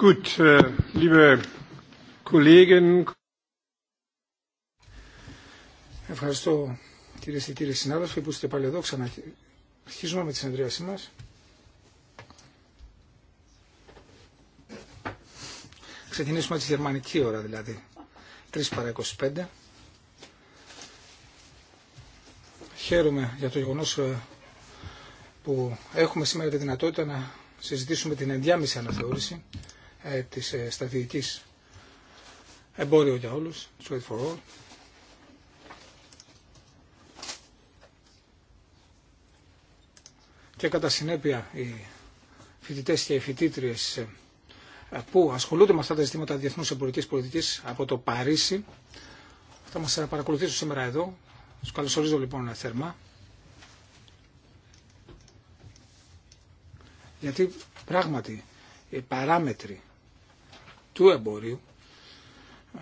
Äh, Ευχαριστώ κυρίε και κύριοι συνάδελφοι που είστε πάλι εδώ Ξαναρχίζουμε με τη συνεδρίασή μα. Ξεκινήσουμε τη γερμανική ώρα δηλαδή. 3 παρα 25. Χαίρομαι για το γεγονό ε, που έχουμε σήμερα τη δυνατότητα να συζητήσουμε την ενδιάμεση αναθεώρηση ε, της ε, στρατηγικής εμπόριο για όλους, trade for all. Και κατά συνέπεια οι φοιτητές και οι φοιτήτριε ε, που ασχολούνται με αυτά τα ζητήματα διεθνού εμπορικής πολιτικής από το Παρίσι θα μας παρακολουθήσουν σήμερα εδώ. Του καλωσορίζω λοιπόν θερμά. Γιατί πράγματι οι παράμετροι του εμπορίου το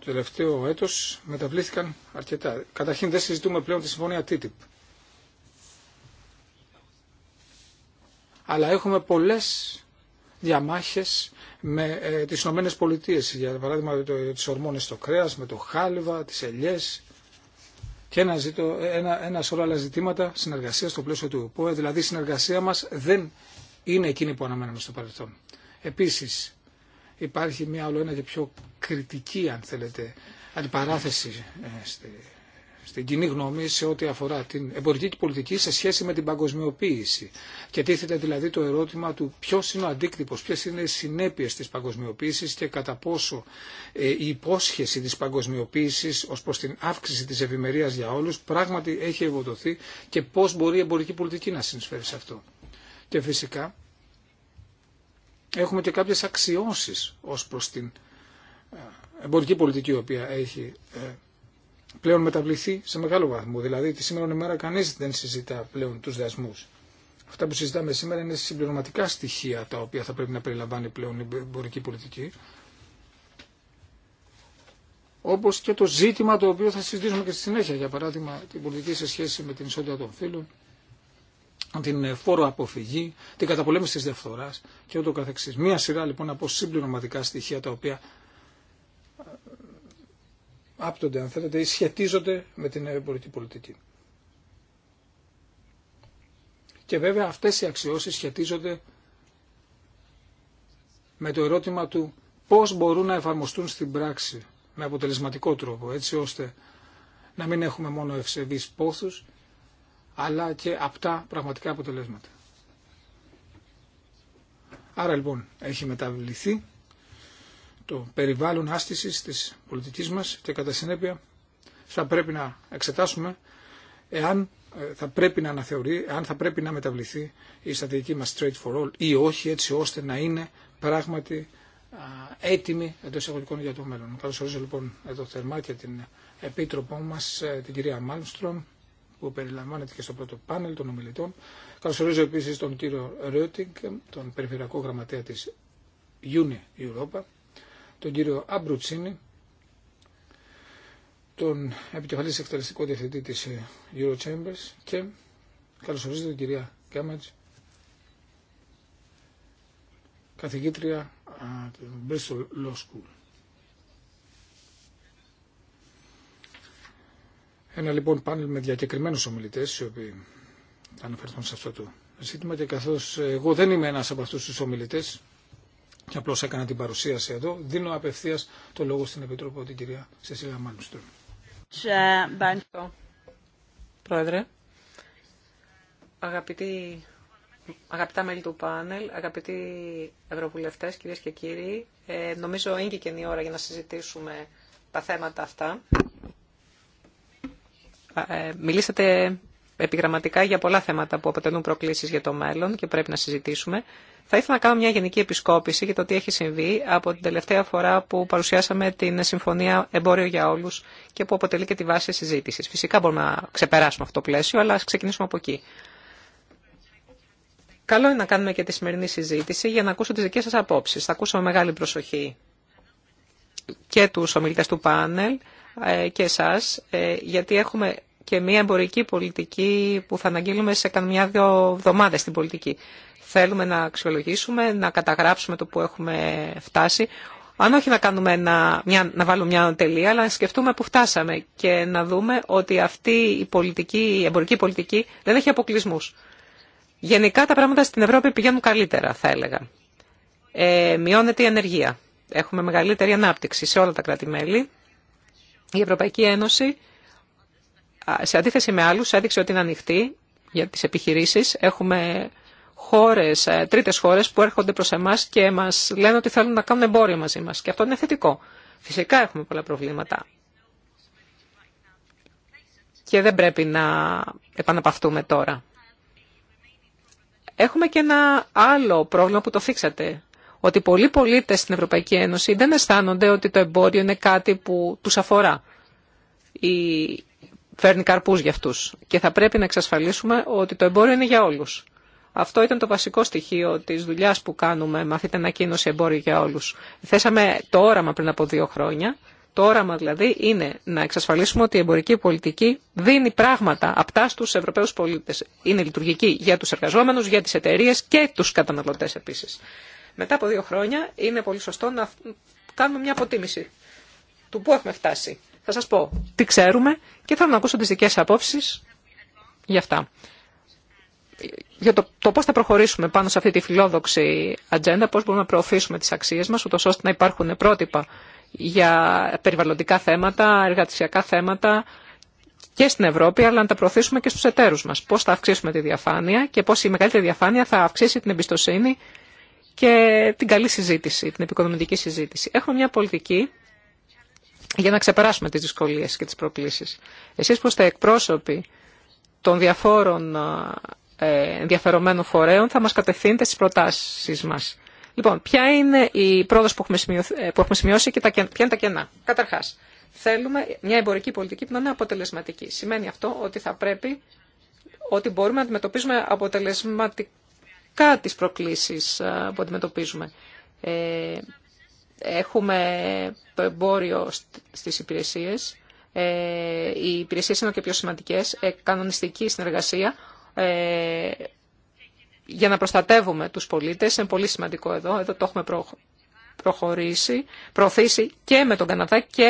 ε, τελευταίο έτος μεταβλήθηκαν αρκετά. Καταρχήν δεν συζητούμε πλέον τη συμφωνία TTIP. Αλλά έχουμε πολλές διαμάχες με ε, τις Ηνωμένες Πολιτείες, για παράδειγμα το, τις ορμόνες στο κρέας, με το χάλιβα, τις ελιές και ένα, ζητώ, ένα, ένα σώρο άλλα ζητήματα συνεργασία στο πλαίσιο του ΟΠΟΕ. Δηλαδή η συνεργασία μας δεν είναι εκείνη που αναμέναμε στο παρελθόν. Επίσης, υπάρχει μια όλο και πιο κριτική, αν θέλετε, αντιπαράθεση ε, στην κοινή γνώμη σε ό,τι αφορά την εμπορική πολιτική σε σχέση με την παγκοσμιοποίηση. Και τίθεται δηλαδή το ερώτημα του ποιο είναι ο αντίκτυπο, ποιε είναι οι συνέπειε τη παγκοσμιοποίηση και κατά πόσο ε, η υπόσχεση τη παγκοσμιοποίηση ω προ την αύξηση τη ευημερία για όλου πράγματι έχει ευοδοθεί και πώ μπορεί η εμπορική πολιτική να συνεισφέρει σε αυτό. Και φυσικά έχουμε και κάποιες αξιώσεις ως προς την ε, εμπορική πολιτική η οποία έχει ε, πλέον μεταβληθεί σε μεγάλο βαθμό. Δηλαδή τη σήμερα ημέρα κανείς δεν συζητά πλέον τους δασμούς. Αυτά που συζητάμε σήμερα είναι συμπληρωματικά στοιχεία τα οποία θα πρέπει να περιλαμβάνει πλέον η εμπορική πολιτική. Όπως και το ζήτημα το οποίο θα συζητήσουμε και στη συνέχεια, για παράδειγμα την πολιτική σε σχέση με την ισότητα των φύλων την φόρο αποφυγή, την καταπολέμηση της διαφθοράς και ούτω καθεξής. Μία σειρά λοιπόν από συμπληρωματικά στοιχεία τα οποία ε, άπτονται αν θέλετε ή σχετίζονται με την εμπορική πολιτική. Και βέβαια αυτές οι αξιώσεις σχετίζονται με το ερώτημα του πώς μπορούν να εφαρμοστούν στην πράξη με αποτελεσματικό τρόπο έτσι ώστε να μην έχουμε μόνο ευσεβείς πόθους αλλά και αυτά πραγματικά αποτελέσματα. Άρα λοιπόν έχει μεταβληθεί το περιβάλλον άσκησης της πολιτικής μας και κατά συνέπεια θα πρέπει να εξετάσουμε εάν ε, θα πρέπει να αναθεωρεί, αν θα πρέπει να μεταβληθεί η στρατηγική μας straight for all ή όχι έτσι ώστε να είναι πράγματι έτοιμη εντό εισαγωγικών για το μέλλον. Καλώς ορίζω λοιπόν εδώ θερμά και την επίτροπό μας ε, την κυρία Μάλμστρομ που περιλαμβάνεται και στο πρώτο πάνελ των ομιλητών. Καλωσορίζω επίσης τον κύριο Ρέωτιγκ, τον Περιφερειακό Γραμματέα της Uni Europa, τον κύριο Αμπρουτσίνη, τον επικεφαλή εκτελεστικό διευθυντή της Eurochambers και καλωσορίζω την κυρία Κάμετς, καθηγήτρια του Bristol Law School. Ένα λοιπόν πάνελ με διακεκριμένους ομιλητές, οι οποίοι θα αναφερθούν σε αυτό το ζήτημα και καθώς ε, εγώ δεν είμαι ένας από αυτούς τους ομιλητές και απλώς έκανα την παρουσίαση εδώ, δίνω απευθείας το λόγο στην επιτροπή την κυρία Σεσίλα Μάλμστρομ. Πρόεδρε, αγαπητοί, αγαπητά μέλη του πάνελ, αγαπητοί ευρωβουλευτές, κύριε και κύριοι, ε, νομίζω είναι και η ώρα για να συζητήσουμε τα θέματα αυτά ε, μιλήσατε επιγραμματικά για πολλά θέματα που αποτελούν προκλήσεις για το μέλλον και πρέπει να συζητήσουμε. Θα ήθελα να κάνω μια γενική επισκόπηση για το τι έχει συμβεί από την τελευταία φορά που παρουσιάσαμε την Συμφωνία Εμπόριο για Όλους και που αποτελεί και τη βάση συζήτησης. Φυσικά μπορούμε να ξεπεράσουμε αυτό το πλαίσιο, αλλά ας ξεκινήσουμε από εκεί. Καλό είναι να κάνουμε και τη σημερινή συζήτηση για να ακούσω τις δικές σας απόψεις. Θα ακούσω με μεγάλη προσοχή και του ομιλητές του πάνελ ε, και εσάς, ε, γιατί έχουμε και μια εμπορική πολιτική που θα αναγγείλουμε σε καμιά δύο εβδομάδες στην πολιτική. Θέλουμε να αξιολογήσουμε, να καταγράψουμε το που έχουμε φτάσει. Αν όχι να, κάνουμε μια, να βάλουμε μια τελεία, αλλά να σκεφτούμε που φτάσαμε και να δούμε ότι αυτή η, πολιτική, η εμπορική πολιτική δεν έχει αποκλεισμού. Γενικά τα πράγματα στην Ευρώπη πηγαίνουν καλύτερα, θα έλεγα. Ε, μειώνεται η ανεργία. Έχουμε μεγαλύτερη ανάπτυξη σε όλα τα κράτη-μέλη. Η Ευρωπαϊκή Ένωση, σε αντίθεση με άλλους, έδειξε ότι είναι ανοιχτή για τις επιχειρήσεις. Έχουμε χώρες, ε, τρίτες χώρες που έρχονται προς εμάς και μας λένε ότι θέλουν να κάνουν εμπόριο μαζί μας. Και αυτό είναι θετικό. Φυσικά έχουμε πολλά προβλήματα. Και δεν πρέπει να επαναπαυτούμε τώρα. Έχουμε και ένα άλλο πρόβλημα που το φίξατε ότι πολλοί πολίτε στην Ευρωπαϊκή Ένωση δεν αισθάνονται ότι το εμπόριο είναι κάτι που του αφορά ή φέρνει καρπού για αυτού. Και θα πρέπει να εξασφαλίσουμε ότι το εμπόριο είναι για όλου. Αυτό ήταν το βασικό στοιχείο τη δουλειά που κάνουμε με αυτή την ανακοίνωση εμπόριο για όλου. Θέσαμε το όραμα πριν από δύο χρόνια. Το όραμα δηλαδή είναι να εξασφαλίσουμε ότι η εμπορική πολιτική δίνει πράγματα απτά στου Ευρωπαίου πολίτε. Είναι λειτουργική για του εργαζόμενου, για τι εταιρείε και του καταναλωτέ επίση. Μετά από δύο χρόνια είναι πολύ σωστό να κάνουμε μια αποτίμηση του πού έχουμε φτάσει. Θα σας πω τι ξέρουμε και θέλω να ακούσω τις δικές απόψεις για αυτά. Για το, το πώς θα προχωρήσουμε πάνω σε αυτή τη φιλόδοξη ατζέντα, πώς μπορούμε να προωθήσουμε τις αξίες μας, ούτως ώστε να υπάρχουν πρότυπα για περιβαλλοντικά θέματα, εργατισιακά θέματα και στην Ευρώπη, αλλά να τα προωθήσουμε και στους εταίρους μας. Πώς θα αυξήσουμε τη διαφάνεια και πώς η μεγαλύτερη διαφάνεια θα αυξήσει την εμπιστοσύνη και την καλή συζήτηση, την επικοδομητική συζήτηση. Έχουμε μια πολιτική για να ξεπεράσουμε τις δυσκολίες και τις προκλήσεις. Εσείς που είστε εκπρόσωποι των διαφόρων ε, ενδιαφερομένων φορέων θα μας κατευθύνετε στις προτάσεις μας. Λοιπόν, ποια είναι η πρόοδος που έχουμε ε, σημειώσει και τα, ποια είναι τα κενά. Καταρχάς, θέλουμε μια εμπορική πολιτική που να είναι αποτελεσματική. Σημαίνει αυτό ότι θα πρέπει ότι μπορούμε να αντιμετωπίζουμε αποτελεσματικά πραγματικά τις προκλήσεις ε, που αντιμετωπίζουμε. Ε, έχουμε το εμπόριο στις υπηρεσίες. Ε, οι υπηρεσίες είναι και πιο σημαντικές. Κανονιστική συνεργασία για να προστατεύουμε τους πολίτες. Είναι πολύ σημαντικό εδώ. Εδώ το έχουμε προχωρήσει, προωθήσει και με τον Καναδά και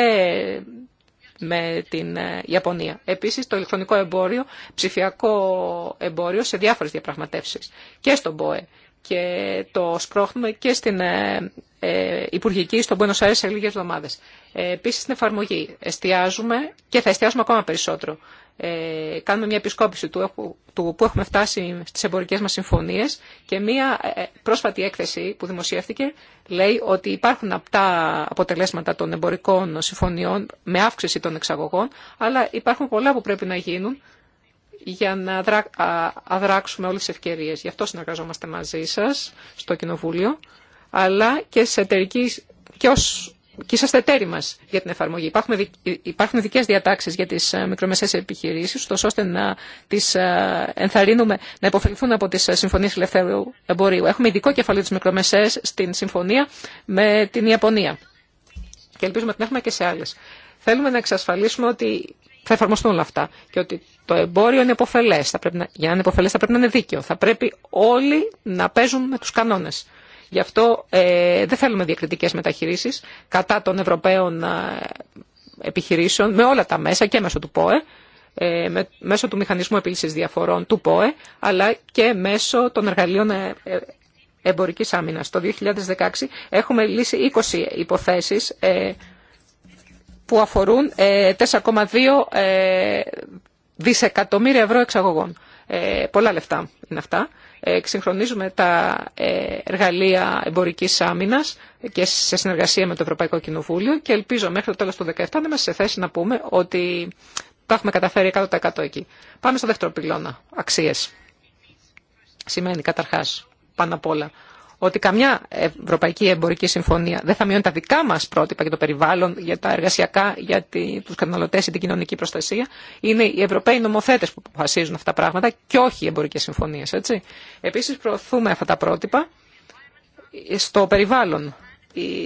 με την ε, Ιαπωνία. Επίσης το ηλεκτρονικό εμπόριο, ψηφιακό εμπόριο σε διάφορες διαπραγματεύσεις και στον ΠΟΕ και το σπρώχνουμε και στην ε, ε, Υπουργική στον Πουένος σε λίγες εβδομάδες. Ε, επίσης στην εφαρμογή εστιάζουμε και θα εστιάσουμε ακόμα περισσότερο ε, κάνουμε μια επισκόπηση του, του που έχουμε φτάσει στις εμπορικές μας συμφωνίες και μια ε, ε, πρόσφατη έκθεση που δημοσιεύτηκε λέει ότι υπάρχουν απτά αποτελέσματα των εμπορικών συμφωνιών με αύξηση των εξαγωγών, αλλά υπάρχουν πολλά που πρέπει να γίνουν για να αδράξουμε όλες τις ευκαιρίες. Γι' αυτό συνεργαζόμαστε μαζί σας στο Κοινοβούλιο, αλλά και, σε εταιρική, και είσαστε εταίροι μα για την εφαρμογή. Υπάρχουν ειδικέ διατάξει για τι ε, μικρομεσαίε επιχειρήσει, ώστε να τι ε, ενθαρρύνουμε να υποφεληθούν από τι ε, συμφωνίε ελευθέρου εμπορίου. Έχουμε ειδικό κεφαλαίο τη μικρομεσαίε στην συμφωνία με την Ιαπωνία. Και ελπίζουμε ότι την έχουμε και σε άλλε. Θέλουμε να εξασφαλίσουμε ότι θα εφαρμοστούν όλα αυτά και ότι το εμπόριο είναι υποφελέ. Για να είναι υποφελέ θα πρέπει να είναι δίκαιο. Θα πρέπει όλοι να παίζουν με του κανόνε. Γι' αυτό ε, δεν θέλουμε διακριτικές μεταχειρήσεις κατά των Ευρωπαίων ε, επιχειρήσεων με όλα τα μέσα και μέσω του ΠΟΕ, ε, μέσω του Μηχανισμού Επίλυσης Διαφορών του ΠΟΕ, αλλά και μέσω των εργαλείων ε, ε εμπορικής άμυνας. Το 2016 έχουμε λύσει 20 υποθέσεις ε, που αφορούν 4,2 δισεκατομμύρια ευρώ εξαγωγών. Πολλά λεφτά είναι αυτά εξυγχρονίζουμε τα ε, εργαλεία εμπορικής άμυνας και σε συνεργασία με το Ευρωπαϊκό Κοινοβούλιο και ελπίζω μέχρι το τέλος του 2017 να είμαστε σε θέση να πούμε ότι τα έχουμε καταφέρει 100% εκεί. Πάμε στο δεύτερο πυλώνα, αξίες. Σημαίνει καταρχάς πάνω απ' όλα ότι καμιά ευρωπαϊκή εμπορική συμφωνία δεν θα μειώνει τα δικά μα πρότυπα για το περιβάλλον, για τα εργασιακά, για του καταναλωτέ ή την κοινωνική προστασία. Είναι οι Ευρωπαίοι νομοθέτε που αποφασίζουν αυτά τα πράγματα και όχι οι εμπορικέ συμφωνίε. Επίση, προωθούμε αυτά τα πρότυπα στο περιβάλλον.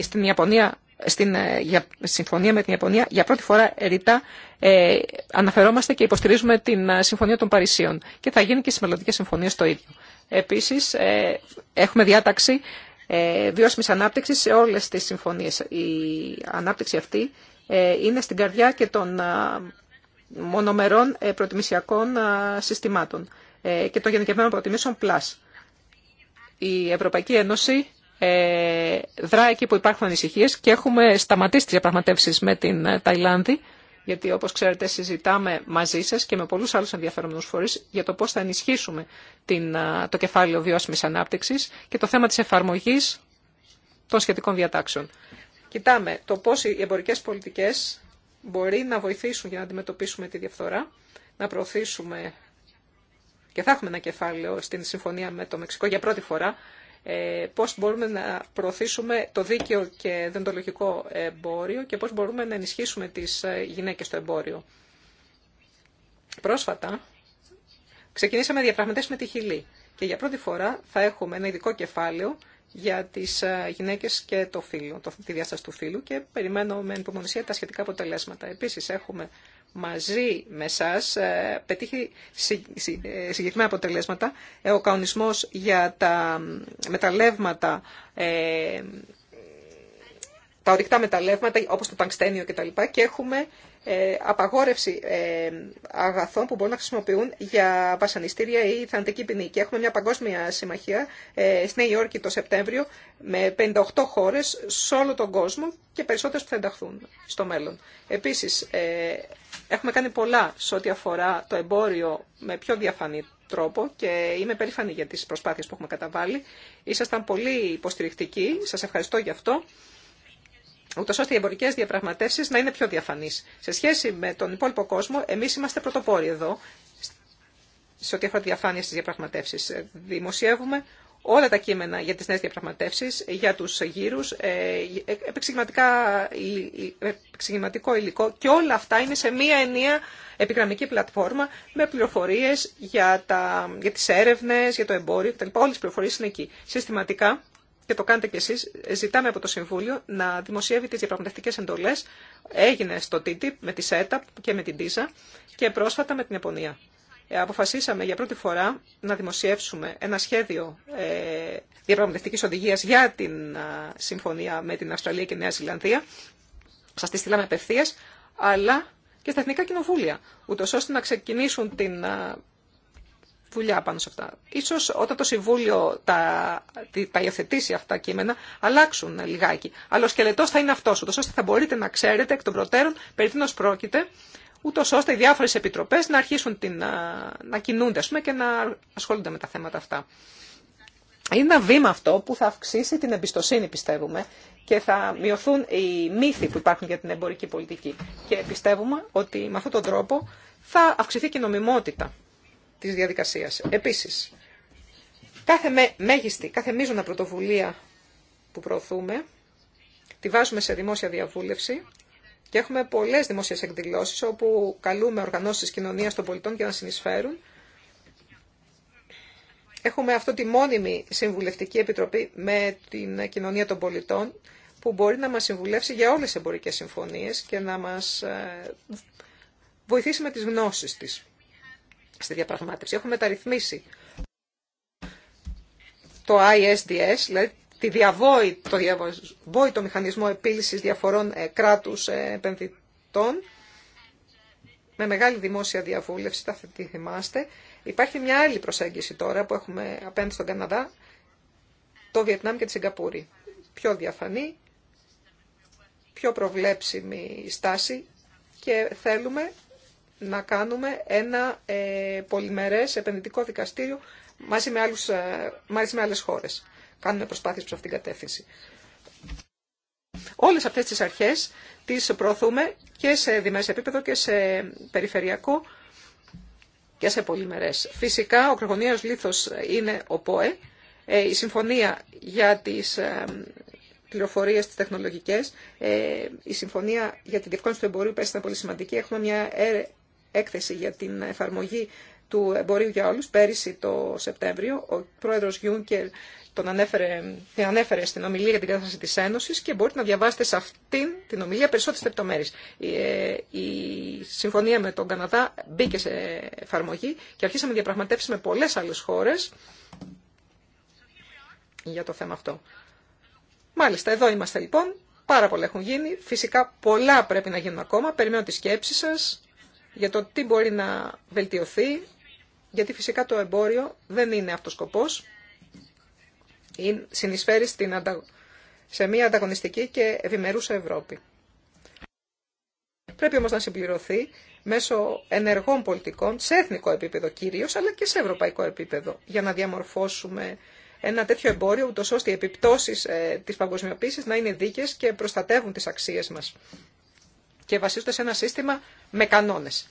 Στην Ιαπωνία στην ε, συμφωνία με την Ιαπωνία για πρώτη φορά ρητά ε, αναφερόμαστε και υποστηρίζουμε την ε, Συμφωνία των Παρισίων και θα γίνει και στις μελλοντικές συμφωνίες το ίδιο. Επίσης, ε, έχουμε διάταξη ε, βιώσιμης ανάπτυξης σε όλες τις συμφωνίες. Η ανάπτυξη αυτή ε, είναι στην καρδιά και των μονομερών προτιμησιακών συστημάτων και των γενικευμένων προτιμήσεων πλάς. Η Ευρωπαϊκή Ένωση δράει εκεί που υπάρχουν ανησυχίε και έχουμε σταματήσει τις διαπραγματεύσεις με την Ταϊλάνδη γιατί όπως ξέρετε συζητάμε μαζί σας και με πολλούς άλλους ενδιαφερόμενους φορείς για το πώς θα ενισχύσουμε την, το κεφάλαιο βιώσιμης ανάπτυξης και το θέμα της εφαρμογής των σχετικών διατάξεων. Κοιτάμε το πώς οι εμπορικές πολιτικές μπορεί να βοηθήσουν για να αντιμετωπίσουμε τη διαφθορά, να προωθήσουμε και θα έχουμε ένα κεφάλαιο στην συμφωνία με το Μεξικό για πρώτη φορά ε, πώς μπορούμε να προωθήσουμε το δίκαιο και δεντολογικό εμπόριο και πώς μπορούμε να ενισχύσουμε τις ε, γυναίκες στο εμπόριο. Πρόσφατα ξεκινήσαμε διαπραγματεύσεις με τη Χιλή και για πρώτη φορά θα έχουμε ένα ειδικό κεφάλαιο για τις ε, γυναίκες και το φύλλο, τη διάσταση του φύλου και περιμένω με υπομονησία τα σχετικά αποτελέσματα. Επίσης έχουμε μαζί με εσά πετύχει ε, συγκεκριμένα αποτελέσματα. Ε, ο καονισμός για τα μεταλλεύματα, ε, τα ορυκτά μεταλλεύματα όπως το τανξτένιο κτλ. Και έχουμε απαγόρευση αγαθών που μπορούν να χρησιμοποιούν για βασανιστήρια ή θαντική ποινή. Και έχουμε μια παγκόσμια συμμαχία στη Νέα Υόρκη το Σεπτέμβριο με 58 χώρες σε όλο τον κόσμο και περισσότερες που θα ενταχθούν στο μέλλον. Επίσης, Έχουμε κάνει πολλά σε ό,τι αφορά το εμπόριο με πιο διαφανή τρόπο και είμαι περήφανη για τις προσπάθειες που έχουμε καταβάλει. Ήσασταν πολύ υποστηρικτικοί, σας ευχαριστώ γι' αυτό, ούτως ώστε οι εμπορικές διαπραγματεύσεις να είναι πιο διαφανείς. Σε σχέση με τον υπόλοιπο κόσμο, εμείς είμαστε πρωτοπόροι εδώ, σε ό,τι αφορά τη διαφάνεια στις διαπραγματεύσεις. Δημοσιεύουμε όλα τα κείμενα για τις νέες διαπραγματεύσεις, για τους γύρους, ε, επεξηγηματικό υλικό και όλα αυτά είναι σε μία ενία επιγραμμική πλατφόρμα με πληροφορίες για, τα, για τις έρευνες, για το εμπόριο κτλ. Όλες τις πληροφορίες είναι εκεί. Συστηματικά, και το κάνετε κι εσείς, ζητάμε από το Συμβούλιο να δημοσιεύει τις διαπραγματευτικές εντολές. Έγινε στο TTIP με τη ΣΕΤΑ και με την TISA και πρόσφατα με την Επονία. Ε, αποφασίσαμε για πρώτη φορά να δημοσιεύσουμε ένα σχέδιο ε, διαπραγματευτικής οδηγίας για την συμφωνία με την Αυστραλία και Νέα Ζηλανδία. Σας τη στείλαμε απευθεία, αλλά και στα εθνικά κοινοβούλια, ούτως ώστε να ξεκινήσουν την δουλειά πάνω σε αυτά. Ίσως όταν το Συμβούλιο τα, τα υιοθετήσει αυτά κείμενα, αλλάξουν λιγάκι. Αλλά ο σκελετό θα είναι αυτός, ούτως ώστε θα μπορείτε να ξέρετε εκ των προτέρων περί τίνος πρόκειται ούτως ώστε οι διάφορες επιτροπές να αρχίσουν την, να, κινούνται και να ασχολούνται με τα θέματα αυτά. Είναι ένα βήμα αυτό που θα αυξήσει την εμπιστοσύνη, πιστεύουμε, και θα μειωθούν οι μύθοι που υπάρχουν για την εμπορική πολιτική. Και πιστεύουμε ότι με αυτόν τον τρόπο θα αυξηθεί και η νομιμότητα της διαδικασίας. Επίσης, κάθε μέγιστη, κάθε μείζωνα πρωτοβουλία που προωθούμε, τη βάζουμε σε δημόσια διαβούλευση και έχουμε πολλές δημοσίες εκδηλώσεις όπου καλούμε οργανώσεις κοινωνίας των πολιτών για να συνεισφέρουν. Έχουμε αυτή τη μόνιμη συμβουλευτική επιτροπή με την κοινωνία των πολιτών που μπορεί να μας συμβουλεύσει για όλες τις εμπορικές συμφωνίες και να μας ε, βοηθήσει με τις γνώσεις της στη διαπραγμάτευση. Έχουμε μεταρρυθμίσει το ISDS, δηλαδή τη διαβόητο, το διαβόητο μηχανισμό επίλυσης διαφορών ε, κράτους ε, επενδυτών με μεγάλη δημόσια διαβούλευση, τα τη θυμάστε. Υπάρχει μια άλλη προσέγγιση τώρα που έχουμε απέναντι στον Καναδά, το Βιετνάμ και τη Σιγκαπούρη. Πιο διαφανή, πιο προβλέψιμη στάση και θέλουμε να κάνουμε ένα ε, πολυμερές επενδυτικό δικαστήριο μαζί με, άλλους, μαζί με άλλες χώρες κάνουμε προσπάθειες προς αυτήν την κατεύθυνση. Όλες αυτές τις αρχές τις προωθούμε και σε δημόσιο επίπεδο και σε περιφερειακό και σε πολυμερές. Φυσικά ο κρυγονίας λίθος είναι ο ΠΟΕ, ε, η συμφωνία για τις ε, πληροφορίες τις τεχνολογικές, ε, η συμφωνία για την διευκόνιση του εμπορίου πέστη πολύ σημαντική. Έχουμε μια έκθεση για την εφαρμογή του εμπορίου για όλους πέρυσι το Σεπτέμβριο. Ο πρόεδρος Γιούνκερ τον ανέφερε, την ανέφερε στην ομιλία για την κατάσταση της Ένωσης και μπορείτε να διαβάσετε σε αυτήν την ομιλία περισσότερες λεπτομέρειες. Η, ε, συμφωνία με τον Καναδά μπήκε σε εφαρμογή και αρχίσαμε διαπραγματεύσει με πολλές άλλες χώρες για το θέμα αυτό. Μάλιστα, εδώ είμαστε λοιπόν. Πάρα πολλά έχουν γίνει. Φυσικά πολλά πρέπει να γίνουν ακόμα. Περιμένω τη σκέψη σας για το τι μπορεί να βελτιωθεί, γιατί φυσικά το εμπόριο δεν είναι αυτός σκοπός συνεισφέρει στην σε μια ανταγωνιστική και ευημερούσα Ευρώπη. Πρέπει όμως να συμπληρωθεί μέσω ενεργών πολιτικών σε εθνικό επίπεδο κυρίως, αλλά και σε ευρωπαϊκό επίπεδο, για να διαμορφώσουμε ένα τέτοιο εμπόριο, ούτως ώστε οι επιπτώσεις ε, της παγκοσμιοποίησης να είναι δίκαιες και προστατεύουν τις αξίες μας και βασίζονται σε ένα σύστημα με κανόνες.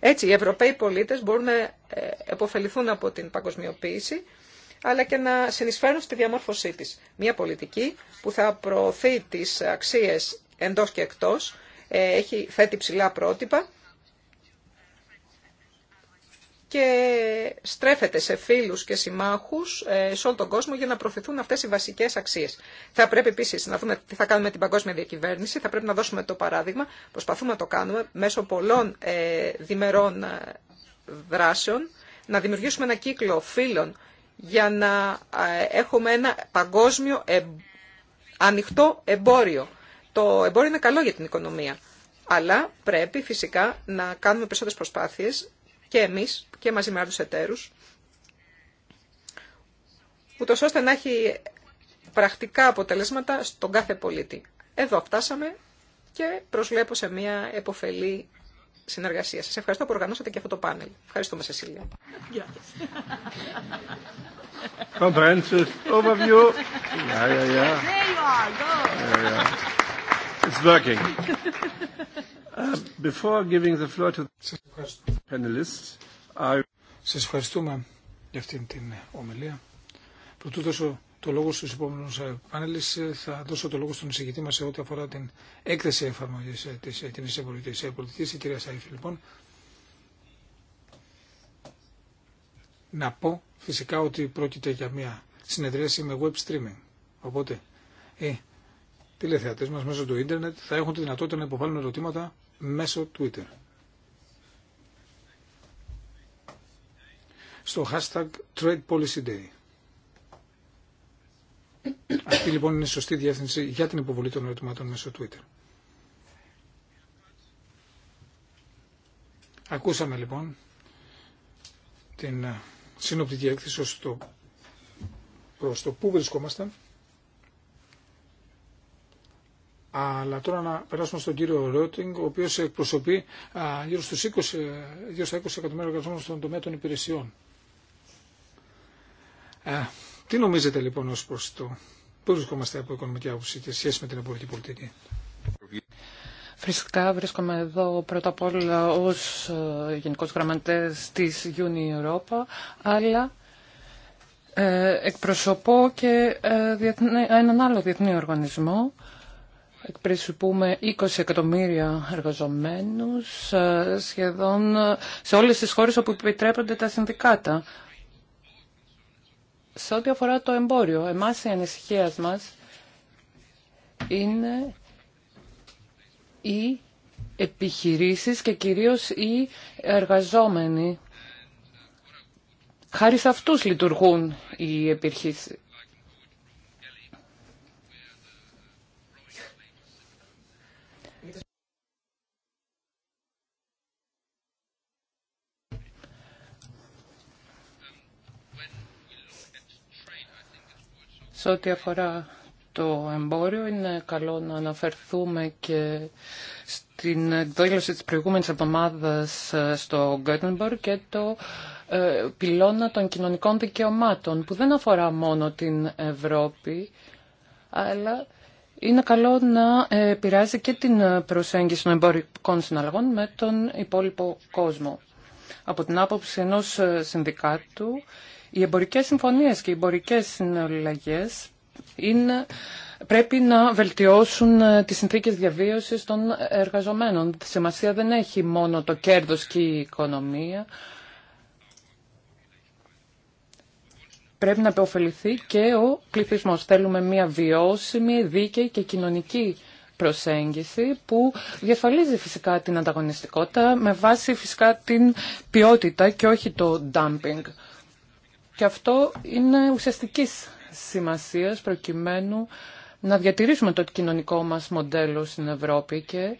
Έτσι, οι Ευρωπαίοι πολίτες μπορούν να ε, επωφεληθούν από την παγκοσμιοποίηση, αλλά και να συνεισφέρουν στη διαμόρφωσή της. Μια πολιτική που θα προωθεί τις αξίες εντός και εκτός, ε, έχει, θέτει ψηλά πρότυπα και στρέφεται σε φίλους και συμμάχους ε, σε όλο τον κόσμο για να προωθηθούν αυτές οι βασικές αξίες. Θα πρέπει επίσης να δούμε τι θα κάνουμε με την παγκόσμια διακυβέρνηση, θα πρέπει να δώσουμε το παράδειγμα, προσπαθούμε να το κάνουμε μέσω πολλών ε, διμερών ε, δράσεων, να δημιουργήσουμε ένα κύκλο φίλων για να έχουμε ένα παγκόσμιο ανοιχτό εμπόριο. Το εμπόριο είναι καλό για την οικονομία, αλλά πρέπει φυσικά να κάνουμε περισσότερες προσπάθειες και εμείς και μαζί με άλλους εταίρους, ούτως ώστε να έχει πρακτικά αποτελέσματα στον κάθε πολίτη. Εδώ φτάσαμε και προσβλέπω σε μια εποφελή συνεργασία. Σας ευχαριστώ που οργανώσατε και αυτό το πάνελ. Ευχαριστούμε, Σεσίλια. Comprehensive Yeah, It's working. Before giving the floor to panelists, Σας ευχαριστούμε για αυτήν την ομιλία. Πρωτού δώσω το λόγο στους επόμενους πάνελες, θα δώσω το λόγο στον εισηγητή μας σε ό,τι αφορά την έκθεση εφαρμογής ε, της κοινής ε, πολιτικής. Ε, πολιτικής, η κυρία Σαϊφ, Λοιπόν, να πω φυσικά ότι πρόκειται για μια συνεδρίαση με web streaming. Οπότε, οι τηλεθεατές μας μέσω του ίντερνετ θα έχουν τη δυνατότητα να υποβάλουν ερωτήματα μέσω Twitter. Στο hashtag Trade Policy Day. Αυτή λοιπόν είναι η σωστή διεύθυνση για την υποβολή των ερωτημάτων μέσω Twitter. Ακούσαμε λοιπόν την συνοπτική έκθεση στο προς το που βρισκόμαστε Αλλά τώρα να περάσουμε στον κύριο Ρότινγκ, ο οποίος εκπροσωπεί γύρω, στους 20, ε, γύρω εκατομμύρια εργαζόμενων στον τομέα των υπηρεσιών. Ε, τι νομίζετε λοιπόν ως προς το Πού βρισκόμαστε από οικονομική άποψη και σχέση με την εμπορική πολιτική. Φυσικά βρίσκομαι εδώ πρώτα απ' όλα ως ε, Γενικός Γραμματέας της Uni Europa, αλλά ε, εκπροσωπώ και έναν άλλο διεθνή οργανισμό εκπροσωπούμε 20 εκατομμύρια εργαζομένους ε, σχεδόν σε όλες τις χώρες όπου επιτρέπονται τα συνδικάτα. Σε ό,τι αφορά το εμπόριο, εμάς η ανησυχία μας είναι οι επιχειρήσεις και κυρίως οι εργαζόμενοι. Χάρη σε αυτούς λειτουργούν οι επιχειρήσεις. Σε ό,τι αφορά το εμπόριο είναι καλό να αναφερθούμε και στην εκδήλωση της προηγούμενης εβδομάδας ε, στο Γκέτενμπορ και το ε, πυλώνα των κοινωνικών δικαιωμάτων που δεν αφορά μόνο την Ευρώπη αλλά είναι καλό να ε, επηρεάζει και την προσέγγιση των εμπορικών συναλλαγών με τον υπόλοιπο κόσμο. Από την άποψη ενός συνδικάτου οι εμπορικές συμφωνίες και οι εμπορικές συναλλαγές είναι, πρέπει να βελτιώσουν ε, τις συνθήκες διαβίωσης των εργαζομένων. Σημασία δεν έχει μόνο το κέρδος και η οικονομία. Πρέπει να επωφεληθεί και ο πληθυσμός. Θέλουμε μια βιώσιμη, δίκαιη και κοινωνική προσέγγιση που διαφαλίζει φυσικά την ανταγωνιστικότητα με βάση φυσικά την ποιότητα και όχι το dumping. Και αυτό είναι ουσιαστικής σημασίας προκειμένου να διατηρήσουμε το κοινωνικό μας μοντέλο στην Ευρώπη και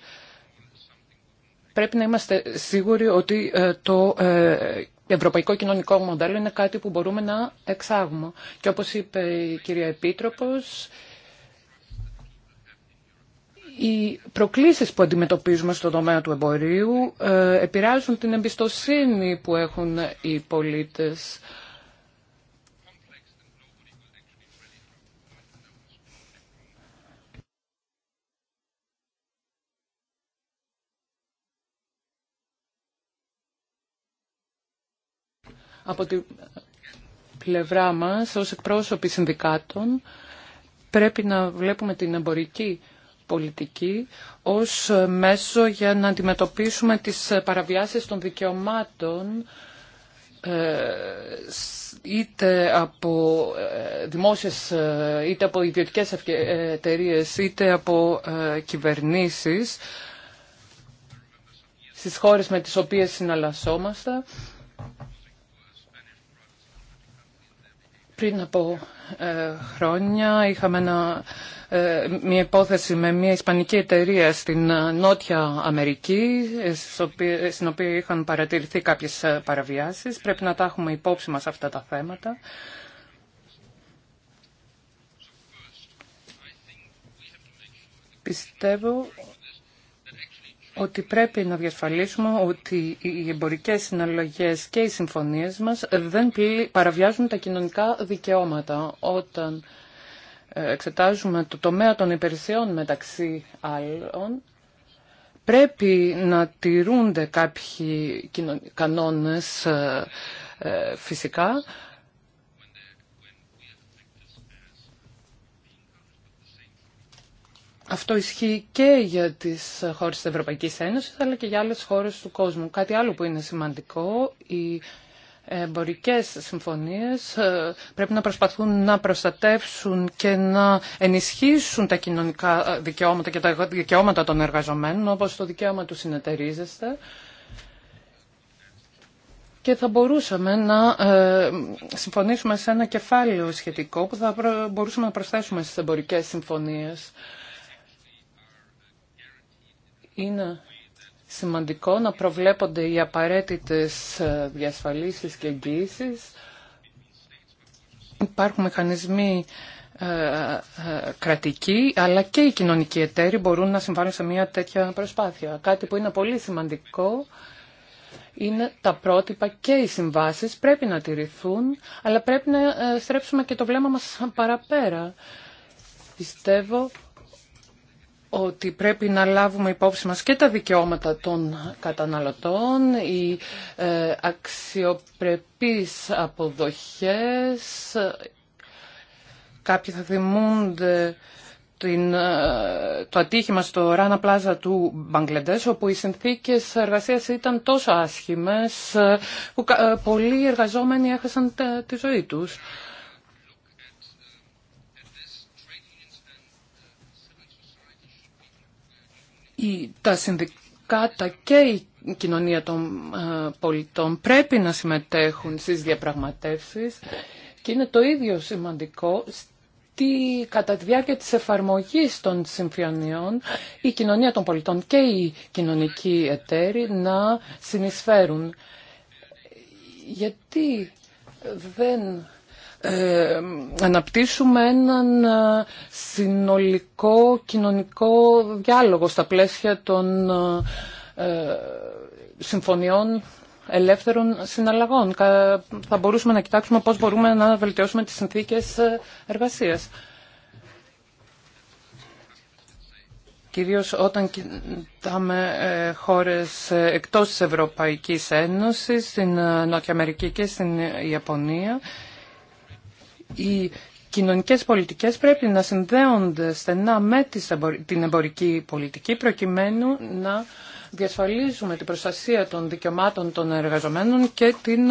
πρέπει να είμαστε σίγουροι ότι ε, το ε, ευρωπαϊκό κοινωνικό μοντέλο είναι κάτι που μπορούμε να εξάγουμε. Και όπως είπε η κυρία Επίτροπος, οι προκλήσεις που αντιμετωπίζουμε στον τομέα του εμπορίου ε, επηρεάζουν την εμπιστοσύνη που έχουν οι πολίτες Από την πλευρά μας, ως εκπρόσωποι συνδικάτων, πρέπει να βλέπουμε την εμπορική πολιτική ως μέσο για να αντιμετωπίσουμε τις παραβιάσεις των δικαιωμάτων ε, είτε από ε, δημόσιες, ε, είτε από ιδιωτικές εταιρείε, είτε από κυβερνήσεις στις χώρες με τις οποίες συναλλασσόμαστε πριν από ε, χρόνια είχαμε ε, μια υπόθεση με μια ισπανική εταιρεία στην ε, Νότια Αμερική, στην οποία είχαν παρατηρηθεί κάποιες παραβιάσεις. Πρέπει να τα έχουμε υπόψη μας αυτά τα θέματα. Πιστεύω ότι πρέπει να διασφαλίσουμε ότι οι εμπορικές συναλλαγές και οι συμφωνίες μας δεν παραβιάζουν τα κοινωνικά δικαιώματα όταν ε, εξετάζουμε το τομέα των υπηρεσιών μεταξύ άλλων πρέπει να τηρούνται κάποιοι κανόνες ε, ε, φυσικά Αυτό ισχύει και για τις χώρες της Ευρωπαϊκής Ένωσης, αλλά και για άλλες χώρες του κόσμου. Κάτι άλλο που είναι σημαντικό, οι εμπορικές συμφωνίες ε, πρέπει να προσπαθούν να προστατεύσουν και να ενισχύσουν τα κοινωνικά δικαιώματα και τα δικαιώματα των εργαζομένων, όπως το δικαίωμα του συνεταιρίζεστε. Και θα μπορούσαμε να ε, συμφωνήσουμε σε ένα κεφάλαιο σχετικό που θα μπορούσαμε να προσθέσουμε στις εμπορικές συμφωνίες. Είναι σημαντικό να προβλέπονται οι απαραίτητες ε, διασφαλίσεις και εγγύησεις. Υπάρχουν μηχανισμοί ε, ε, κρατικοί, αλλά και οι κοινωνικοί εταίροι μπορούν να συμβάλλουν σε μια τέτοια προσπάθεια. Κάτι που είναι πολύ σημαντικό είναι τα πρότυπα και οι συμβάσεις πρέπει να τηρηθούν, αλλά πρέπει να στρέψουμε και το βλέμμα μας παραπέρα. Πιστεύω ότι πρέπει να λάβουμε υπόψη μας και τα δικαιώματα των καταναλωτών, οι ε, αξιοπρεπείς αποδοχές. Κάποιοι θα θυμούνται ε, το ατύχημα στο Ράνα Πλάζα του Μπαγκλεντές όπου οι συνθήκες εργασίας ήταν τόσο άσχημες ε, που πολλοί εργαζόμενοι έχασαν τη ζωή τους. τα συνδικάτα και η κοινωνία των ε, πολιτών πρέπει να συμμετέχουν στις διαπραγματεύσεις και είναι το ίδιο σημαντικό ότι κατά τη διάρκεια της εφαρμογής των συμφωνιών η κοινωνία των πολιτών και οι κοινωνικοί εταίροι να συνεισφέρουν. Γιατί δεν ε, αναπτύσσουμε έναν ε, συνολικό κοινωνικό διάλογο στα πλαίσια των ε, συμφωνιών ελεύθερων συναλλαγών. Θα μπορούσαμε να κοιτάξουμε πώς μπορούμε να βελτιώσουμε τις συνθήκες εργασίας. κυρίως όταν κοιτάμε χώρες εκτός της Ευρωπαϊκής Ένωσης, στην Νότια Αμερική και στην Ιαπωνία, οι κοινωνικές πολιτικές πρέπει να συνδέονται στενά με την εμπορική πολιτική προκειμένου να διασφαλίζουμε την προστασία των δικαιωμάτων των εργαζομένων και την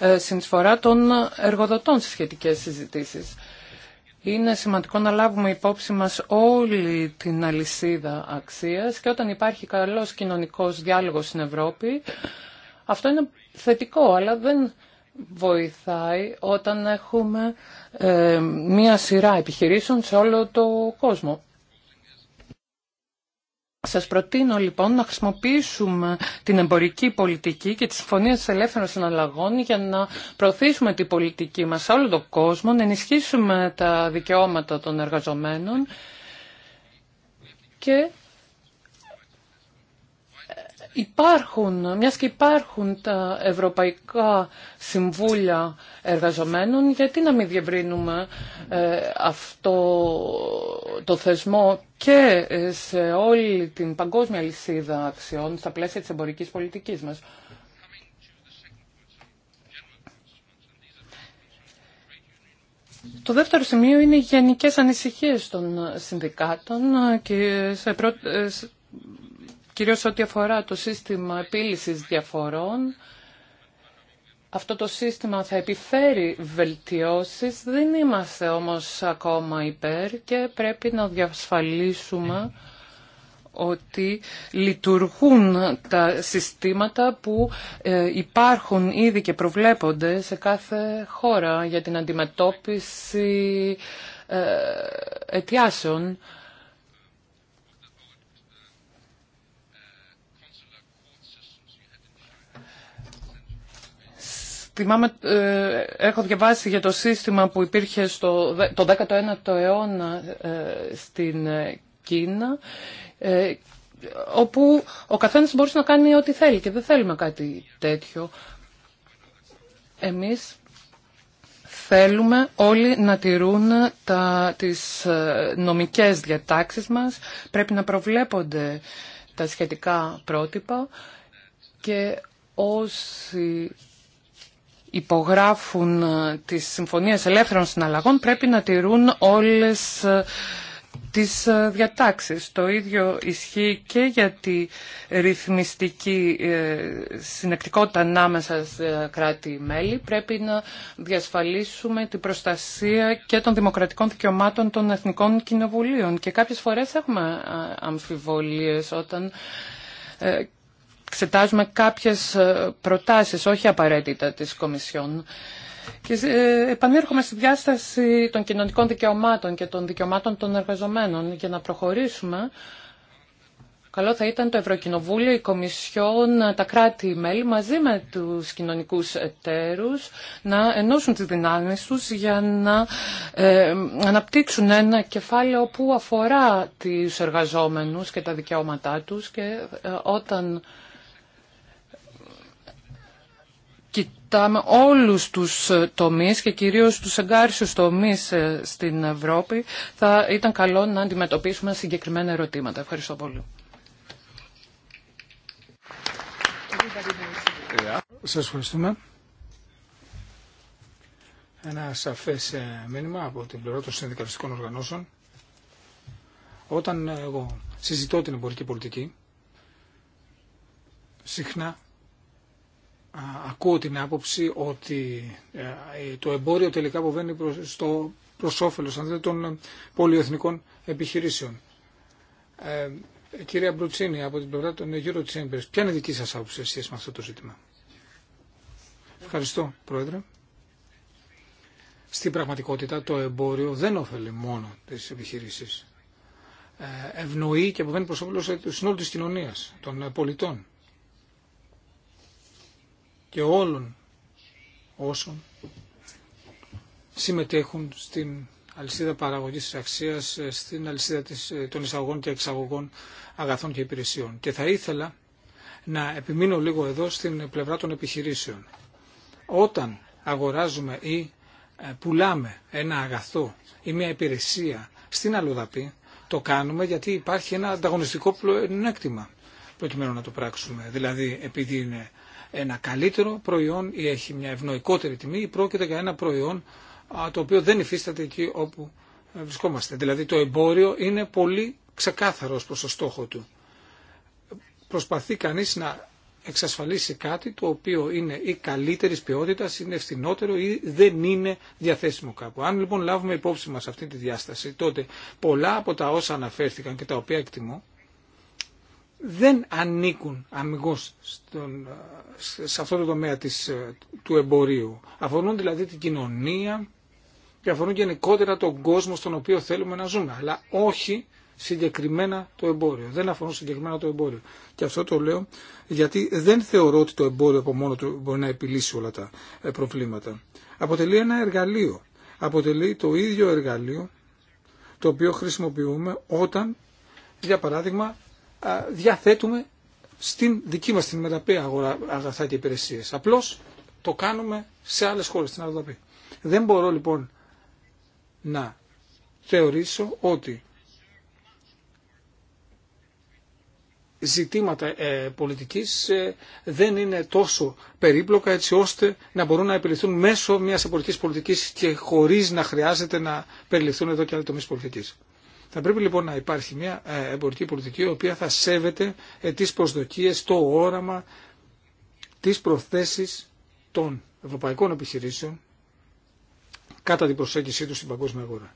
ε, συνεισφορά των εργοδοτών στις σχετικές συζητήσεις. Είναι σημαντικό να λάβουμε υπόψη μας όλη την αλυσίδα αξίας και όταν υπάρχει καλός κοινωνικός διάλογος στην Ευρώπη, αυτό είναι θετικό, αλλά δεν βοηθάει όταν έχουμε ε, μία σειρά επιχειρήσεων σε όλο το κόσμο. Σας προτείνω λοιπόν να χρησιμοποιήσουμε την εμπορική πολιτική και τη Συμφωνία της Ελεύθερων Συναλλαγών για να προωθήσουμε την πολιτική μας σε όλο τον κόσμο, να ενισχύσουμε τα δικαιώματα των εργαζομένων και υπάρχουν, μιας και υπάρχουν τα Ευρωπαϊκά Συμβούλια Εργαζομένων, γιατί να μην διευρύνουμε ε, αυτό το θεσμό και ε, σε όλη την παγκόσμια λυσίδα αξιών στα πλαίσια της εμπορικής πολιτικής μας. Το δεύτερο σημείο είναι οι γενικές ανησυχίες των συνδικάτων και σε πρώτη ε, κυρίως ό,τι αφορά το σύστημα επίλυσης διαφορών, αυτό το σύστημα θα επιφέρει βελτιώσεις, δεν είμαστε όμως ακόμα υπέρ και πρέπει να διασφαλίσουμε ότι λειτουργούν τα συστήματα που ε, υπάρχουν ήδη και προβλέπονται σε κάθε χώρα για την αντιμετώπιση ε, αιτιάσεων. Θυμάμαι, ε, έχω διαβάσει για το σύστημα που υπήρχε στο, το 19ο αιώνα ε, στην ε, Κίνα, όπου ο καθένας μπορούσε να κάνει ό,τι θέλει και δεν θέλουμε κάτι τέτοιο. Εμείς θέλουμε όλοι να τηρούν τα, τις νομικές διατάξεις μας, πρέπει να προβλέπονται τα σχετικά πρότυπα και όσοι υπογράφουν ε, τις συμφωνίες ελεύθερων συναλλαγών πρέπει να τηρούν όλες ε, τις ε, διατάξεις. Το ίδιο ισχύει και για τη ρυθμιστική συνεκτικότητα ανάμεσα σε κράτη-μέλη. Πρέπει να διασφαλίσουμε την προστασία και των δημοκρατικών δικαιωμάτων των εθνικών κοινοβουλίων. Και κάποιες φορές έχουμε αμφιβολίες όταν Ξετάζουμε κάποιες ε, προτάσεις, όχι απαραίτητα της Κομισιόν. Και ε, επανέρχομαι στη διάσταση των κοινωνικών δικαιωμάτων και των δικαιωμάτων των εργαζομένων για να προχωρήσουμε. Καλό θα ήταν το Ευρωκοινοβούλιο, η Κομισιόν, τα κράτη-μέλη μαζί με τους κοινωνικούς εταίρους να ενώσουν τις δυνάμεις τους για να ε, αναπτύξουν ένα κεφάλαιο που αφορά τους εργαζόμενους και τα δικαιώματά τους και όταν κοιτάμε όλους τους ε, τομείς και κυρίως τους εγκάρσιους τομείς ε, στην Ευρώπη, θα ήταν καλό να αντιμετωπίσουμε συγκεκριμένα ερωτήματα. Ευχαριστώ πολύ. Σας ευχαριστούμε. Ένα σαφές ε, μήνυμα από την πλευρά των συνδικαλιστικών οργανώσεων. Όταν εγώ συζητώ την εμπορική πολιτική, συχνά ακούω την άποψη ότι ε, το εμπόριο τελικά αποβαίνει προς, στο προς όφελος αν δείτε, των ε, πολυεθνικών επιχειρήσεων. Ε, κυρία Μπρουτσίνη, από την πλευρά των Euro Chambers, ποια είναι η δική σας άποψη σε με αυτό το ζήτημα. Ευχαριστώ, Πρόεδρε. Στην πραγματικότητα το εμπόριο δεν ωφελεί μόνο τις επιχειρήσεις. Ε, ευνοεί και αποβαίνει προς όφελος του ε, συνόλου της κοινωνίας, των πολιτών και όλων όσων συμμετέχουν στην αλυσίδα παραγωγής της αξίας, ε, στην αλυσίδα ε, των εισαγωγών και εξαγωγών αγαθών και υπηρεσιών. Και θα ήθελα να επιμείνω λίγο εδώ στην πλευρά των επιχειρήσεων. Όταν αγοράζουμε ή ε, πουλάμε ένα αγαθό ή μια υπηρεσία στην αλλοδαπή, το κάνουμε γιατί υπάρχει ένα ανταγωνιστικό πλεονέκτημα προκειμένου να το πράξουμε. Δηλαδή, επειδή είναι ένα καλύτερο προϊόν ή έχει μια ευνοϊκότερη τιμή ή πρόκειται για ένα προϊόν το οποίο δεν υφίσταται εκεί όπου ε, βρισκόμαστε. Δηλαδή το εμπόριο είναι πολύ ξεκάθαρο προς το στόχο του. Προσπαθεί κανείς να εξασφαλίσει κάτι το οποίο είναι ή καλύτερης ποιότητας, είναι ευθυνότερο ή δεν είναι διαθέσιμο κάπου. Αν λοιπόν λάβουμε υπόψη μας αυτή τη διάσταση, τότε πολλά από τα όσα αναφέρθηκαν και τα οποία εκτιμώ, δεν ανήκουν αμυγός στον, σε αυτό το τομέα της, του εμπορίου. Αφορούν δηλαδή την κοινωνία και αφορούν γενικότερα τον κόσμο στον οποίο θέλουμε να ζούμε, αλλά όχι συγκεκριμένα το εμπόριο. Δεν αφορούν συγκεκριμένα το εμπόριο. Και αυτό το λέω γιατί δεν θεωρώ ότι το εμπόριο από μόνο του μπορεί να επιλύσει όλα τα ε, προβλήματα. Αποτελεί ένα εργαλείο. Αποτελεί το ίδιο εργαλείο το οποίο χρησιμοποιούμε όταν, για παράδειγμα, διαθέτουμε στην δική μας την μεταπέα αγορά αγαθά και υπηρεσίες. Απλώς το κάνουμε σε άλλες χώρες, στην Αρδαπή. Δεν μπορώ λοιπόν να θεωρήσω ότι ζητήματα ε, πολιτικής ε, δεν είναι τόσο περίπλοκα έτσι ώστε να μπορούν να επιληθούν μέσω μιας εμπορικής πολιτικής και χωρίς να χρειάζεται να περιληφθούν εδώ και άλλοι τομείς πολιτικής. Θα πρέπει λοιπόν να υπάρχει μια ε, εμπορική πολιτική η οποία θα σέβεται ε, τις προσδοκίες, το όραμα, τις προθέσεις των ευρωπαϊκών επιχειρήσεων κατά την προσέγγιση του στην παγκόσμια αγορά.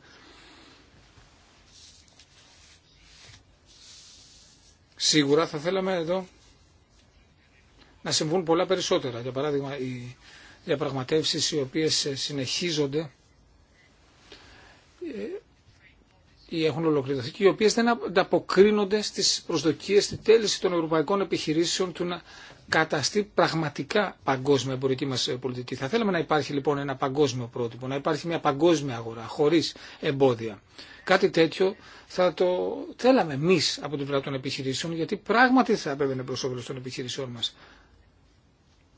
Σίγουρα θα θέλαμε εδώ να συμβούν πολλά περισσότερα. Για παράδειγμα, οι διαπραγματεύσεις οι οποίες συνεχίζονται ε, έχουν ολοκληρωθεί και οι οποίες δεν ανταποκρίνονται στις προσδοκίες, στη τέληση των ευρωπαϊκών επιχειρήσεων του να καταστεί πραγματικά παγκόσμια εμπορική μας ε, πολιτική. Θα θέλαμε να υπάρχει λοιπόν ένα παγκόσμιο πρότυπο, να υπάρχει μια παγκόσμια αγορά χωρίς εμπόδια. Κάτι τέτοιο θα το θέλαμε εμεί από την πλευρά των επιχειρήσεων, γιατί πράγματι θα έπρεπε να όφελο των επιχειρήσεών μα.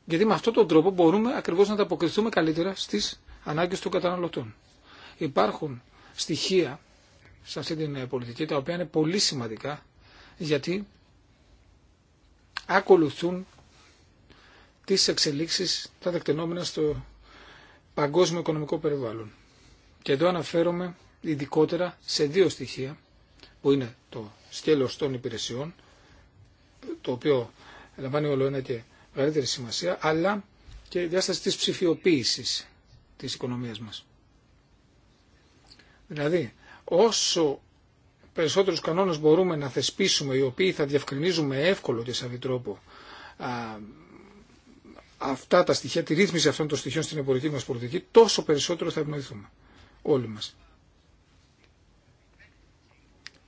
Γιατί με αυτόν τον τρόπο μπορούμε ακριβώ να ανταποκριθούμε καλύτερα στι ανάγκε των καταναλωτών. Υπάρχουν στοιχεία σε αυτή την ε, πολιτική, τα οποία είναι πολύ σημαντικά, γιατί ακολουθούν τις εξελίξεις τα δεκτενόμενα στο παγκόσμιο οικονομικό περιβάλλον. Και εδώ αναφέρομαι ειδικότερα σε δύο στοιχεία, που είναι το σκέλος των υπηρεσιών, το οποίο λαμβάνει όλο ένα και μεγαλύτερη σημασία, αλλά και η διάσταση της ψηφιοποίησης της οικονομίας μας. Δηλαδή, όσο περισσότερους κανόνες μπορούμε να θεσπίσουμε οι οποίοι θα διευκρινίζουμε εύκολο και σαν τρόπο αυτά τα στοιχεία, τη ρύθμιση αυτών των στοιχείων στην εμπορική μας πολιτική, τόσο περισσότερο θα ευνοηθούμε όλοι μας.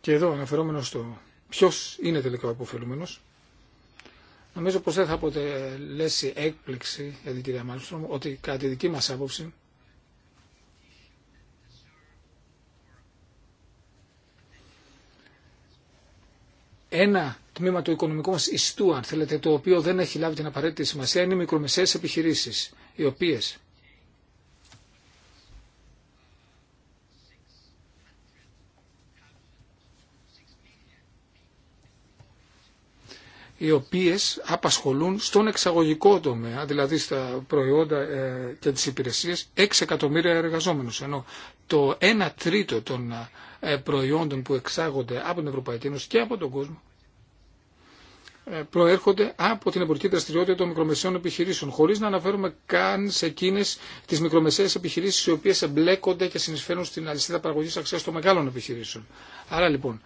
Και εδώ αναφερόμενο στο Ποιο είναι τελικά ο αποφελούμενος, νομίζω πως δεν θα αποτελέσει έκπληξη για την κυρία ότι κατά τη δική μας άποψη ένα τμήμα του οικονομικού μας ιστού, αν θέλετε, το οποίο δεν έχει λάβει την απαραίτητη σημασία, είναι οι μικρομεσαίες επιχειρήσεις, οι οποίες οι οποίες απασχολούν στον εξαγωγικό τομέα, δηλαδή στα προϊόντα ε, και τις υπηρεσίες, 6 εκατομμύρια εργαζόμενους, ενώ το 1 τρίτο των ε, ε, προϊόντων που εξάγονται από την Ευρωπαϊκή Ένωση και από τον κόσμο ε, προέρχονται από την εμπορική δραστηριότητα των μικρομεσαίων επιχειρήσεων, χωρί να αναφέρουμε καν σε εκείνε τι μικρομεσαίε επιχειρήσει οι οποίε εμπλέκονται και συνεισφέρουν στην αλυσίδα παραγωγή αξία των μεγάλων επιχειρήσεων. Άρα λοιπόν,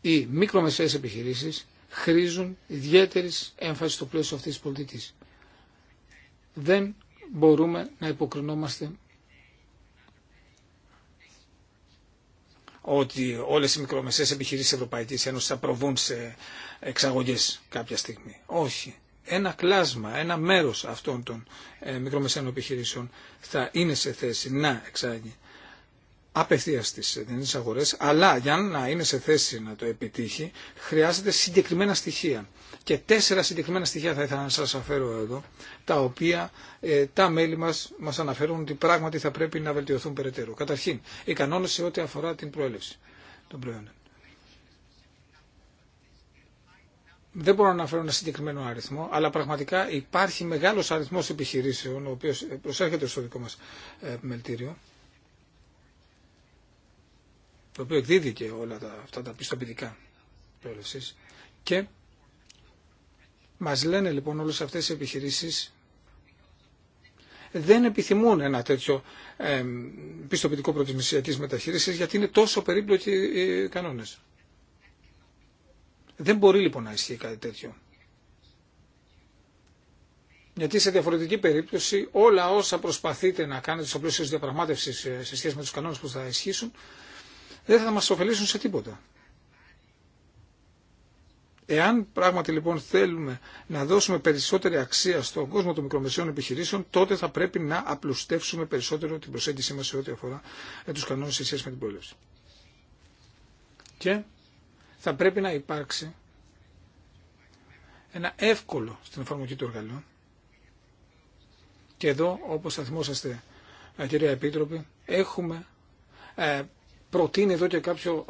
οι μικρομεσαίες επιχειρήσει χρήζουν ιδιαίτερη έμφαση στο πλαίσιο αυτή τη πολιτική. Δεν μπορούμε να υποκρινόμαστε ότι όλες οι μικρομεσαίες επιχειρήσεις Ευρωπαϊκή Ένωση θα προβούν σε εξαγωγέ κάποια στιγμή. Όχι. Ένα κλάσμα, ένα μέρος αυτών των ε, μικρομεσαίων επιχειρήσεων θα είναι σε θέση να εξάγει απευθεία στι διεθνεί αγορέ, αλλά για να είναι σε θέση να το επιτύχει, χρειάζεται συγκεκριμένα στοιχεία. Και τέσσερα συγκεκριμένα στοιχεία θα ήθελα να σα αφαίρω εδώ, τα οποία ε, τα μέλη μα μας αναφέρουν ότι πράγματι θα πρέπει να βελτιωθούν περαιτέρω. Καταρχήν, οι κανόνε σε ό,τι αφορά την προέλευση των προϊόντων. Δεν μπορώ να αναφέρω ένα συγκεκριμένο αριθμό, αλλά πραγματικά υπάρχει μεγάλο αριθμό επιχειρήσεων, ο οποίο προσέρχεται στο δικό μας ε, μελτήριο, το οποίο εκδίδει και όλα τα, αυτά τα πιστοποιητικά προέλευσης και μας λένε λοιπόν όλες αυτές οι επιχειρήσεις δεν επιθυμούν ένα τέτοιο ε, πιστοποιητικό προτιμησιακής μεταχείρισης γιατί είναι τόσο περίπλοκοι οι κανόνες. Δεν μπορεί λοιπόν να ισχύει κάτι τέτοιο. Γιατί σε διαφορετική περίπτωση όλα όσα προσπαθείτε να κάνετε στο πλαίσιο της σε σχέση με τους κανόνες που θα ισχύσουν δεν θα μας ωφελήσουν σε τίποτα. Εάν πράγματι λοιπόν θέλουμε να δώσουμε περισσότερη αξία στον κόσμο των μικρομεσαίων επιχειρήσεων, τότε θα πρέπει να απλουστεύσουμε περισσότερο την προσέγγιση μας σε ό,τι αφορά ε, τους κανόνες σε σχέση με την πρόληψη. Και θα πρέπει να υπάρξει ένα εύκολο στην εφαρμογή του εργαλείου. Και εδώ, όπως θα θυμόσαστε, ε, κυρία Επίτροπη, έχουμε ε, προτείνει εδώ και κάποιο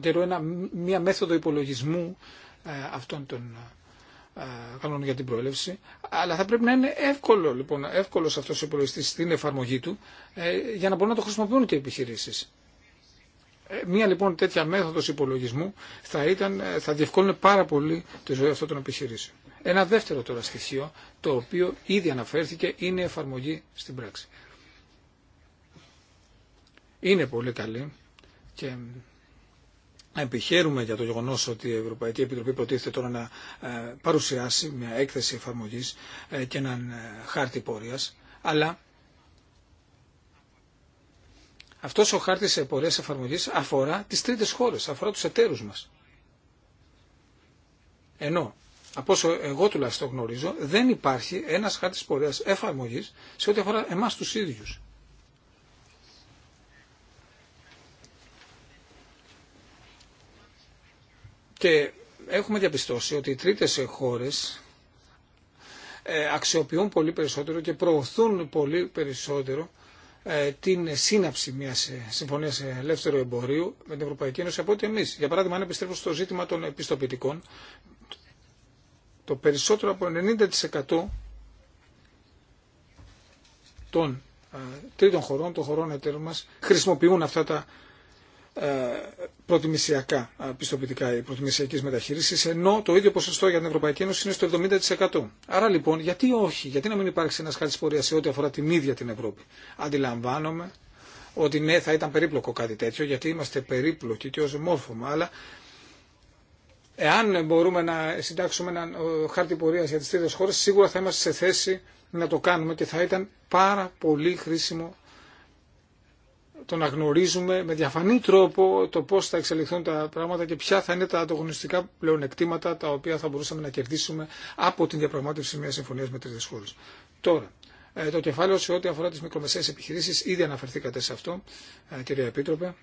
καιρό μία μέθοδο υπολογισμού ε, αυτών των ε, κανόνων για την προέλευση. Αλλά θα πρέπει να είναι εύκολο λοιπόν, εύκολος αυτός ο υπολογιστή στην εφαρμογή του ε, για να μπορούν να το χρησιμοποιούν και οι επιχειρήσει. Μία λοιπόν τέτοια μέθοδο υπολογισμού θα, ήταν, θα διευκόλυνε πάρα πολύ τη ζωή αυτών των επιχειρήσεων. Ένα δεύτερο τώρα στοιχείο, το οποίο ήδη αναφέρθηκε, είναι η εφαρμογή στην πράξη. Είναι πολύ καλή και επιχαίρουμε για το γεγονό ότι η Ευρωπαϊκή Επιτροπή προτίθεται τώρα να ε, παρουσιάσει μια έκθεση εφαρμογή ε, και έναν ε, χάρτη πορεία, αλλά αυτός ο χάρτης πορεία εφαρμογής αφορά τις τρίτε χώρε, αφορά τους εταίρου μας. Ενώ, από όσο εγώ τουλάχιστον γνωρίζω, δεν υπάρχει ένας χάρτης πορεία εφαρμογή σε ό,τι αφορά εμά του ίδιου. Και έχουμε διαπιστώσει ότι οι τρίτες χώρες ε, αξιοποιούν πολύ περισσότερο και προωθούν πολύ περισσότερο ε, την σύναψη μια ε, συμφωνία ελεύθερου εμπορίου με την Ευρωπαϊκή Ένωση από ότι εμεί. Για παράδειγμα, αν επιστρέψω στο ζήτημα των επιστοποιητικών, το περισσότερο από 90% των τρίτων χωρών, των χωρών εταίρων μας, χρησιμοποιούν αυτά τα ε, προτιμησιακά ε, πιστοποιητικά ή προτιμησιακή μεταχείριση, ενώ το ίδιο ποσοστό για την Ευρωπαϊκή Ένωση είναι στο 70%. Άρα λοιπόν, γιατί όχι, γιατί να μην υπάρξει ένα χάρτη πορεία σε ό,τι αφορά την ίδια την Ευρώπη. Αντιλαμβάνομαι ότι ναι, θα ήταν περίπλοκο κάτι τέτοιο, γιατί είμαστε περίπλοκοι και ω μόρφωμα, αλλά εάν μπορούμε να συντάξουμε ένα χάρτη πορεία για τι τρίτε χώρε, σίγουρα θα είμαστε σε θέση να το κάνουμε και θα ήταν πάρα πολύ χρήσιμο το να γνωρίζουμε με διαφανή τρόπο το πώς θα εξελιχθούν τα πράγματα και ποια θα είναι τα ανταγωνιστικά πλεονεκτήματα τα οποία θα μπορούσαμε να κερδίσουμε από την διαπραγμάτευση μιας συμφωνίας με τρίτες χώρες. Τώρα, ε, το κεφάλαιο σε ό,τι αφορά τις μικρομεσαίες επιχειρήσεις, ήδη αναφερθήκατε σε αυτό, ε, κυρία Επίτροπε.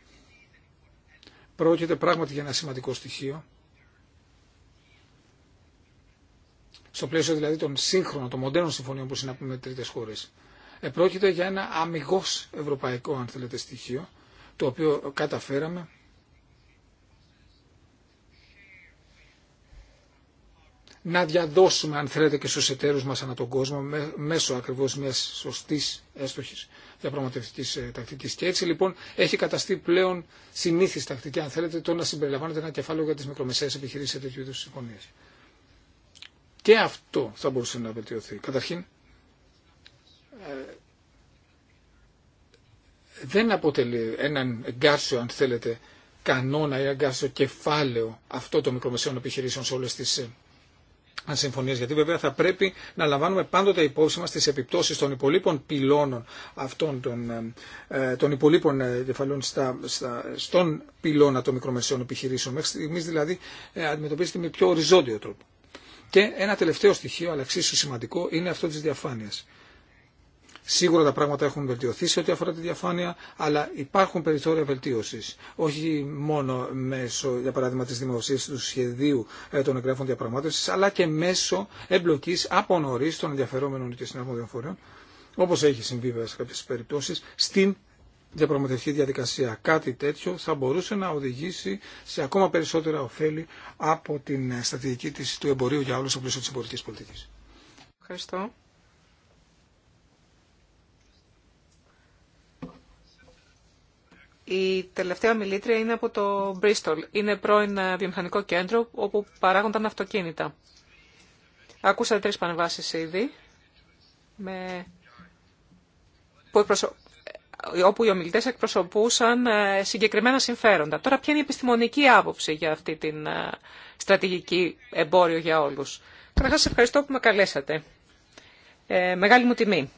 Πρόκειται πράγματι για ένα σημαντικό στοιχείο. Στο πλαίσιο δηλαδή των σύγχρονων, των μοντέρων συμφωνιών που συναπούμε με χώρες. Ε, πρόκειται για ένα αμυγός ευρωπαϊκό, αν θέλετε, στοιχείο, το οποίο καταφέραμε να διαδώσουμε, αν θέλετε, και στους εταίρους μας ανά τον κόσμο, μέσω ακριβώς μιας σωστής, έστοχης διαπραγματευτικής ε, τακτικής. Και έτσι, λοιπόν, έχει καταστεί πλέον συνήθις τακτική, αν θέλετε, το να συμπεριλαμβάνεται ένα κεφάλαιο για τις μικρομεσαίες επιχειρήσεις σε τέτοιου είδους συμφωνίες. Και αυτό θα μπορούσε να βελτιωθεί. Καταρχήν, ε, δεν αποτελεί έναν εγκάσιο αν θέλετε, κανόνα ή εγκάρσιο κεφάλαιο αυτό των μικρομεσαίων επιχειρήσεων σε όλες τις ε, συμφωνίε, Γιατί βέβαια θα πρέπει να λαμβάνουμε πάντοτε υπόψη μας τις επιπτώσεις των υπολείπων πυλώνων αυτών των, ε, των υπολείπων κεφαλών στα, στον πυλώνα των μικρομεσαίων επιχειρήσεων. Μέχρι στιγμής δηλαδή αντιμετωπίζεται με πιο οριζόντιο τρόπο. Και ένα τελευταίο στοιχείο, αλλά εξίσου σημαντικό, είναι αυτό της διαφάνειας. Σίγουρα τα πράγματα έχουν βελτιωθεί σε ό,τι αφορά τη διαφάνεια, αλλά υπάρχουν περιθώρια βελτίωση. Όχι μόνο μέσω, για παράδειγμα, τη δημοσίευση του σχεδίου ε, των εγγράφων διαπραγμάτευση, αλλά και μέσω εμπλοκή από νωρί των ενδιαφερόμενων και συναρμόδιων διαφορεών, όπω έχει συμβεί βέβαια σε κάποιε περιπτώσει, στην διαπραγματευτική διαδικασία. Κάτι τέτοιο θα μπορούσε να οδηγήσει σε ακόμα περισσότερα ωφέλη από την στρατηγική της, του εμπορίου για όλου στο πλαίσιο τη εμπορική Η τελευταία μιλήτρια είναι από το Bristol. Είναι πρώην ε, βιομηχανικό κέντρο όπου παράγονταν αυτοκίνητα. Ακούσατε τρεις πανεβάσεις ήδη, με... Ε, όπου οι ομιλητές εκπροσωπούσαν ε, συγκεκριμένα συμφέροντα. Τώρα ποια είναι η επιστημονική άποψη για αυτή την στρατηγική εμπόριο για όλους. Καταρχάς, ευχαριστώ που με καλέσατε. Ε, μεγάλη μου τιμή.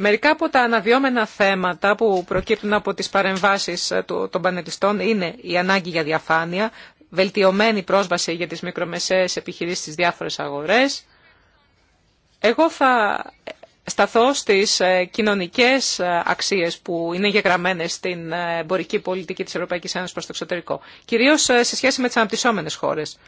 Μερικά από τα αναδυόμενα θέματα που προκύπτουν από τις παρεμβάσεις ε, των πανελιστών είναι η ανάγκη για διαφάνεια, βελτιωμένη πρόσβαση για τις μικρομεσαίες επιχειρήσεις στις διάφορες αγορές. Εγώ θα σταθώ στις ε, κοινωνικές ε, αξίες που είναι γεγραμμένες στην εμπορική πολιτική της Ευρωπαϊκής Ένωσης προς το εξωτερικό, κυρίως σε σχέση με τις αναπτυσσόμενες χώρες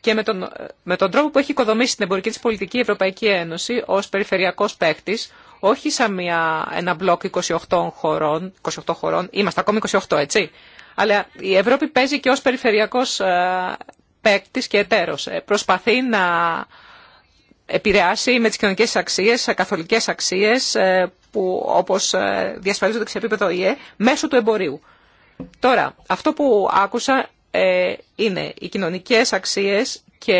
και με τον, με τον τρόπο που έχει οικοδομήσει την εμπορική της πολιτική η Ευρωπαϊκή Ένωση ως περιφερειακός παίκτης, όχι σαν μια, ένα μπλοκ 28 χωρών, 28 χωρών, είμαστε ακόμη 28 έτσι, αλλά η Ευρώπη παίζει και ως περιφερειακός ε, παίκτη και εταίρος. Ε, προσπαθεί να επηρεάσει με τις κοινωνικές αξίες, καθολικές αξίες ε, που όπως διασφαλίζονται σε επίπεδο ΙΕ μέσω του εμπορίου. Τώρα, αυτό που άκουσα ε, είναι οι κοινωνικές αξίες και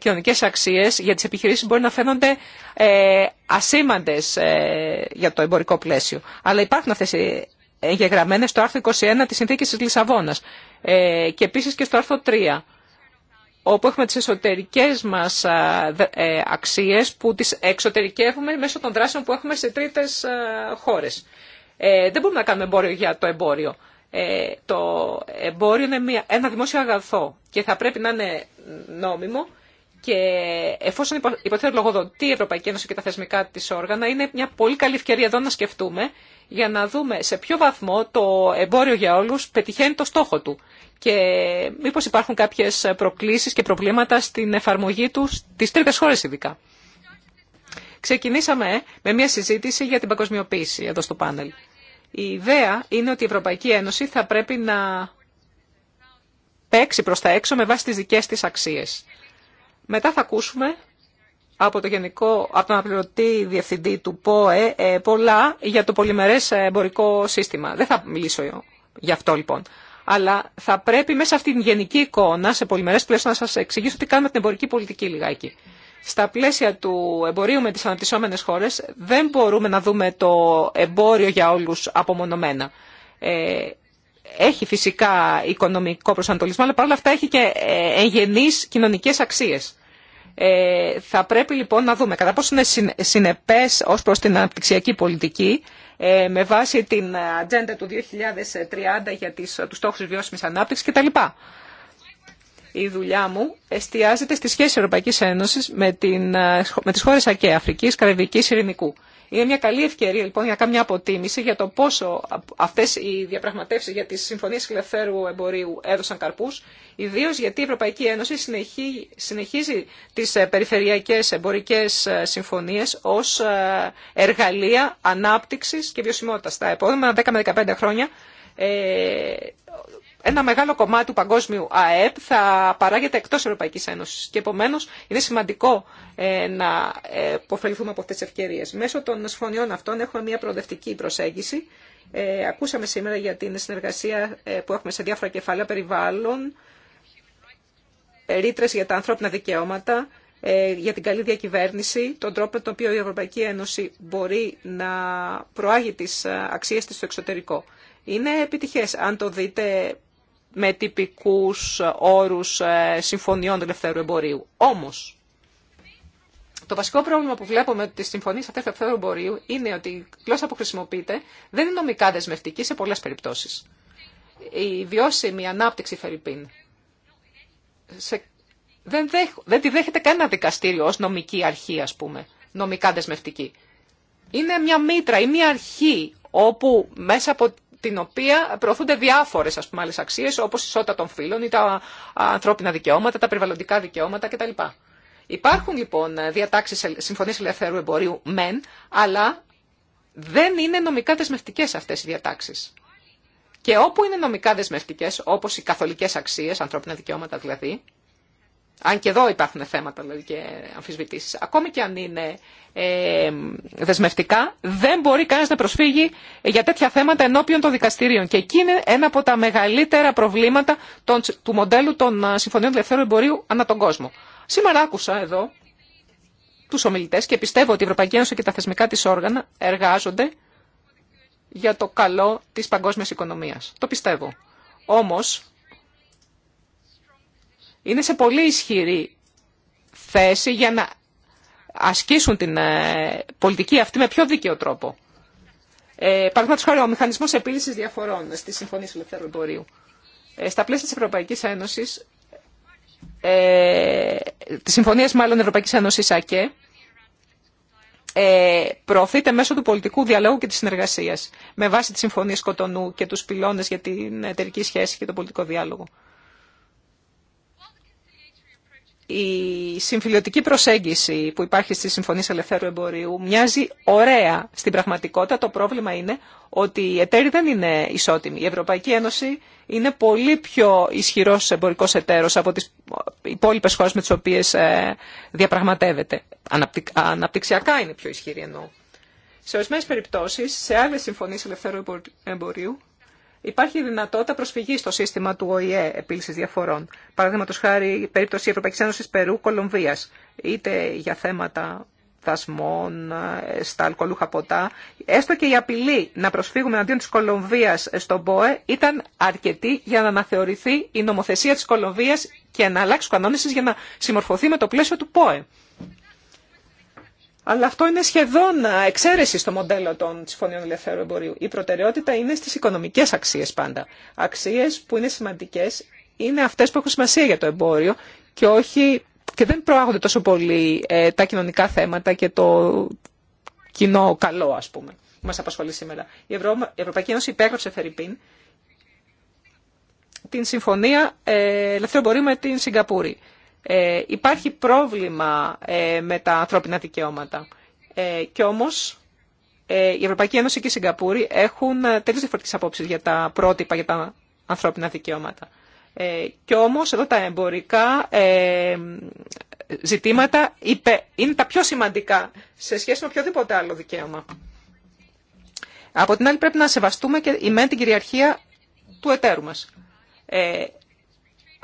κοινωνικές αξίες για τις επιχειρήσεις μπορεί να φαίνονται ε, ασήμαντες ε, για το εμπορικό πλαίσιο. Αλλά υπάρχουν αυτές οι εγγεγραμμένες στο άρθρο 21 της Συνθήκης της Λισαβόνας ε, και επίσης και στο άρθρο 3 όπου έχουμε τις εσωτερικές μας αξίες που τις εξωτερικεύουμε μέσω των δράσεων που έχουμε σε τρίτες χώρες. Δεν μπορούμε να κάνουμε εμπόριο για το εμπόριο. Ε, το εμπόριο είναι ένα δημόσιο αγαθό και θα πρέπει να είναι νόμιμο και εφόσον υποθέτω λογοδοτεί η Ευρωπαϊκή Ένωση και τα θεσμικά τη όργανα, είναι μια πολύ καλή ευκαιρία εδώ να σκεφτούμε για να δούμε σε ποιο βαθμό το εμπόριο για όλου πετυχαίνει το στόχο του και μήπω υπάρχουν κάποιε προκλήσει και προβλήματα στην εφαρμογή του στι τρίτε χώρε ειδικά. Ξεκινήσαμε με μια συζήτηση για την παγκοσμιοποίηση εδώ στο πάνελ. Η ιδέα είναι ότι η Ευρωπαϊκή Ένωση θα πρέπει να παίξει προς τα έξω με βάση τις δικές της αξίες. Μετά θα ακούσουμε από, το γενικό, από τον απλήρωτή διευθυντή του ΠΟΕ ε, πολλά για το πολυμερές εμπορικό σύστημα. Δεν θα μιλήσω γι' αυτό λοιπόν. Αλλά θα πρέπει μέσα αυτήν την γενική εικόνα, σε πολυμερές πλαίσιο, να σας εξηγήσω τι κάνουμε την εμπορική πολιτική λιγάκι στα πλαίσια του εμπορίου με τις αναπτυσσόμενες χώρες δεν μπορούμε να δούμε το εμπόριο για όλους απομονωμένα. Ε, έχει φυσικά οικονομικό προσανατολισμό, αλλά παρόλα αυτά έχει και ε, εγγενείς κοινωνικές αξίες. Ε, θα πρέπει λοιπόν να δούμε κατά πόσο είναι συνεπές ως προς την αναπτυξιακή πολιτική με βάση την ατζέντα του 2030 για τις, τους στόχους βιώσιμης ανάπτυξης κτλ η δουλειά μου εστιάζεται στη σχέση Ευρωπαϊκής Ένωσης με, την, ε, με τις χώρες ΑΚΕ, Αφρικής, Καραϊβικής, Ειρηνικού. Είναι μια καλή ευκαιρία λοιπόν για κάμια αποτίμηση για το πόσο αυτές οι διαπραγματεύσεις για τις συμφωνίες ελευθέρου εμπορίου έδωσαν καρπούς, ιδίως γιατί η Ευρωπαϊκή Ένωση συνεχίζει, συνεχίζει τις ε, περιφερειακές εμπορικές ε, συμφωνίες ως εργαλεία ανάπτυξης και βιωσιμότητας. Τα επόμενα 10 με 15 χρόνια ένα μεγάλο κομμάτι του παγκόσμιου ΑΕΠ θα παράγεται εκτό Ευρωπαϊκή Ένωση. και επομένω είναι σημαντικό ε, να ε, υποφεληθούμε από αυτές τι ευκαιρίες. Μέσω των συμφωνιών αυτών έχουμε μια προοδευτική προσέγγιση. Ε, ακούσαμε σήμερα για την συνεργασία που έχουμε σε διάφορα κεφάλαια περιβάλλον, ρήτρε για τα ανθρώπινα δικαιώματα, για την καλή διακυβέρνηση, τον τρόπο με τον οποίο η Ευρωπαϊκή Ένωση μπορεί να προάγει τι αξίε τη στο εξωτερικό. Είναι επιτυχές. Αν το δείτε με τυπικούς όρους ε, συμφωνιών ελευθέρου εμπορίου. Όμως, το βασικό πρόβλημα που βλέπουμε με τις συμφωνίες του ελευθέρου εμπορίου είναι ότι η γλώσσα που χρησιμοποιείται δεν είναι νομικά δεσμευτική σε πολλές περιπτώσεις. Η βιώσιμη ανάπτυξη Φερρυπίν δεν, δέχ... δεν τη δέχεται κανένα δικαστήριο ως νομική αρχή, ας πούμε, νομικά δεσμευτική. Είναι μια μήτρα ή μια αρχή όπου μέσα από την οποία προωθούνται διάφορε άλλε αξίε, όπω η ισότητα των φύλων ή τα ανθρώπινα δικαιώματα, τα περιβαλλοντικά δικαιώματα κτλ. Υπάρχουν λοιπόν διατάξει συμφωνίε ελευθερού εμπορίου μεν, αλλά δεν είναι νομικά δεσμευτικέ αυτέ οι διατάξει. Και όπου είναι νομικά δεσμευτικέ, όπω οι καθολικέ αξίε, ανθρώπινα δικαιώματα δηλαδή, αν και εδώ υπάρχουν θέματα δηλαδή, και αμφισβητήσεις. Ακόμη και αν είναι ε, δεσμευτικά, δεν μπορεί κανένας να προσφύγει για τέτοια θέματα ενώπιον των δικαστηρίων. Και εκεί είναι ένα από τα μεγαλύτερα προβλήματα των, του μοντέλου των ε, Συμφωνίων Ελευθέρου Εμπορίου ανά τον κόσμο. Σήμερα άκουσα εδώ τους ομιλητές και πιστεύω ότι η Ευρωπαϊκή Ένωση και τα θεσμικά της όργανα εργάζονται για το καλό της παγκόσμιας οικονομίας. Το πιστεύω. Όμως, είναι σε πολύ ισχυρή θέση για να ασκήσουν την ε, πολιτική αυτή με πιο δίκαιο τρόπο. Ε, Παραδείγματο χάρη, ο μηχανισμό επίλυση διαφορών στι συμφωνίε ελευθέρου εμπορίου. Ε, στα πλαίσια τη Ευρωπαϊκή Ένωση, ε, τη συμφωνία μάλλον Ευρωπαϊκή Ένωση ΑΚΕ, ε, προωθείται μέσω του πολιτικού διαλόγου και τη συνεργασία με βάση τη Συμφωνία Κοτονού και του πυλώνε για την εταιρική σχέση και τον πολιτικό διάλογο η συμφιλιωτική προσέγγιση που υπάρχει στη συμφωνία ελευθέρου εμπορίου μοιάζει ωραία στην πραγματικότητα. Το πρόβλημα είναι ότι οι εταίροι δεν είναι ισότιμοι. Η Ευρωπαϊκή Ένωση είναι πολύ πιο ισχυρός εμπορικός εταίρος από τις υπόλοιπε χώρε με τις οποίες ε, διαπραγματεύεται. Αναπτυξιακά είναι πιο ισχυρή εννοώ. Σε ορισμένε περιπτώσει, σε άλλε συμφωνίε ελευθέρου εμπορίου, Υπάρχει δυνατότητα προσφυγή στο σύστημα του ΟΗΕ επίλυση διαφορών. Παραδείγματο χάρη η περίπτωση Ευρωπαϊκή Ένωση Περού-Κολομβία, είτε για θέματα δασμών, ε, στα αλκοολούχα ποτά. Έστω και η απειλή να προσφύγουμε αντίον τη Κολομβίας στον ΠΟΕ ήταν αρκετή για να αναθεωρηθεί η νομοθεσία τη Κολομβία και να αλλάξει κανόνε για να συμμορφωθεί με το πλαίσιο του ΠΟΕ. Αλλά αυτό είναι σχεδόν εξαίρεση στο μοντέλο των συμφωνιών Ελευθερών εμπορίου. Η προτεραιότητα είναι στις οικονομικές αξίες πάντα. Αξίες που είναι σημαντικέ είναι αυτές που έχουν σημασία για το εμπόριο και, όχι, και δεν προάγονται τόσο πολύ ε, τα κοινωνικά θέματα και το κοινό καλό, ας πούμε, που μας απασχολεί σήμερα. Η, Ευρω... η Ευρωπαϊκή Ένωση υπέγραψε, Φερρυπίν, την συμφωνία ε, εμπορίου με την Σιγκαπούρη. Ε, υπάρχει πρόβλημα ε, με τα ανθρώπινα δικαιώματα. Ε, και όμως ε, η Ευρωπαϊκή Ένωση και η Σιγκαπούρη έχουν ε, τελείως διαφορετικές απόψεις για τα πρότυπα για τα ανθρώπινα δικαιώματα. Ε, και όμως εδώ τα εμπορικά ε, ζητήματα είναι τα πιο σημαντικά σε σχέση με οποιοδήποτε άλλο δικαίωμα. Από την άλλη πρέπει να σεβαστούμε και η την κυριαρχία του εταίρου μας. Ε,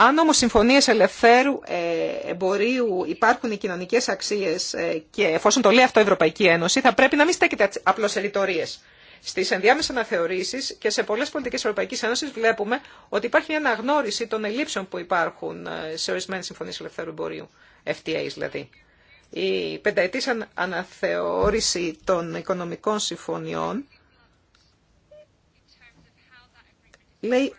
αν όμως συμφωνίες ελευθέρου ε, εμπορίου υπάρχουν οι κοινωνικές αξίες ε, και εφόσον το λέει αυτό η Ευρωπαϊκή Ένωση, θα πρέπει να μην στέκεται απλώς σε ρητορίες. Στι ενδιάμεσε αναθεωρήσει και σε πολλές πολιτικές Ευρωπαϊκής Ένωσης βλέπουμε ότι υπάρχει μια αναγνώριση των ελλείψεων που υπάρχουν ε, σε ορισμένε συμφωνίες ελευθέρου εμπορίου, FTAs δηλαδή. Η πενταετή αναθεώρηση των οικονομικών συμφωνιών λέει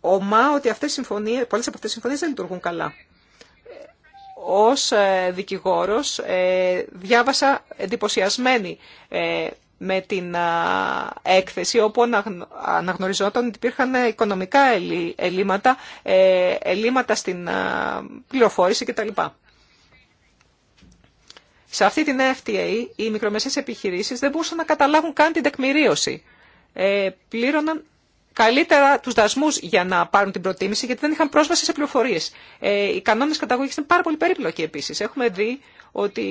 ομά ότι αυτές οι πολλές από αυτές οι συμφωνίες δεν λειτουργούν καλά. Ως ε, δικηγόρος ε, διάβασα εντυπωσιασμένη ε, με την έκθεση όπου αναγνωριζόταν ότι υπήρχαν οικονομικά ελλείμματα, ελλείμματα στην πληροφόρηση κτλ. Σε αυτή την FTA οι μικρομεσαίες επιχειρήσεις δεν μπορούσαν να καταλάβουν καν την τεκμηρίωση. Ε, πλήρωναν καλύτερα τους δασμούς για να πάρουν την προτίμηση, γιατί δεν είχαν πρόσβαση σε πληροφορίε. Ε, οι κανόνες καταγωγής είναι πάρα πολύ περίπλοκοι επίσης. Έχουμε δει ότι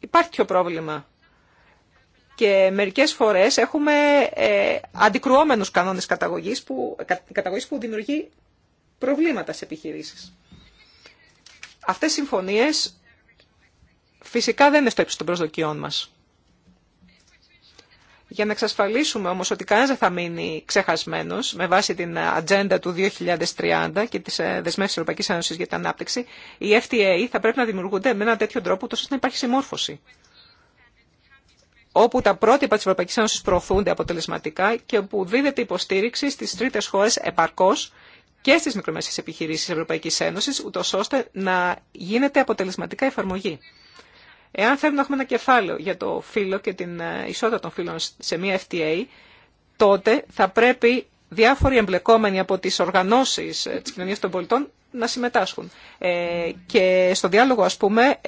υπάρχει πιο πρόβλημα. Και μερικές φορέ έχουμε ε, αντικρουόμενους κανόνες καταγωγής που, καταγωγής που δημιουργεί προβλήματα σε επιχειρήσεις. Αυτέ οι συμφωνίε φυσικά δεν είναι στο ύψο των προσδοκιών μας. Για να εξασφαλίσουμε όμως ότι κανένας δεν θα μείνει ξεχασμένος με βάση την ατζέντα του 2030 και τις ε, δεσμεύσεις της Ευρωπαϊκής Ένωσης για την ανάπτυξη, οι FTA θα πρέπει να δημιουργούνται με έναν τέτοιο τρόπο ώστε να υπάρχει συμμόρφωση. Όπου τα πρότυπα της Ευρωπαϊκής Ένωσης προωθούνται αποτελεσματικά και όπου δίδεται υποστήριξη στις τρίτες χώρες επαρκώς και στις μικρομεσαίες επιχειρήσεις της Ευρωπαϊκής Ένωσης, ούτως ώστε να γίνεται αποτελεσματικά εφαρμογή. Εάν θέλουμε να έχουμε ένα κεφάλαιο για το φύλλο και την ε, ισότητα των φύλλων σε μια FTA, τότε θα πρέπει διάφοροι εμπλεκόμενοι από τις οργανώσεις ε, της κοινωνίας των πολιτών να συμμετάσχουν. Ε, και στο διάλογο, ας πούμε,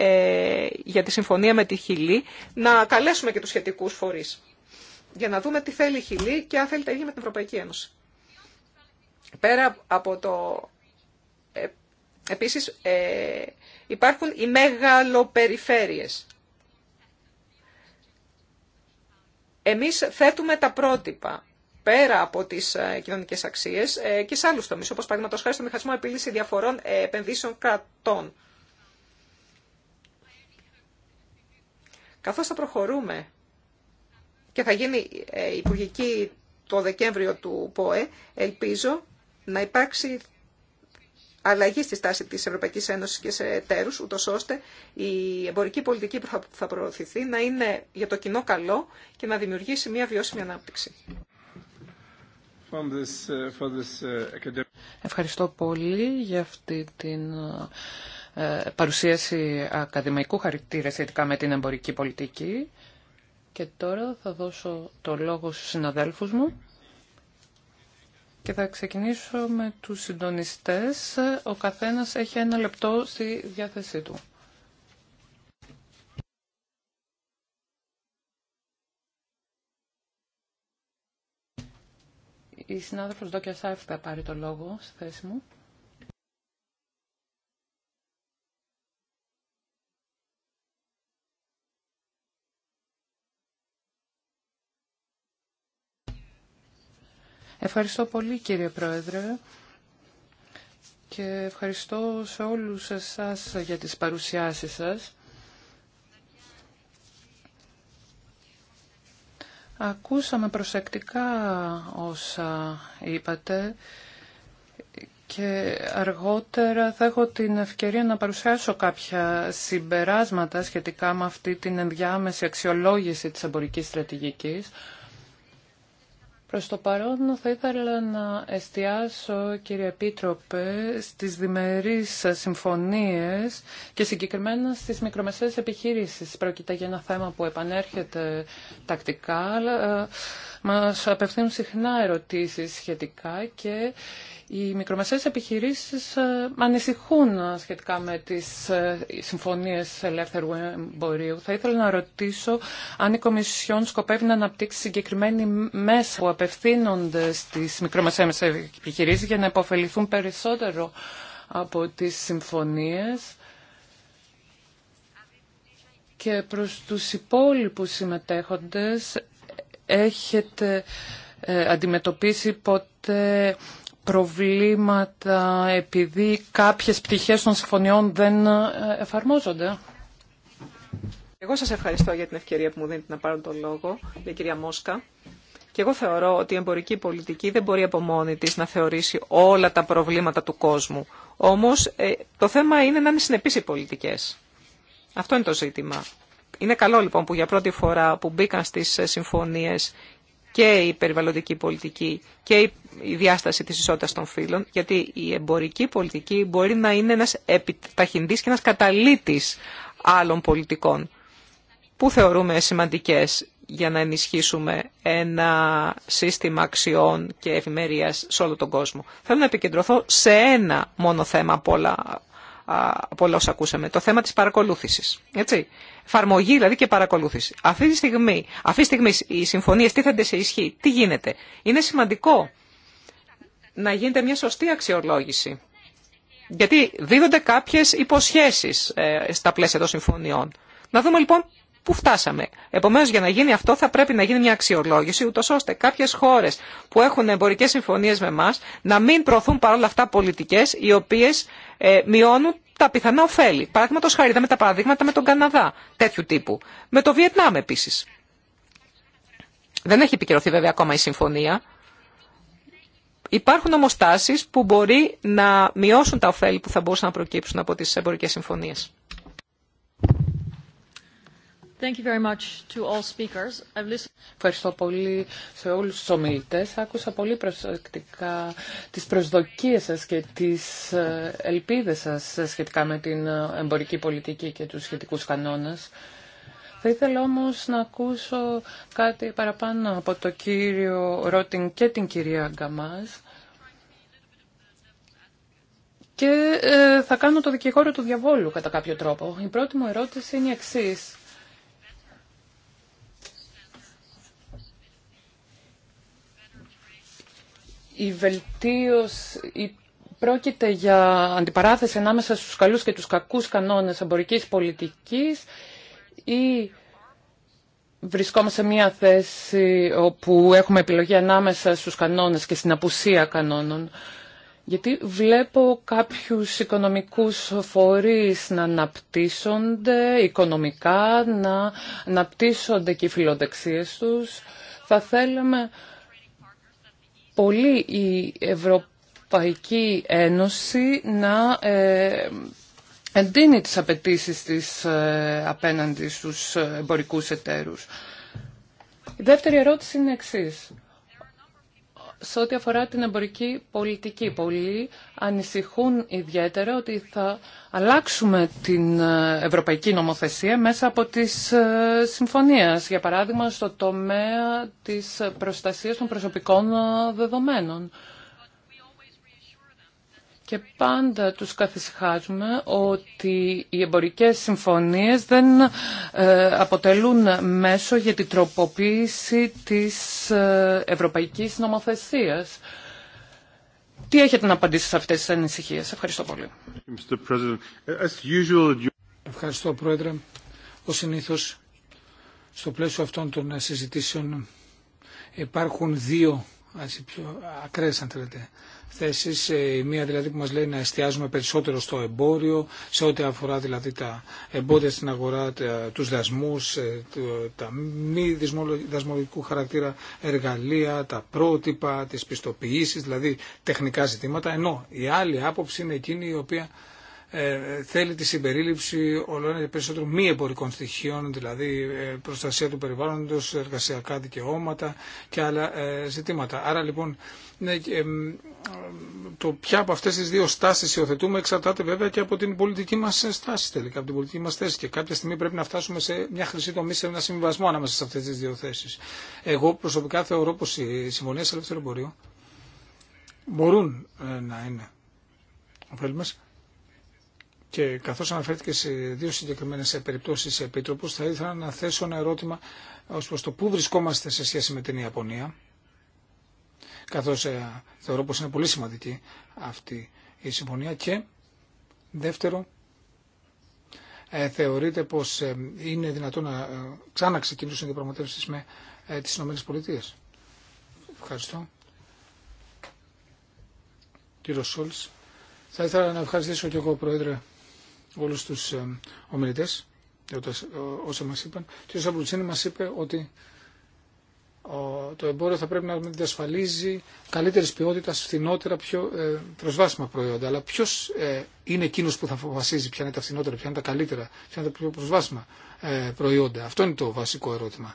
για τη συμφωνία με τη Χιλή, να καλέσουμε και τους σχετικούς φορείς για να δούμε τι θέλει η Χιλή και αν θέλει τα ίδια με την Ευρωπαϊκή Ένωση. Πέρα από το Επίσης ε, υπάρχουν οι μεγαλοπεριφέρειες. Εμείς θέτουμε τα πρότυπα πέρα από τις ε, κοινωνικές αξίες ε, και σε άλλους τομείς, όπως παραδείγματος χάρη στο μηχανισμό επίλυση διαφορών επενδύσεων κρατών. Καθώς θα προχωρούμε και θα γίνει υπουργική το Δεκέμβριο του ΠΟΕ, ελπίζω να υπάρξει αλλαγή στη στάση της Ευρωπαϊκής Ένωσης και σε εταίρους, ούτως ώστε η εμπορική πολιτική που θα προωθηθεί να είναι για το κοινό καλό και να δημιουργήσει μια βιώσιμη ανάπτυξη. Uh, uh, Ευχαριστώ πολύ για αυτή την ε, παρουσίαση ακαδημαϊκού χαρακτήρα σχετικά με την εμπορική πολιτική. Και τώρα θα δώσω το λόγο στους συναδέλφους μου. Και θα ξεκινήσω με τους συντονιστές. Ο καθένας έχει ένα λεπτό στη διάθεσή του. Η συνάδελφος Δόκια Σάιφ θα πάρει το λόγο στη θέση μου. Ευχαριστώ πολύ κύριε Πρόεδρε και ευχαριστώ σε όλους εσάς για τις παρουσιάσεις σας. Ακούσαμε προσεκτικά όσα είπατε και αργότερα θα έχω την ευκαιρία να παρουσιάσω κάποια συμπεράσματα σχετικά με αυτή την ενδιάμεση αξιολόγηση της εμπορικής στρατηγικής. Προς το παρόν θα ήθελα να εστιάσω, κύριε Επίτροπε, στις διμερείς συμφωνίες και συγκεκριμένα στις μικρομεσαίες επιχείρησεις. Πρόκειται για ένα θέμα που επανέρχεται τακτικά, μας απευθύνουν συχνά ερωτήσεις σχετικά και οι μικρομεσαίες επιχειρήσεις ε, ανησυχούν σχετικά με τις ε, συμφωνίες ελεύθερου εμπορίου. Θα ήθελα να ρωτήσω αν η Κομισιόν σκοπεύει να αναπτύξει συγκεκριμένη μέσα που απευθύνονται στις μικρομεσαίες επιχειρήσεις για να υποφεληθούν περισσότερο από τις συμφωνίες και προς τους υπόλοιπους συμμετέχοντες έχετε ε, αντιμετωπίσει ποτέ προβλήματα επειδή κάποιες πτυχές των συμφωνιών δεν ε, εφαρμόζονται. Εγώ σας ευχαριστώ για την ευκαιρία που μου δίνετε να πάρω τον λόγο, η κυρία Μόσκα. Και εγώ θεωρώ ότι η εμπορική πολιτική δεν μπορεί από μόνη της να θεωρήσει όλα τα προβλήματα του κόσμου. Όμως ε, το θέμα είναι να είναι συνεπείς οι πολιτικές. Αυτό είναι το ζήτημα. Είναι καλό λοιπόν που για πρώτη φορά που μπήκαν στις συμφωνίες και η περιβαλλοντική πολιτική και η διάσταση της ισότητας των φύλων, γιατί η εμπορική πολιτική μπορεί να είναι ένας επιταχυντής και ένας καταλήτης άλλων πολιτικών, που θεωρούμε σημαντικές για να ενισχύσουμε ένα σύστημα αξιών και ευημερίας σε όλο τον κόσμο. Θέλω να επικεντρωθώ σε ένα μόνο θέμα από όλα από όλα όσα ακούσαμε. Το θέμα της παρακολούθησης. Έτσι. Εφαρμογή δηλαδή και παρακολούθηση. Αυτή τη στιγμή, αυτή τη στιγμή οι συμφωνίες τίθενται σε ισχύ. Τι γίνεται. Είναι σημαντικό να γίνεται μια σωστή αξιολόγηση. Γιατί δίδονται κάποιες υποσχέσεις ε, στα πλαίσια των συμφωνιών. Να δούμε λοιπόν Πού φτάσαμε. Επομένω, για να γίνει αυτό, θα πρέπει να γίνει μια αξιολόγηση, ούτω ώστε κάποιε χώρε που έχουν εμπορικέ συμφωνίε με εμά να μην προωθούν παρόλα αυτά πολιτικέ οι οποίε ε, μειώνουν τα πιθανά ωφέλη. Παραδείγματο χάρη, είδαμε τα παραδείγματα με τον Καναδά τέτοιου τύπου. Με το Βιετνάμ επίση. Δεν έχει επικυρωθεί βέβαια ακόμα η συμφωνία. Υπάρχουν όμω τάσει που μπορεί να μειώσουν τα ωφέλη που θα μπορούσαν να προκύψουν από τι εμπορικέ συμφωνίε. Ευχαριστώ πολύ σε όλους τους ομιλητές. Άκουσα πολύ προσεκτικά τις προσδοκίες σας και τις ε, ελπίδες σας σχετικά με την ε, εμπορική πολιτική και τους σχετικούς κανόνες. Θα ήθελα όμως να ακούσω κάτι παραπάνω από το κύριο Ρότιν και την κυρία Γκαμάς και ε, θα κάνω το δικηγόρο του διαβόλου κατά κάποιο τρόπο. Η πρώτη μου ερώτηση είναι η εξής. η βελτίωση, πρόκειται για αντιπαράθεση ανάμεσα στους καλούς και τους κακούς κανόνες εμπορικής πολιτικής ή βρισκόμαστε σε μια θέση όπου έχουμε επιλογή ανάμεσα στους κανόνες και στην απουσία κανόνων. Γιατί βλέπω κάποιους οικονομικούς φορείς να αναπτύσσονται οικονομικά, να αναπτύσσονται και οι φιλοδεξίες τους. Θα θέλαμε πολύ η Ευρωπαϊκή Ένωση να ε, εντείνει τις απαιτήσει της ε, απέναντι στους εμπορικούς εταίρους. Η δεύτερη ερώτηση είναι εξής σε ό,τι αφορά την εμπορική πολιτική. Πολλοί ανησυχούν ιδιαίτερα ότι θα αλλάξουμε την ε, ευρωπαϊκή νομοθεσία μέσα από τις ε, συμφωνίες. Για παράδειγμα, στο τομέα της προστασίας των προσωπικών ε, δεδομένων. Και πάντα τους καθησυχάζουμε ότι οι εμπορικές συμφωνίες δεν ε, αποτελούν μέσο για την τροποποίηση της ε, ευρωπαϊκής νομοθεσίας. Τι έχετε να απαντήσετε σε αυτές τις ανησυχίες. Ευχαριστώ πολύ. Ευχαριστώ Πρόεδρε. Ο συνήθως στο πλαίσιο αυτών των συζητήσεων υπάρχουν δύο πιο ακραίες αν θέλετε Θέσει ε, Η μία δηλαδή που μας λέει να εστιάζουμε περισσότερο στο εμπόριο, σε ό,τι αφορά δηλαδή τα εμπόδια στην αγορά, τους δασμού, ε, τα μη δασμολογικού χαρακτήρα εργαλεία, τα πρότυπα, τις πιστοποιήσεις, δηλαδή τεχνικά ζητήματα, ενώ η άλλη άποψη είναι εκείνη η οποία ε, θέλει τη συμπερίληψη όλων και περισσότερων μη εμπορικών στοιχείων, δηλαδή ε, προστασία του περιβάλλοντος, εργασιακά δικαιώματα και άλλα ε, ζητήματα. Άρα λοιπόν ναι, το ποια από αυτές τις δύο στάσεις υιοθετούμε εξαρτάται βέβαια και από την πολιτική μας στάση τελικά, από την πολιτική μας θέση και κάποια στιγμή πρέπει να φτάσουμε σε μια χρυσή τομή, σε ένα συμβιβασμό ανάμεσα σε αυτές τις δύο θέσεις. Εγώ προσωπικά θεωρώ πως οι συμφωνίε ελεύθερου εμπορίου μπορούν να είναι και καθώ αναφέρθηκε σε δύο συγκεκριμένε περιπτώσει επίτροπου, θα ήθελα να θέσω ένα ερώτημα ω προ το πού βρισκόμαστε σε σχέση με την Ιαπωνία. Καθώ ε, θεωρώ πω είναι πολύ σημαντική αυτή η συμφωνία. Και δεύτερο, ε, θεωρείτε πω ε, είναι δυνατόν να ε, ξαναξεκινήσουν οι διαπραγματεύσει με ε, τι ΗΠΑ. Ευχαριστώ. Κύριο Σόλτ. Θα ήθελα να ευχαριστήσω και εγώ, Πρόεδρε, όλους τους ε, ομιλητές ε, όσα μας είπαν. Και ο Σαμπλουτσίνη μας είπε ότι το εμπόριο θα πρέπει να διασφαλίζει καλύτερης ποιότητας, φθηνότερα, πιο ε, προσβάσιμα προϊόντα. Αλλά ποιος είναι εκείνος που θα αποφασίζει ποια είναι τα φθηνότερα, ποια είναι τα καλύτερα, ποια είναι τα πιο προσβάσιμα προϊόντα. Αυτό είναι το βασικό ερώτημα.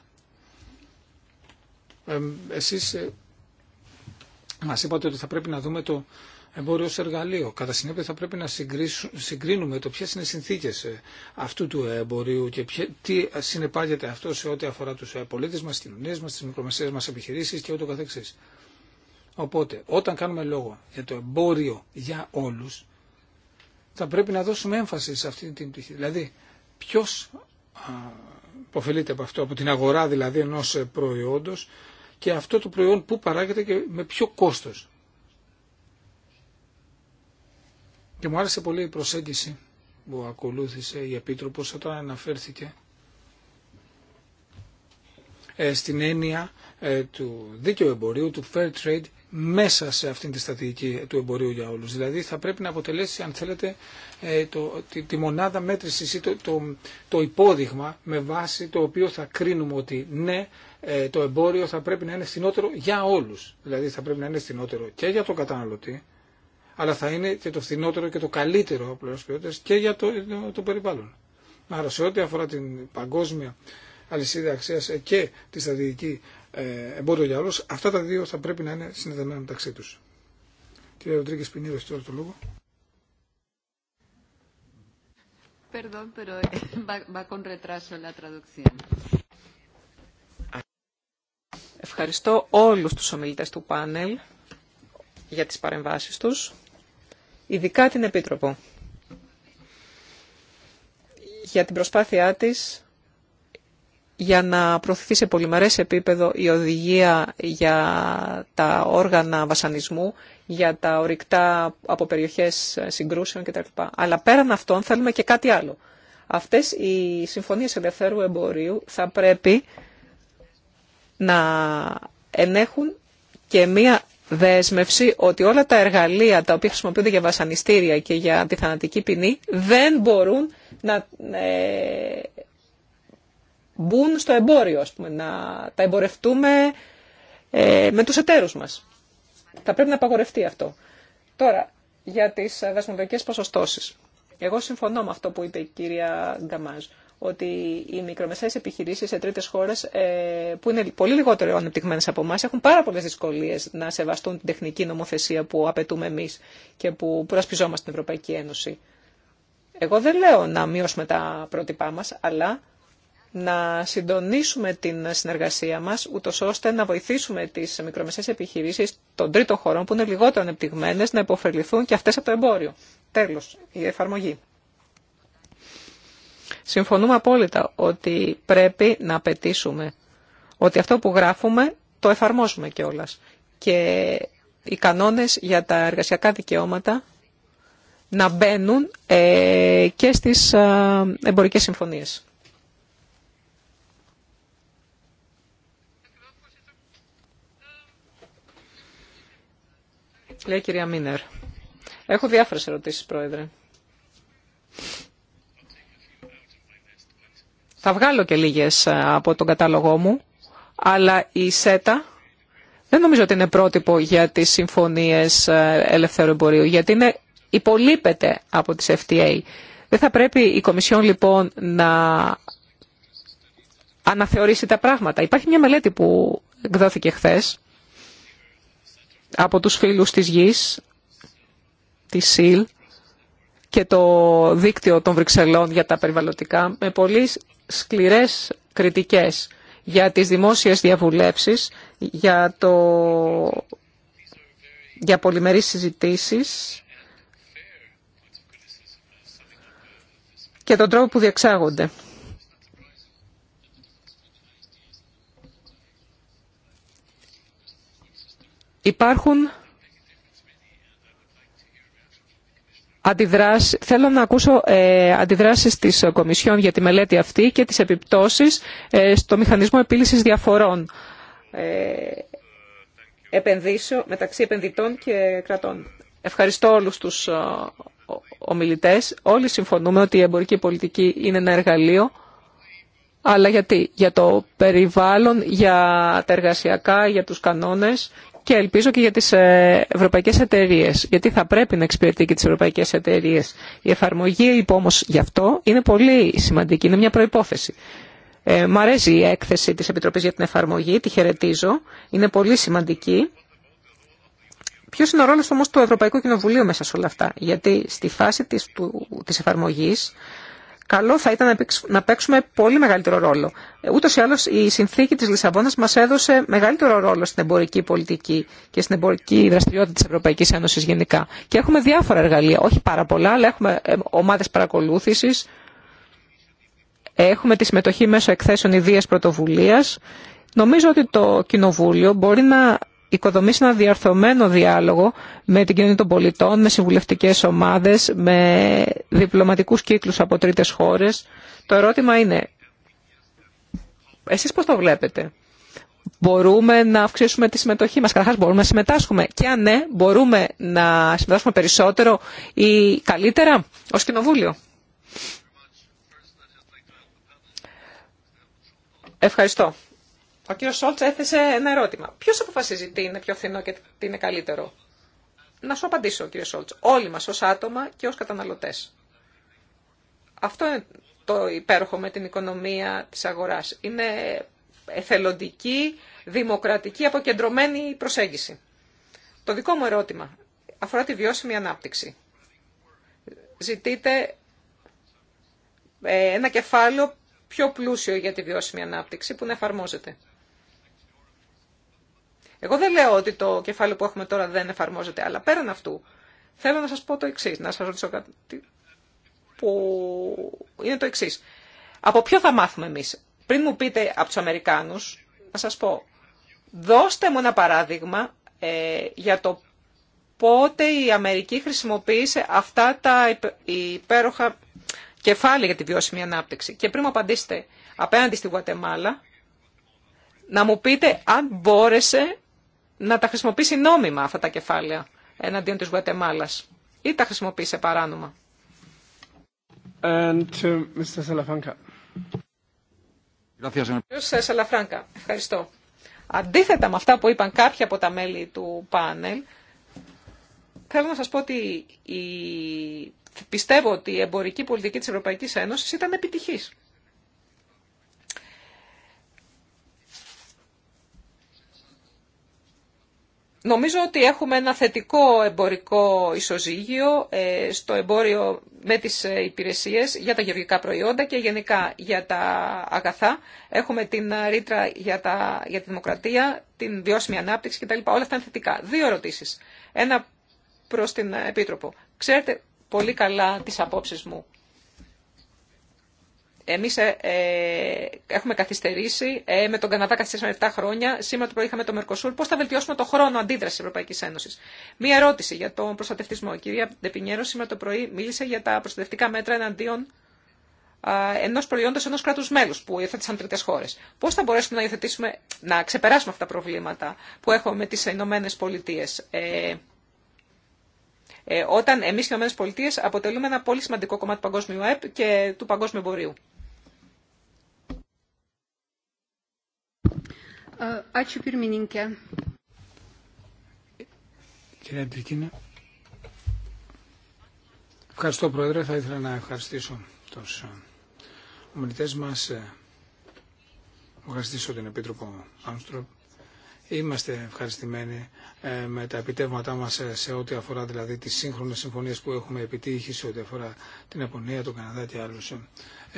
Εσείς μας είπατε ότι θα πρέπει να δούμε το εμπόριο ως εργαλείο. Κατά συνέπεια θα πρέπει να συγκρίνουμε το ποιες είναι οι συνθήκες ε, αυτού του εμπορίου και τι συνεπάγεται αυτό σε ό,τι αφορά τους ε, πολίτες μας, τις κοινωνίες μας, τις μικρομεσαίες μας επιχειρήσεις και ούτω καθεξής. Οπότε, όταν κάνουμε λόγο για το εμπόριο για όλους, θα πρέπει να δώσουμε έμφαση σε αυτή την πτυχή. Δηλαδή, ποιο υποφελείται από αυτό, από την αγορά δηλαδή ενός ε, προϊόντος και αυτό το προϊόν που παράγεται και με ποιο κόστος. Και μου άρεσε πολύ η προσέγγιση που ακολούθησε η Επίτροπος όταν αναφέρθηκε ε, στην έννοια ε, του δίκαιου εμπορίου, του fair trade, μέσα σε αυτήν τη στατική του εμπορίου για όλους. Δηλαδή θα πρέπει να αποτελέσει, αν θέλετε, ε, το, τη, μονάδα μέτρησης ή το, το, υπόδειγμα με βάση το οποίο θα κρίνουμε ότι ναι, το εμπόριο θα πρέπει να είναι φθηνότερο για όλους. Δηλαδή θα πρέπει να είναι φθηνότερο και για τον καταναλωτή, αλλά θα είναι και το φθηνότερο και το καλύτερο απλώ ποιότητα και για το, το, περιβάλλον. Άρα σε ό,τι αφορά την παγκόσμια αλυσίδα αξία και τη στρατηγική ε, εμπόδιο για όλου, αυτά τα δύο θα πρέπει να είναι συνδεδεμένα μεταξύ του. Κύριε Ροντρίγκε Πινίδο, τώρα το λόγο. Perdón, pero eh, va, va con retraso la traducción. Ευχαριστώ όλους τους ομιλητές του πάνελ για τις παρεμβάσεις τους ειδικά την Επίτροπο για την προσπάθειά της για να προωθηθεί σε πολυμερές επίπεδο η οδηγία για τα όργανα βασανισμού, για τα ορυκτά από περιοχές συγκρούσεων κτλ. Αλλά πέραν αυτών θέλουμε και κάτι άλλο. Αυτές οι συμφωνίες ελευθέρου εμπορίου θα πρέπει να ενέχουν και μία δέσμευση ότι όλα τα εργαλεία τα οποία χρησιμοποιούνται για βασανιστήρια και για αντιθανατική ποινή δεν μπορούν να ε, μπουν στο εμπόριο, να τα εμπορευτούμε ε, με τους εταίρους μας. Θα πρέπει να απαγορευτεί αυτό. Τώρα, για τις ε, δασμολογικές ποσοστώσεις. Εγώ συμφωνώ με αυτό που είπε η κυρία Γκαμάζ, ότι οι μικρομεσαίε επιχειρήσει σε τρίτες χώρες ε, που είναι πολύ λιγότερο ανεπτυγμένε από εμά έχουν πάρα πολλέ δυσκολίε να σεβαστούν την τεχνική νομοθεσία που απαιτούμε εμεί και που προασπιζόμαστε στην Ευρωπαϊκή Ένωση. Εγώ δεν λέω να μειώσουμε τα πρότυπά μα, αλλά να συντονίσουμε την συνεργασία μα ούτω ώστε να βοηθήσουμε τι μικρομεσαίε επιχειρήσει των τρίτων χωρών που είναι λιγότερο ανεπτυγμένε να υποφεληθούν και αυτέ από το εμπόριο. Τέλο, η εφαρμογή. Συμφωνούμε απόλυτα ότι πρέπει να απαιτήσουμε ότι αυτό που γράφουμε το εφαρμόζουμε κιόλα. Και οι κανόνες για τα εργασιακά δικαιώματα να μπαίνουν ε, και στις ε, εμπορικές συμφωνίες. Λέει κυρία Μίνερ. Έχω διάφορες ερωτήσεις, Πρόεδρε. Θα βγάλω και λίγες ε, από τον κατάλογό μου, αλλά η ΣΕΤΑ δεν νομίζω ότι είναι πρότυπο για τις συμφωνίες ε, ελευθερου εμπορίου, γιατί είναι, υπολείπεται από τις FTA. Δεν θα πρέπει η Κομισιόν λοιπόν να αναθεωρήσει τα πράγματα. Υπάρχει μια μελέτη που εκδόθηκε χθες από τους φίλους της γης, τη ΣΥΛ και το δίκτυο των Βρυξελών για τα περιβαλλοντικά με σκληρές κριτικές για τις δημόσιες διαβουλεύσεις, για, το... για πολυμερείς συζητήσεις και τον τρόπο που διεξάγονται. Υπάρχουν θέλω να ακούσω ε, αντιδράσεις της Κομισιόν για τη μελέτη αυτή και τις επιπτώσεις ε, στο μηχανισμό επίλυσης διαφορών ε, επενδύσεων, μεταξύ επενδυτών και κρατών. Ευχαριστώ όλους τους ομιλητές. Όλοι συμφωνούμε ότι η εμπορική πολιτική είναι ένα εργαλείο αλλά γιατί, για το περιβάλλον, για τα εργασιακά, για τους κανόνες, και ελπίζω και για τις ε, ευρωπαϊκές εταιρείες, γιατί θα πρέπει να εξυπηρετεί και τις ευρωπαϊκές εταιρείες. Η εφαρμογή υπό όμως γι' αυτό είναι πολύ σημαντική, είναι μια προϋπόθεση. Ε, μ' αρέσει η έκθεση της Επιτροπής για την Εφαρμογή, τη χαιρετίζω, είναι πολύ σημαντική. Ποιος είναι ο ρόλος όμως του Ευρωπαϊκού Κοινοβουλίου μέσα σε όλα αυτά, γιατί στη φάση της, του, της εφαρμογής καλό θα ήταν να παίξουμε πολύ μεγαλύτερο ρόλο. Ε, Ούτω ή άλλω η συνθήκη τη Λισαβόνα μα έδωσε μεγαλύτερο ρόλο στην εμπορική πολιτική και στην εμπορική δραστηριότητα τη Ευρωπαϊκή Ένωση γενικά. Και έχουμε διάφορα εργαλεία, όχι πάρα πολλά, αλλά έχουμε ε, ομάδε παρακολούθηση, έχουμε τη συμμετοχή μέσω εκθέσεων ιδίας πρωτοβουλία. Νομίζω ότι το Κοινοβούλιο μπορεί να οικοδομήσει ένα διαρθωμένο διάλογο με την κοινωνία των πολιτών, με συμβουλευτικές ομάδες, με διπλωματικούς κύκλους από τρίτες χώρες. Το ερώτημα είναι, εσείς πώς το βλέπετε. Μπορούμε να αυξήσουμε τη συμμετοχή μας. Καταρχάς μπορούμε να συμμετάσχουμε. Και αν ναι, μπορούμε να συμμετάσχουμε περισσότερο ή καλύτερα ως κοινοβούλιο. Ευχαριστώ. Ο κύριος Σόλτ έθεσε ένα ερώτημα. Ποιο αποφασίζει τι είναι πιο φθηνό και τι είναι καλύτερο. Να σου απαντήσω, κύριε Σόλτ. Όλοι μα ως άτομα και ω καταναλωτέ. Αυτό είναι το υπέροχο με την οικονομία τη αγορά. Είναι εθελοντική, δημοκρατική, αποκεντρωμένη προσέγγιση. Το δικό μου ερώτημα αφορά τη βιώσιμη ανάπτυξη. Ζητείτε ε, ένα κεφάλαιο πιο πλούσιο για τη βιώσιμη ανάπτυξη που να εφαρμόζεται. Εγώ δεν λέω ότι το κεφάλαιο που έχουμε τώρα δεν εφαρμόζεται, αλλά πέραν αυτού θέλω να σας πω το εξής, να σας ρωτήσω κάτι που είναι το εξής. Από ποιο θα μάθουμε εμείς. Πριν μου πείτε από τους Αμερικάνους, να σας πω, δώστε μου ένα παράδειγμα ε, για το πότε η Αμερική χρησιμοποίησε αυτά τα υπέροχα κεφάλαια για τη βιώσιμη ανάπτυξη. Και πριν μου απαντήσετε απέναντι στη Γουατεμάλα, να μου πείτε αν μπόρεσε να τα χρησιμοποιήσει νόμιμα αυτά τα κεφάλαια εναντίον της Γουατεμάλας ή τα χρησιμοποιει σε παράνομα. And ευχαριστώ. Αντίθετα με αυτά που είπαν καποιοι από τα μέλη του πάνελ, θέλω να σας πω ότι πιστεύω ότι η εμπορική πολιτική της Ευρωπαϊκής Ένωσης ήταν επιτυχής. Νομίζω ότι έχουμε ένα θετικό εμπορικό ισοζύγιο ε, στο εμπόριο με τις ε, υπηρεσίες για τα γεωργικά προϊόντα και γενικά για τα αγαθά. Έχουμε την ε, ρήτρα για, τα, τη δημοκρατία, την βιώσιμη ανάπτυξη κτλ. Όλα αυτά είναι θετικά. Δύο ερωτήσεις. Ένα προς την Επίτροπο. Ξέρετε πολύ καλά τις απόψεις μου εμείς ε, ε, έχουμε καθυστερήσει, ε, με τον Καναδά καθυστερήσαμε 7 χρόνια, σήμερα το πρωί είχαμε το Μερκοσούρ. Πώς θα βελτιώσουμε το χρόνο αντίδρασης της Ευρωπαϊκής Ένωσης. Μία ερώτηση για τον προστατευτισμό. Η κυρία Ντεπινιέρο σήμερα το πρωί μίλησε για τα προστατευτικά μέτρα εναντίον ενό προϊόντο ενό κράτου μέλου που υιοθέτησαν τρίτε χώρε. Πώ θα μπορέσουμε να υιοθετήσουμε, να ξεπεράσουμε αυτά τα προβλήματα που έχουμε με τι Ηνωμένε Πολιτείε. όταν εμεί οι Ηνωμένε Πολιτείε αποτελούμε ένα πολύ σημαντικό κομμάτι του παγκόσμιου ΕΠ και του παγκόσμιου εμπορίου. Ε, Ευχαριστώ Πρόεδρε. Θα ήθελα να ευχαριστήσω τους ε, ομιλητές μας. Ε, ευχαριστήσω τον Επίτροπο Άμστροπ. Είμαστε ευχαριστημένοι με τα επιτεύγματά μας σε ό,τι αφορά δηλαδή τις σύγχρονες συμφωνίες που έχουμε επιτύχει σε ό,τι αφορά την Απονία, τον Καναδά και άλλους.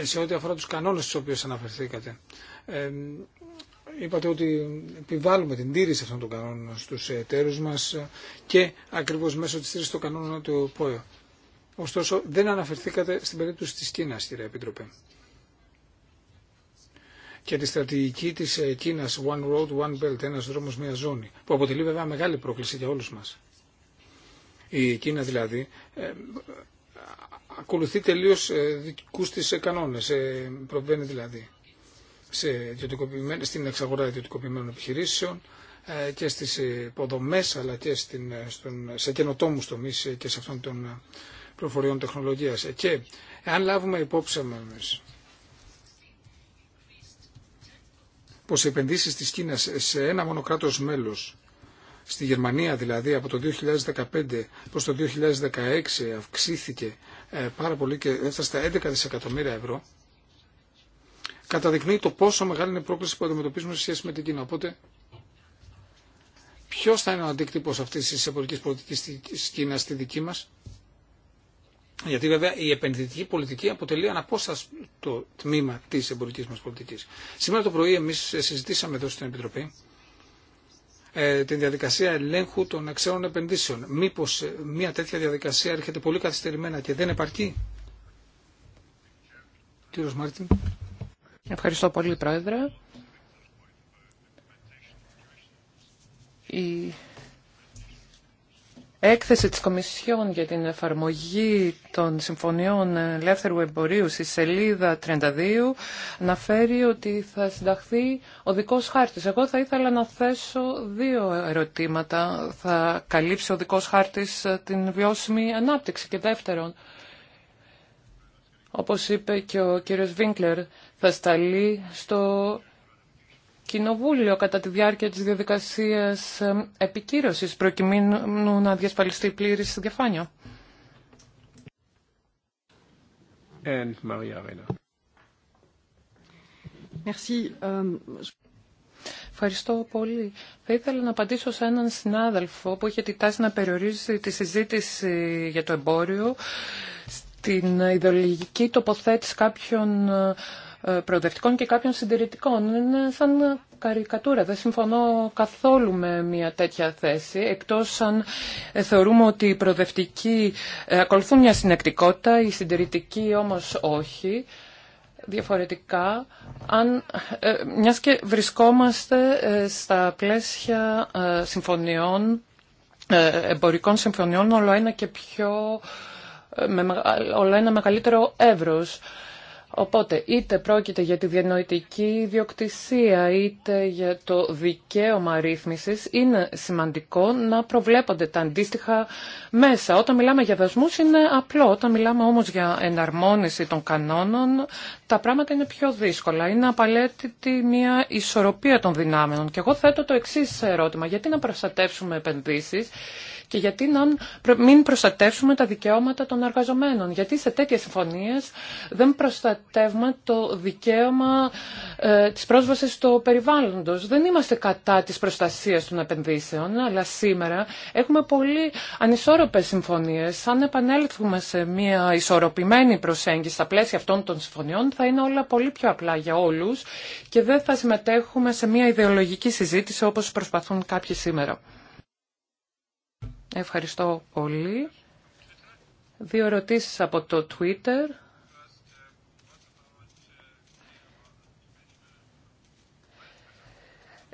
σε ό,τι αφορά τους κανόνες στους οποίους αναφερθήκατε είπατε ότι επιβάλλουμε την τήρηση αυτών των κανόνων στους εταίρους μας και ακριβώς μέσω της τήρησης των κανόνων του ΠΟΕΟ. Ωστόσο, δεν αναφερθήκατε στην περίπτωση της Κίνας, κύριε Επίτροπε. Και τη στρατηγική της Κίνας, One Road, One Belt, ένας δρόμος, μία ζώνη, που αποτελεί βέβαια μεγάλη πρόκληση για όλους μας. Η Κίνα δηλαδή ε, ακολουθεί τελείως ε, δικούς της κανόνες, ε, προβαίνει δηλαδή σε στην εξαγορά ιδιωτικοποιημένων επιχειρήσεων ε, και στις υποδομές αλλά και ε, στον, σε καινοτόμου τομεί ε, και σε αυτών των προφοριών τεχνολογίας. Και αν λάβουμε υπόψη μας πως οι επενδύσεις της Κίνας σε ένα μόνο μέλος στη Γερμανία δηλαδή από το 2015 προς το 2016 αυξήθηκε πάρα πολύ και έφτασε στα 11 δισεκατομμύρια ευρώ καταδεικνύει το πόσο μεγάλη είναι η πρόκληση που αντιμετωπίζουμε σε σχέση με την Κίνα. Οπότε, ποιο θα είναι ο αντίκτυπο αυτή τη εμπορική πολιτική τη Κίνα στη δική μα. Γιατί βέβαια η επενδυτική πολιτική αποτελεί αναπόσταστο τμήμα τη εμπορική μα πολιτική. Σήμερα το πρωί εμεί συζητήσαμε εδώ στην Επιτροπή ε, την διαδικασία ελέγχου των εξαίρων επενδύσεων. Μήπω ε, μια τέτοια διαδικασία έρχεται πολύ καθυστερημένα και δεν επαρκεί. Κύριος Μάρτιν. Ευχαριστώ πολύ, Πρόεδρε. Η έκθεση της Κομισιόν για την εφαρμογή των συμφωνιών ελεύθερου εμπορίου στη σελίδα 32 αναφέρει ότι θα συνταχθεί ο δικός χάρτης. Εγώ θα ήθελα να θέσω δύο ερωτήματα. Θα καλύψει ο δικός χάρτης την βιώσιμη ανάπτυξη και δεύτερον όπως είπε και ο κύριος Βίνκλερ, θα σταλεί στο Κοινοβούλιο κατά τη διάρκεια της διαδικασίας ε, επικύρωσης προκειμένου να διασφαλιστεί πλήρη στη διαφάνεια. Euh, Ευχαριστώ πολύ. Θα ήθελα να απαντήσω σε έναν συνάδελφο που είχε τη τάση να περιορίζει τη συζήτηση για το εμπόριο την ιδεολογική τοποθέτηση κάποιων ε, προοδευτικών και κάποιων συντηρητικών. Είναι σαν καρικατούρα. Δεν συμφωνώ καθόλου με μια τέτοια θέση, εκτός αν ε, θεωρούμε ότι οι προοδευτικοί ε, ακολουθούν μια συνεκτικότητα, οι συντηρητικοί όμως όχι. Διαφορετικά, αν, μιας και βρισκόμαστε στα πλαίσια συμφωνιών, εμπορικών συμφωνιών, όλο ένα και πιο με όλο ένα μεγαλύτερο εύρος. Οπότε είτε πρόκειται για τη διανοητική ιδιοκτησία είτε για το δικαίωμα ρύθμισης είναι σημαντικό να προβλέπονται τα αντίστοιχα μέσα. Όταν μιλάμε για δασμού είναι απλό, όταν μιλάμε όμως για εναρμόνιση των κανόνων τα πράγματα είναι πιο δύσκολα. Είναι απαραίτητη μια ισορροπία των δυνάμεων. Και εγώ θέτω το εξή ερώτημα. Γιατί να προστατεύσουμε επενδύσεις και γιατί να μην προστατεύσουμε τα δικαιώματα των εργαζομένων. Γιατί σε τέτοιες συμφωνίες δεν προστατεύουμε το δικαίωμα ε, της πρόσβασης στο περιβάλλοντος. Δεν είμαστε κατά της προστασίας των επενδύσεων, αλλά σήμερα έχουμε πολύ ανισόρροπες συμφωνίες. Αν επανέλθουμε σε μια ισορροπημένη προσέγγιση στα πλαίσια αυτών των συμφωνιών, θα είναι όλα πολύ πιο απλά για όλους και δεν θα συμμετέχουμε σε μια ιδεολογική συζήτηση όπως προσπαθούν κάποιοι σήμερα. Ευχαριστώ πολύ. Δύο ερωτήσεις από το Twitter.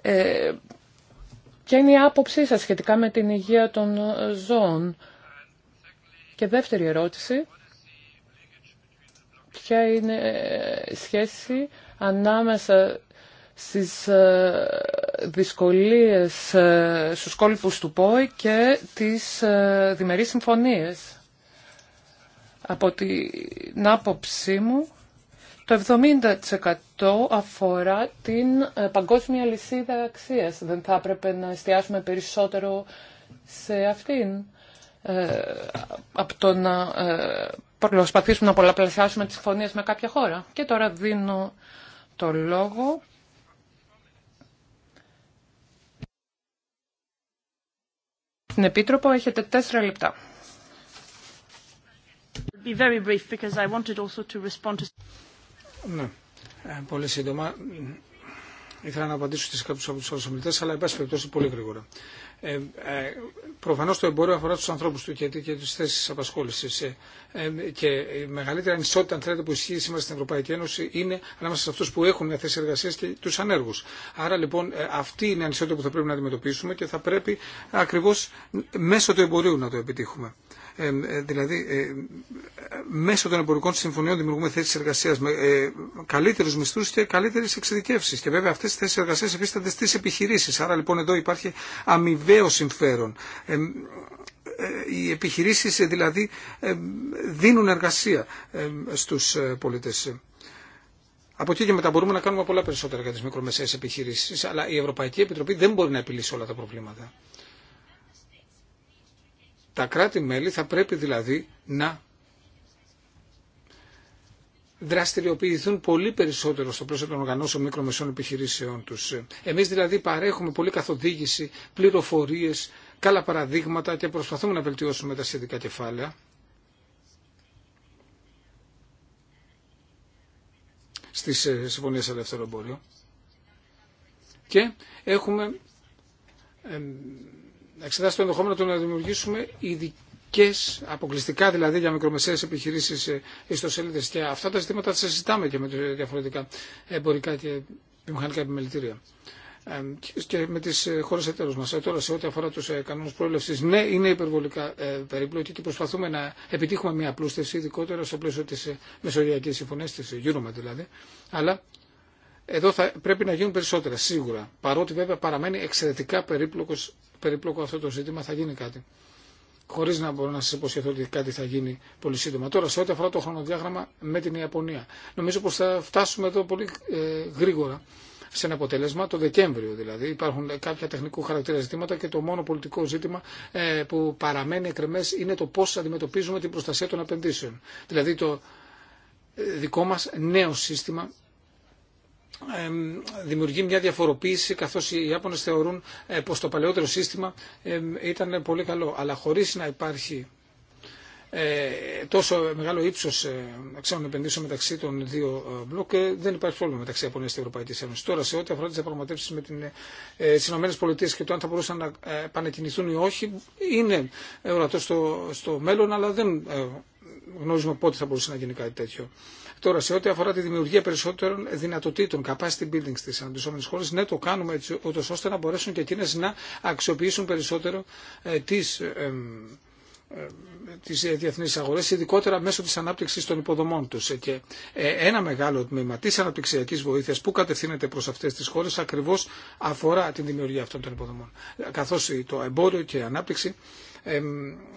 Ε, ποια είναι η άποψή σας σχετικά με την υγεία των ζώων. Και δεύτερη ερώτηση. Ποια είναι η σχέση ανάμεσα στις ε, δυσκολίες ε, στους κόλπους του ΠΟΗ και τις ε, διμερείς συμφωνίες. Από την άποψή μου, το 70% αφορά την παγκόσμια λυσίδα αξίας. Δεν θα έπρεπε να εστιάσουμε περισσότερο σε αυτήν από το να προσπαθήσουμε να πολλαπλασιάσουμε τις συμφωνίες με κάποια χώρα. Και τώρα δίνω το λόγο Στην Επίτροπο έχετε τέσσερα λεπτά. Be very brief because I wanted also to respond to... Ναι, ε, πολύ σύντομα. Ήθελα να απαντήσω στις κάποιους από τους άλλους ομιλητές, αλλά εν πάση περιπτώσει πολύ γρήγορα. Ε, ε, προφανώς το εμπόριο αφορά τους ανθρώπους του και, και τις θέσεις απασχόλησης. Ε, ε, και η μεγαλύτερη ανισότητα, αν θέλετε, που ισχύει σήμερα στην Ευρωπαϊκή Ένωση είναι ανάμεσα σε αυτούς που έχουν μια θέση εργασίας και τους ανέργους. Άρα λοιπόν αυτή είναι η ανισότητα που θα πρέπει να αντιμετωπίσουμε και θα πρέπει ακριβώς μέσω του εμπορίου να το επιτύχουμε. Ε, ε, δηλαδή ε, μέσω των εμπορικών συμφωνιών δημιουργούμε θέσει εργασία με καλύτερου μισθού και καλύτερε εξειδικεύσει. Και βέβαια αυτέ τι θέσει εργασία υφίστανται στι επιχειρήσει. Άρα λοιπόν εδώ υπάρχει αμοιβαίο συμφέρον. Οι επιχειρήσεις δηλαδή δίνουν εργασία στους πολίτες. Από εκεί και μετά μπορούμε να κάνουμε πολλά περισσότερα για τι μικρομεσαίε επιχειρήσει, αλλά η Ευρωπαϊκή Επιτροπή δεν μπορεί να επιλύσει όλα τα προβλήματα. Τα κράτη-μέλη θα πρέπει δηλαδή να δραστηριοποιηθούν πολύ περισσότερο στο πλαίσιο των οργανώσεων μικρομεσών επιχειρήσεών τους. Εμείς δηλαδή παρέχουμε πολύ καθοδήγηση, πληροφορίες, καλά παραδείγματα και προσπαθούμε να βελτιώσουμε τα σχετικά κεφάλαια. στι ε, συμφωνίε ελεύθερο εμπόριο. Και έχουμε ε, εξετάσει το ενδεχόμενο του να δημιουργήσουμε ειδικέ, αποκλειστικά δηλαδή για μικρομεσαίε επιχειρήσει ε, ιστοσελίδε. Και αυτά τα ζητήματα τα συζητάμε και με διαφορετικά εμπορικά και βιομηχανικά επιμελητήρια ε, και με τι ε, χώρε εταίρου μα Τώρα σε ό,τι αφορά του κανόνε προέλευσης, ναι, είναι υπερβολικά περίπλοκοι και προσπαθούμε να επιτύχουμε μια απλούστευση, ειδικότερα στο πλαίσιο τη Μεσογειακή Συμφωνία, τη Euromed δηλαδή, αλλά εδώ θα πρέπει να γίνουν περισσότερα, σίγουρα. Παρότι βέβαια παραμένει εξαιρετικά περίπλοκος, περίπλοκο αυτό το ζήτημα, θα γίνει κάτι. Χωρί να μπορώ να σα υποσχεθώ ότι κάτι θα γίνει πολύ σύντομα. Τώρα, σε ό,τι αφορά το χρονοδιάγραμμα με την Ιαπωνία, νομίζω πω θα φτάσουμε εδώ πολύ ε, γρήγορα σε ένα αποτέλεσμα, το Δεκέμβριο δηλαδή. Υπάρχουν κάποια τεχνικού χαρακτήρα ζητήματα και το μόνο πολιτικό ζήτημα ε, που παραμένει εκρεμέ είναι το πώ αντιμετωπίζουμε την προστασία των επενδύσεων. Δηλαδή το ε, δικό μα νέο σύστημα δημιουργεί μια διαφοροποίηση καθώς οι Ιάπωνες θεωρούν ε, πως το παλαιότερο σύστημα ήταν πολύ καλό αλλά χωρίς να υπάρχει ε, τόσο μεγάλο ύψος ε, να επενδύσεων μεταξύ των δύο μπλοκ δεν υπάρχει πρόβλημα μεταξύ Ιαπωνίας και Ευρωπαϊκής Ένωσης. Τώρα σε ό,τι αφορά τις διαπραγματεύσεις με την, τις ΗΠΑ και το αν θα μπορούσαν να επανεκκινηθούν ή όχι είναι ορατό στο, στο μέλλον αλλά δεν γνώριζουμε πότε θα μπορούσε να γίνει κάτι τέτοιο. Τώρα, σε ό,τι αφορά τη δημιουργία περισσότερων δυνατοτήτων, capacity building στι αναπτυσσόμενε χώρε, ναι, το κάνουμε έτσι, ώστε να μπορέσουν και εκείνε να αξιοποιήσουν περισσότερο ε, ε, τις, ε, διεθνείς αγορές, ειδικότερα μέσω τη ανάπτυξη των υποδομών του. Ε, και ε, ένα μεγάλο τμήμα τη αναπτυξιακή βοήθεια που κατευθύνεται προ αυτέ τι χώρε, ακριβώ αφορά την δημιουργία αυτών των υποδομών. καθώ το εμπόριο και η ανάπτυξη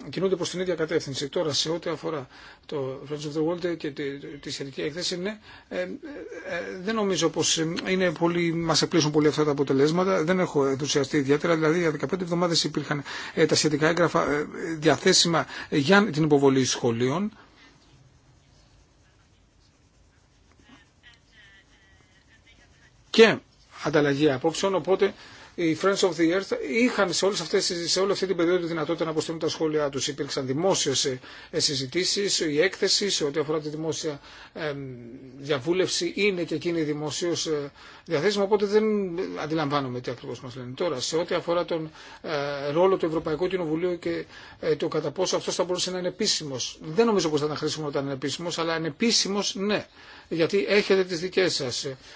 κινούνται προ την ίδια κατεύθυνση. Τώρα σε ό,τι αφορά το Friends of the World και τη, σχετική έκθεση ναι, ε, ε, δεν νομίζω πως ε, είναι πολύ, μας εκπλήσουν πολύ αυτά τα αποτελέσματα. Δεν έχω ενθουσιαστεί ιδιαίτερα. Δηλαδή για 15 εβδομάδε υπήρχαν τα σχετικά έγγραφα διαθέσιμα για την υποβολή σχολείων. Και ανταλλαγή απόψεων, οπότε οι Friends of the Earth είχαν σε, όλες αυτές, σε όλη αυτή την περίοδο τη δυνατότητα να αποστείλουν τα σχόλιά τους. Υπήρξαν δημόσιες ε, ε, συζητήσεις, η έκθεση σε ό,τι αφορά τη δημόσια διαβούλευση είναι και εκείνη δημοσίως ε, Διαθέσιμο οπότε δεν αντιλαμβάνομαι τι ακριβώ μα λένε. Τώρα, σε ό,τι αφορά τον ε, ρόλο του Ευρωπαϊκού Κοινοβουλίου και ε, το κατά πόσο αυτό θα μπορούσε να είναι επίσημο, δεν νομίζω πω θα ήταν χρήσιμο όταν είναι επίσημο, αλλά ανεπίσημο ναι. Γιατί έχετε τι δικέ σα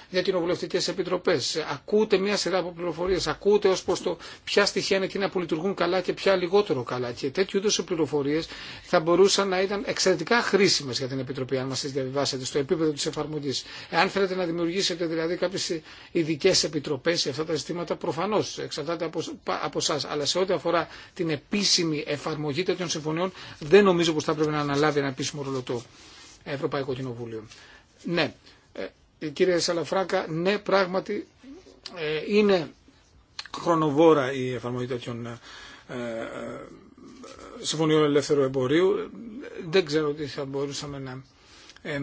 διακοινοβουλευτικέ ε, επιτροπέ, ακούτε μία σειρά από πληροφορίε, ακούτε ω προ το ποια στοιχεία είναι εκείνα που λειτουργούν καλά και ποια λιγότερο καλά. Και τέτοιου είδου πληροφορίε θα μπορούσαν να ήταν εξαιρετικά χρήσιμε για την Επιτροπή, αν μα τι διαβιβάσετε στο επίπεδο τη εφαρμογή. Εάν θέλετε να δημιουργήσετε δηλαδή κάποιε ειδικέ επιτροπέ σε αυτά τα ζητήματα. Προφανώ εξαρτάται από εσά. Αλλά σε ό,τι αφορά την επίσημη εφαρμογή τέτοιων συμφωνιών, δεν νομίζω πω θα έπρεπε να αναλάβει ένα επίσημο ρόλο το Ευρωπαϊκό Κοινοβούλιο. Ναι, ε, κύριε Σαλαφράκα, ναι, πράγματι ε, είναι χρονοβόρα η εφαρμογή τέτοιων ε, συμφωνιών ελεύθερου εμπορίου. Δεν ξέρω τι θα μπορούσαμε να. Ε,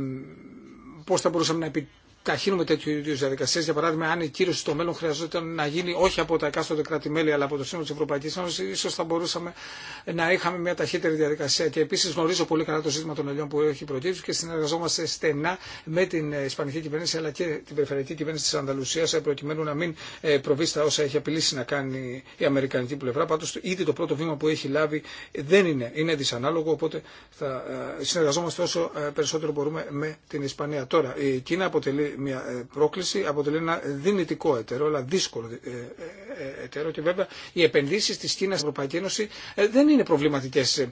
πώς θα μπορούσαμε να επιτύχουμε καχύνουμε τέτοιου είδου διαδικασίε. Για παράδειγμα, αν η κύρωση στο μέλλον χρειαζόταν να γίνει όχι από τα εκάστοτε κράτη-μέλη, αλλά από το σύνολο τη Ευρωπαϊκή Ένωση, ίσω θα μπορούσαμε να είχαμε μια ταχύτερη διαδικασία. Και επίση γνωρίζω πολύ καλά το ζήτημα των ελιών που έχει προκύψει και συνεργαζόμαστε στενά με την Ισπανική κυβέρνηση αλλά και την Περιφερειακή κυβέρνηση τη Ανταλουσία, προκειμένου να μην ε, προβεί στα όσα έχει απειλήσει να κάνει η Αμερικανική πλευρά. Πάντω, ήδη το πρώτο βήμα που έχει λάβει δεν είναι, είναι δυσανάλογο, οπότε θα ε, συνεργαζόμαστε όσο ε, περισσότερο μπορούμε με την Ισπανία. Τώρα, η Κίνα αποτελεί μια ε, πρόκληση, αποτελεί ένα δυνητικό εταίρο, αλλά δύσκολο ε, ε, εταίρο και βέβαια οι επενδύσει τη Κίνα στην Ευρωπαϊκή Ένωση δεν είναι προβληματικές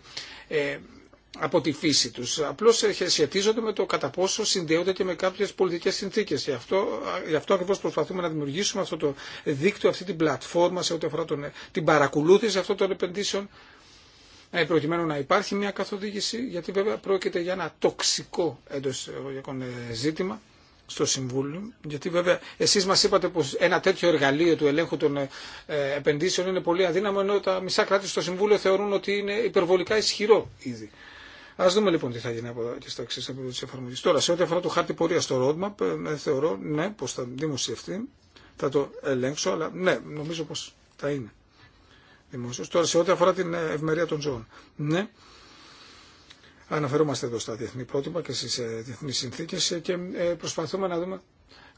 από τη φύση τους. Απλώς σχετίζονται με το κατά πόσο συνδέονται και με κάποιες πολιτικές συνθήκες. Γι' αυτό, γι αυτό ακριβώς προσπαθούμε να δημιουργήσουμε αυτό το δίκτυο, αυτή την πλατφόρμα σε ό,τι αφορά τον, την παρακολούθηση αυτών των επενδύσεων προκειμένου να υπάρχει μια καθοδήγηση, γιατί βέβαια πρόκειται για ένα τοξικό ζήτημα στο Συμβούλιο, γιατί βέβαια εσεί μα είπατε πω ένα τέτοιο εργαλείο του ελέγχου των ε, ε, επενδύσεων είναι πολύ αδύναμο, ενώ τα μισά κράτη στο Συμβούλιο θεωρούν ότι είναι υπερβολικά ισχυρό ήδη. Α δούμε λοιπόν τι θα γίνει από εδώ και στο εξή επίπεδο τη εφαρμογή. Τώρα, σε ό,τι αφορά το χάρτη πορεία στο roadmap, ε, θεωρώ ναι, πω θα δημοσιευτεί. Θα το ελέγξω, αλλά ναι, νομίζω πω θα είναι δημόσιο. Τώρα, σε ό,τι αφορά την ευμερία των ζώων. Ναι, αναφερόμαστε εδώ στα διεθνή πρότυπα και στις ε, διεθνείς συνθήκες ε, και ε, προσπαθούμε να δούμε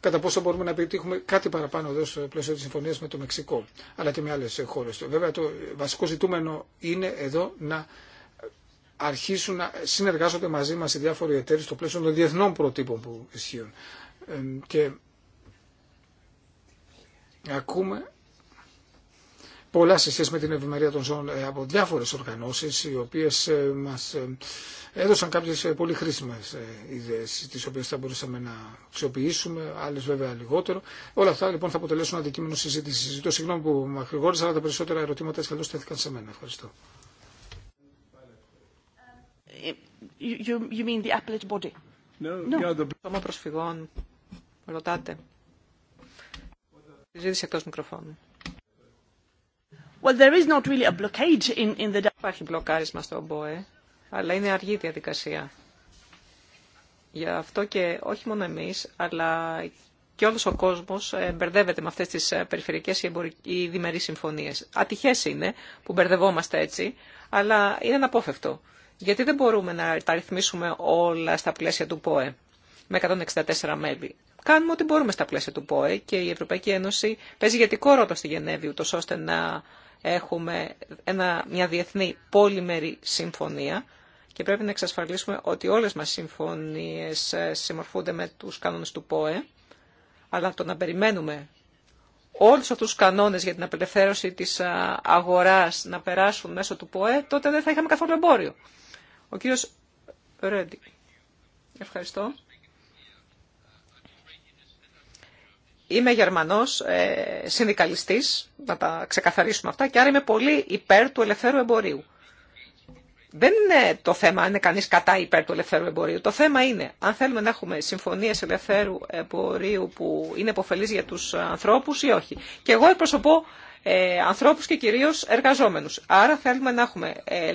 κατά πόσο μπορούμε να επιτύχουμε κάτι παραπάνω εδώ στο πλαίσιο της συμφωνίας με το Μεξικό, αλλά και με άλλες χώρες. Βέβαια το βασικό ζητούμενο είναι εδώ να αρχίσουν να συνεργάζονται μαζί μας οι διάφοροι εταίροι στο πλαίσιο των διεθνών προτύπων που ισχύουν. Και ακούμε πολλά σε σχέση με την ευημερία των ζώων ε, από διάφορες οργανώσεις οι οποίες ε, μας ε, έδωσαν κάποιες πολύ χρήσιμες ιδέες τις οποίες θα μπορούσαμε να αξιοποιήσουμε, άλλες βέβαια λιγότερο. Όλα αυτά λοιπόν θα αποτελέσουν αντικείμενο συζήτηση. συγγνώμη που αχρηγόρησα, αλλά τα περισσότερα ερωτήματα σχεδόν στέθηκαν σε μένα. Ευχαριστώ. You, mean the body? No, Ρωτάτε. Συζήτηση εκτός μικροφώνου there is not really a in, in the... Υπάρχει μπλοκάρισμα στον ΠΟΕ, αλλά είναι αργή διαδικασία. Γι' αυτό και όχι μόνο εμείς, αλλά και όλος ο κόσμος ε, μπερδεύεται με αυτές τις ε, περιφερειακές ή διμερείς συμφωνίες. Ατυχές είναι που μπερδευόμαστε έτσι, αλλά είναι αναπόφευκτο. Γιατί δεν μπορούμε να τα ρυθμίσουμε όλα στα πλαίσια του ΠΟΕ με 164 μέλη. Κάνουμε ό,τι μπορούμε στα πλαίσια του ΠΟΕ και η Ευρωπαϊκή Ένωση παίζει γιατικό ρόλο στη Γενέβη, ούτω ώστε να έχουμε ένα, μια διεθνή πολυμερή συμφωνία και πρέπει να εξασφαλίσουμε ότι όλες μας συμφωνίες ε, συμμορφούνται με τους κανόνες του ΠΟΕ, αλλά το να περιμένουμε όλους αυτούς τους κανόνες για την απελευθέρωση της ε, αγοράς να περάσουν μέσω του ΠΟΕ, τότε δεν θα είχαμε καθόλου εμπόριο. Ο κύριος Ρέντι. Ευχαριστώ. Είμαι Γερμανός ε, συνδικαλιστής, να τα ξεκαθαρίσουμε αυτά, και άρα είμαι πολύ υπέρ του ελευθέρου εμπορίου. Δεν είναι το θέμα αν είναι κανείς κατά υπέρ του ελευθέρου εμπορίου. Το θέμα είναι αν θέλουμε να έχουμε συμφωνίες ελευθέρου εμπορίου που είναι υποφελείς για τους ανθρώπους ή όχι. Και εγώ εκπροσωπώ ε, ανθρώπους και κυρίως εργαζόμενους. Άρα θέλουμε να έχουμε ε,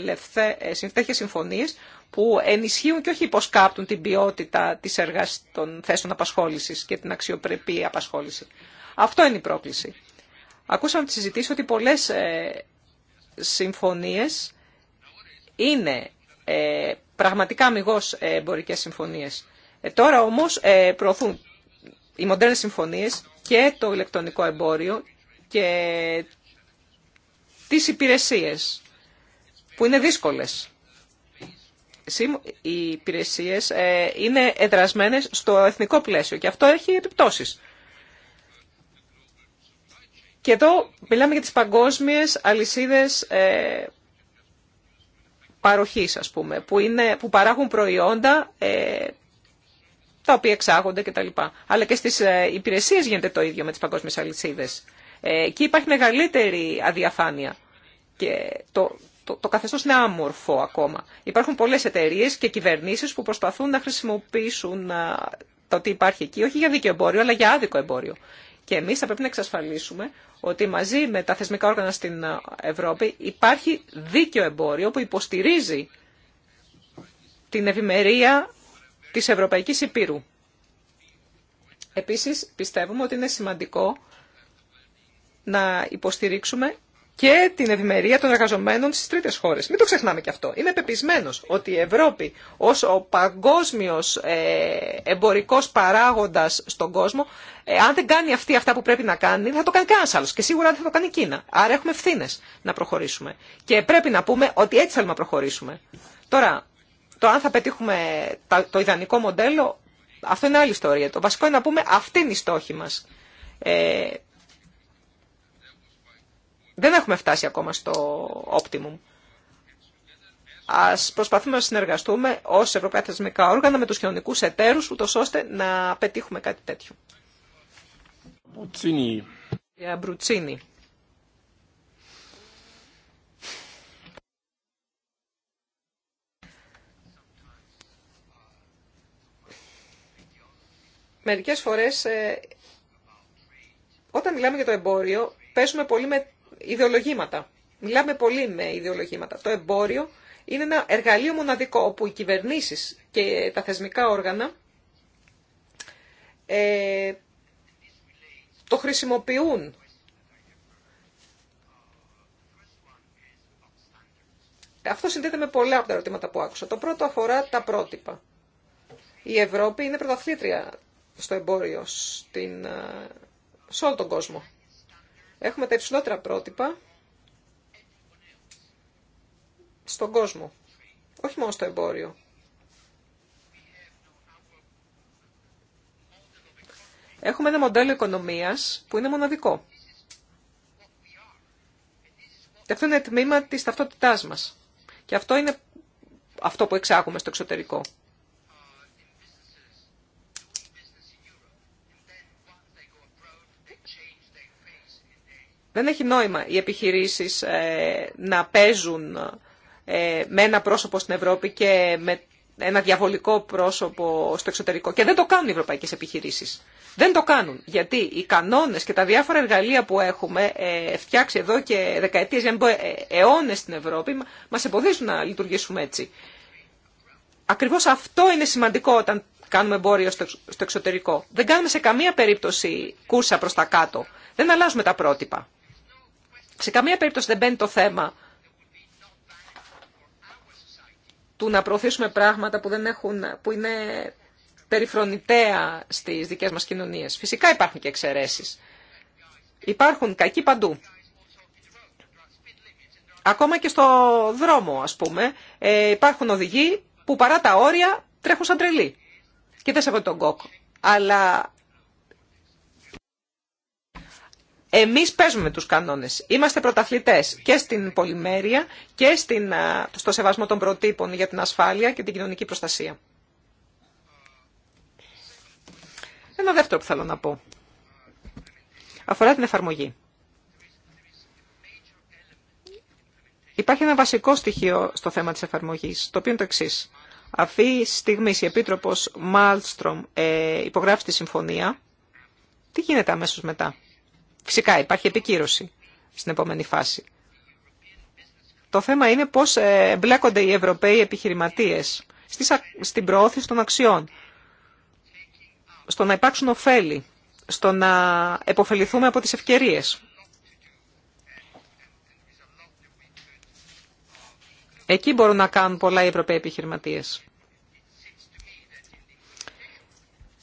ε, τέτοιες συμφωνίες που ενισχύουν και όχι υποσκάπτουν την ποιότητα της εργασίας των θέσεων απασχόλησης και την αξιοπρεπή απασχόληση. Αυτό είναι η πρόκληση. Ακούσαμε τη συζητήση ότι πολλές συμφωνίες είναι πραγματικά αμυγός εμπορικές συμφωνίες. Τώρα όμως προωθούν οι μοντέρνες συμφωνίες και το ηλεκτρονικό εμπόριο και τις υπηρεσίες που είναι δύσκολες. Οι υπηρεσίες ε, είναι εδρασμένες στο εθνικό πλαίσιο και αυτό έχει επιπτώσεις. Και εδώ μιλάμε για τις παγκόσμιες αλυσίδες ε, παροχής, ας πούμε, που, είναι, που παράγουν προϊόντα ε, τα οποία εξάγονται κτλ. Αλλά και στις ε, υπηρεσίες γίνεται το ίδιο με τις παγκόσμιες αλυσίδες. Εκεί υπάρχει μεγαλύτερη αδιαφάνεια και το, το, το καθεστώς είναι άμορφο ακόμα. Υπάρχουν πολλές εταιρείε και κυβερνήσεις που προσπαθούν να χρησιμοποιήσουν ε, το ότι υπάρχει εκεί, όχι για δίκαιο εμπόριο, αλλά για άδικο εμπόριο. Και εμείς θα πρέπει να εξασφαλίσουμε ότι μαζί με τα θεσμικά όργανα στην ε, Ευρώπη υπάρχει δίκαιο εμπόριο που υποστηρίζει την ευημερία της Ευρωπαϊκής Υπήρου. Επίσης, πιστεύουμε ότι είναι σημαντικό να υποστηρίξουμε και την ευημερία των εργαζομένων στις τρίτες χώρες. Μην το ξεχνάμε και αυτό. Είμαι πεπισμένος ότι η Ευρώπη ως ο παγκόσμιος ε, εμπορικός παράγοντας στον κόσμο, ε, αν δεν κάνει αυτή αυτά που πρέπει να κάνει, δεν θα το κάνει κανένας άλλος και σίγουρα δεν θα το κάνει η Κίνα. Άρα έχουμε ευθύνε να προχωρήσουμε. Και πρέπει να πούμε ότι έτσι θέλουμε να προχωρήσουμε. Τώρα, το αν θα πετύχουμε το ιδανικό μοντέλο, αυτό είναι άλλη ιστορία. Το βασικό είναι να πούμε αυτή είναι η στόχη μας. Ε, δεν έχουμε φτάσει ακόμα στο optimum. Α προσπαθούμε να συνεργαστούμε ω ευρωπαϊκά θεσμικά όργανα με του κοινωνικού εταίρου, ούτω ώστε να πετύχουμε κάτι τέτοιο. Μερικές φορές, ε, όταν μιλάμε για το εμπόριο, παίζουμε πολύ με ιδεολογήματα. Μιλάμε πολύ με ιδεολογήματα. Το εμπόριο είναι ένα εργαλείο μοναδικό όπου οι κυβερνήσεις και τα θεσμικά όργανα ε, το χρησιμοποιούν Αυτό συνδέεται με πολλά από τα ερωτήματα που άκουσα. Το πρώτο αφορά τα πρότυπα. Η Ευρώπη είναι πρωταθλήτρια στο εμπόριο στην, ε, σε όλο τον κόσμο. Έχουμε τα υψηλότερα πρότυπα στον κόσμο, όχι μόνο στο εμπόριο. Έχουμε ένα μοντέλο οικονομίας που είναι μοναδικό. Και αυτό είναι τμήμα της ταυτότητάς μας. Και αυτό είναι αυτό που εξάγουμε στο εξωτερικό. Δεν έχει νόημα οι επιχειρήσεις ε, να παίζουν ε, με ένα πρόσωπο στην Ευρώπη και με ένα διαβολικό πρόσωπο στο εξωτερικό. Και δεν το κάνουν οι ευρωπαϊκέ επιχειρήσει. Δεν το κάνουν. Γιατί οι κανόνε και τα διάφορα εργαλεία που έχουμε ε, φτιάξει εδώ και δεκαετίες, για να πω αιώνε στην Ευρώπη, μα εμποδίζουν να λειτουργήσουμε έτσι. Ακριβώ αυτό είναι σημαντικό όταν κάνουμε εμπόριο στο εξωτερικό. Δεν κάνουμε σε καμία περίπτωση κούρσα προ τα κάτω. Δεν αλλάζουμε τα πρότυπα. Σε καμία περίπτωση δεν μπαίνει το θέμα του να προωθήσουμε πράγματα που, δεν έχουν, που είναι περιφρονητέα στις δικές μας κοινωνίες. Φυσικά υπάρχουν και εξαιρέσεις. Υπάρχουν κακοί παντού. Ακόμα και στο δρόμο, ας πούμε, ε, υπάρχουν οδηγοί που παρά τα όρια τρέχουν σαν τρελοί. Και δεν σε τον κόκ. Αλλά Εμείς παίζουμε τους κανόνες. Είμαστε πρωταθλητές και στην πολυμέρεια και στην, στο σεβασμό των προτύπων για την ασφάλεια και την κοινωνική προστασία. Ένα δεύτερο που θέλω να πω. Αφορά την εφαρμογή. Υπάρχει ένα βασικό στοιχείο στο θέμα της εφαρμογής, το οποίο είναι το εξή. Αυτή τη στιγμή η Επίτροπος Μάλστρομ ε, υπογράφει τη συμφωνία. Τι γίνεται αμέσως μετά. Φυσικά υπάρχει επικύρωση στην επόμενη φάση. Το θέμα είναι πώς ε, εμπλέκονται οι Ευρωπαίοι επιχειρηματίες στην προώθηση των αξιών, στο να υπάρξουν ωφέλη, στο να επωφεληθούμε από τις ευκαιρίες. Εκεί μπορούν να κάνουν πολλά οι Ευρωπαίοι επιχειρηματίες.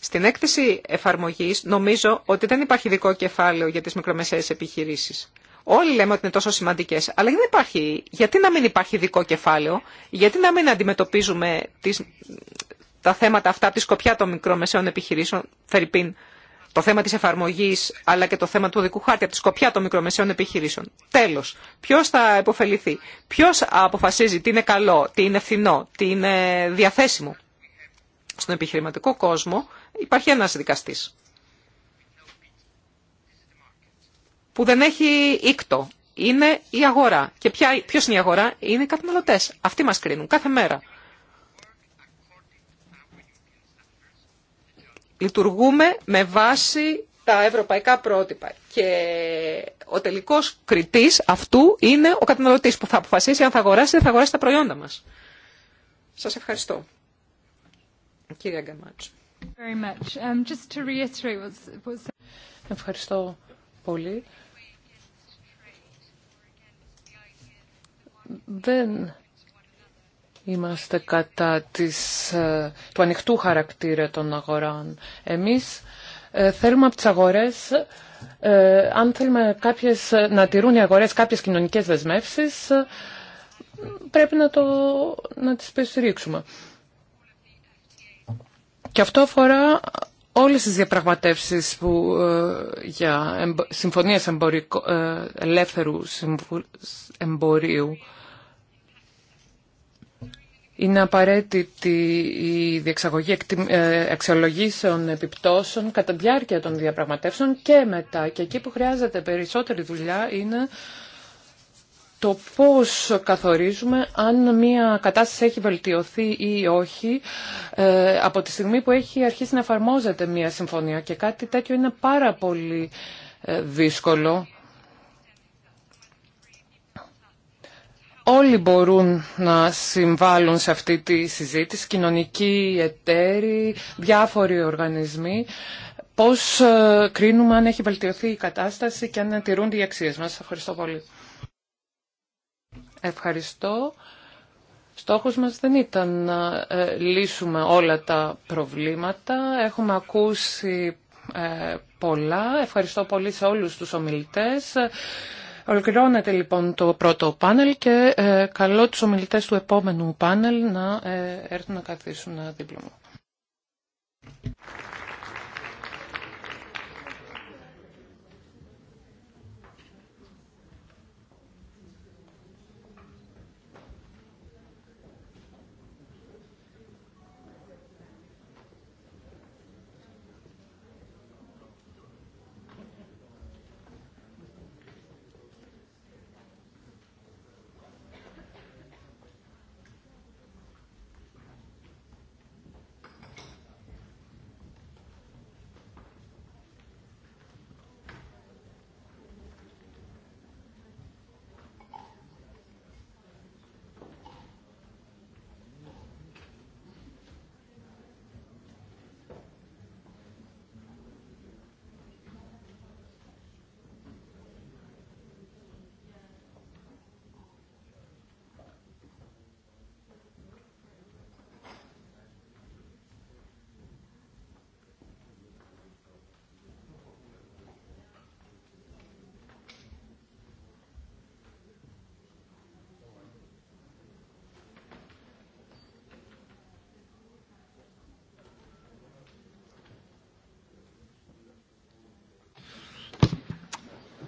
Στην έκθεση εφαρμογή νομίζω ότι δεν υπάρχει ειδικό κεφάλαιο για τι μικρομεσαίέ επιχειρήσει. Όλοι λέμε ότι είναι τόσο σημαντικέ, αλλά δεν υπάρχει. Γιατί να μην υπάρχει ειδικό κεφάλαιο, γιατί να μην αντιμετωπίζουμε τις, τα θέματα αυτά από τη σκοπιά των μικρομεσαίων επιχειρήσεων, Φερρυπίν, το θέμα τη εφαρμογή, αλλά και το θέμα του δικού χάρτη από τη σκοπιά των μικρομεσαίων επιχειρήσεων. Τέλο, Ποιο θα υποφεληθεί, Ποιο αποφασίζει τι είναι καλό, τι είναι φθηνό, τι είναι διαθέσιμο. Στον επιχειρηματικό κόσμο υπάρχει ένας δικαστής που δεν έχει ίκτο. Είναι η αγορά. Και ποια, ποιος είναι η αγορά? Είναι οι καταναλωτές. Αυτοί μας κρίνουν κάθε μέρα. Λειτουργούμε με βάση τα ευρωπαϊκά πρότυπα. Και ο τελικός κριτής αυτού είναι ο καταναλωτής που θα αποφασίσει αν θα αγοράσει ή δεν θα αγοράσει τα προϊόντα μας. Σας ευχαριστώ. Κύριε Um, Ευχαριστώ πολύ. Δεν είμαστε κατά της, ε, του ανοιχτού χαρακτήρα των αγορών. Εμείς ε, θέλουμε από τις αγορές, ε, αν θέλουμε να τηρούν οι αγορές κάποιες κοινωνικές δεσμεύσεις, πρέπει να, το, να τις περιστηρίξουμε. Και αυτό αφορά όλες τις διαπραγματεύσεις που, ε, για εμπο, συμφωνίες εμπορικο, ε, ελεύθερου εμπορίου. Είναι απαραίτητη η διεξαγωγή ε, αξιολογήσεων επιπτώσεων κατά διάρκεια των διαπραγματεύσεων και μετά. Και εκεί που χρειάζεται περισσότερη δουλειά είναι το πώς καθορίζουμε αν μια κατάσταση έχει βελτιωθεί ή όχι ε, από τη στιγμή που έχει αρχίσει να εφαρμόζεται μια συμφωνία και κάτι τέτοιο είναι πάρα πολύ ε, δύσκολο. Όλοι μπορούν να συμβάλλουν σε αυτή τη συζήτηση, κοινωνικοί εταίροι, διάφοροι οργανισμοί. Πώς ε, κρίνουμε αν έχει βελτιωθεί η κατάσταση και αν τηρούνται οι αξίες μας. Ευχαριστώ πολύ. Ευχαριστώ. Στόχος μας δεν ήταν να ε, λύσουμε όλα τα προβλήματα. Έχουμε ακούσει ε, πολλά. Ευχαριστώ πολύ σε όλους τους ομιλητές. Ολοκληρώνεται λοιπόν το πρώτο πάνελ και ε, καλώ τους ομιλητές του επόμενου πάνελ να έρθουν να καθίσουν δίπλα μου.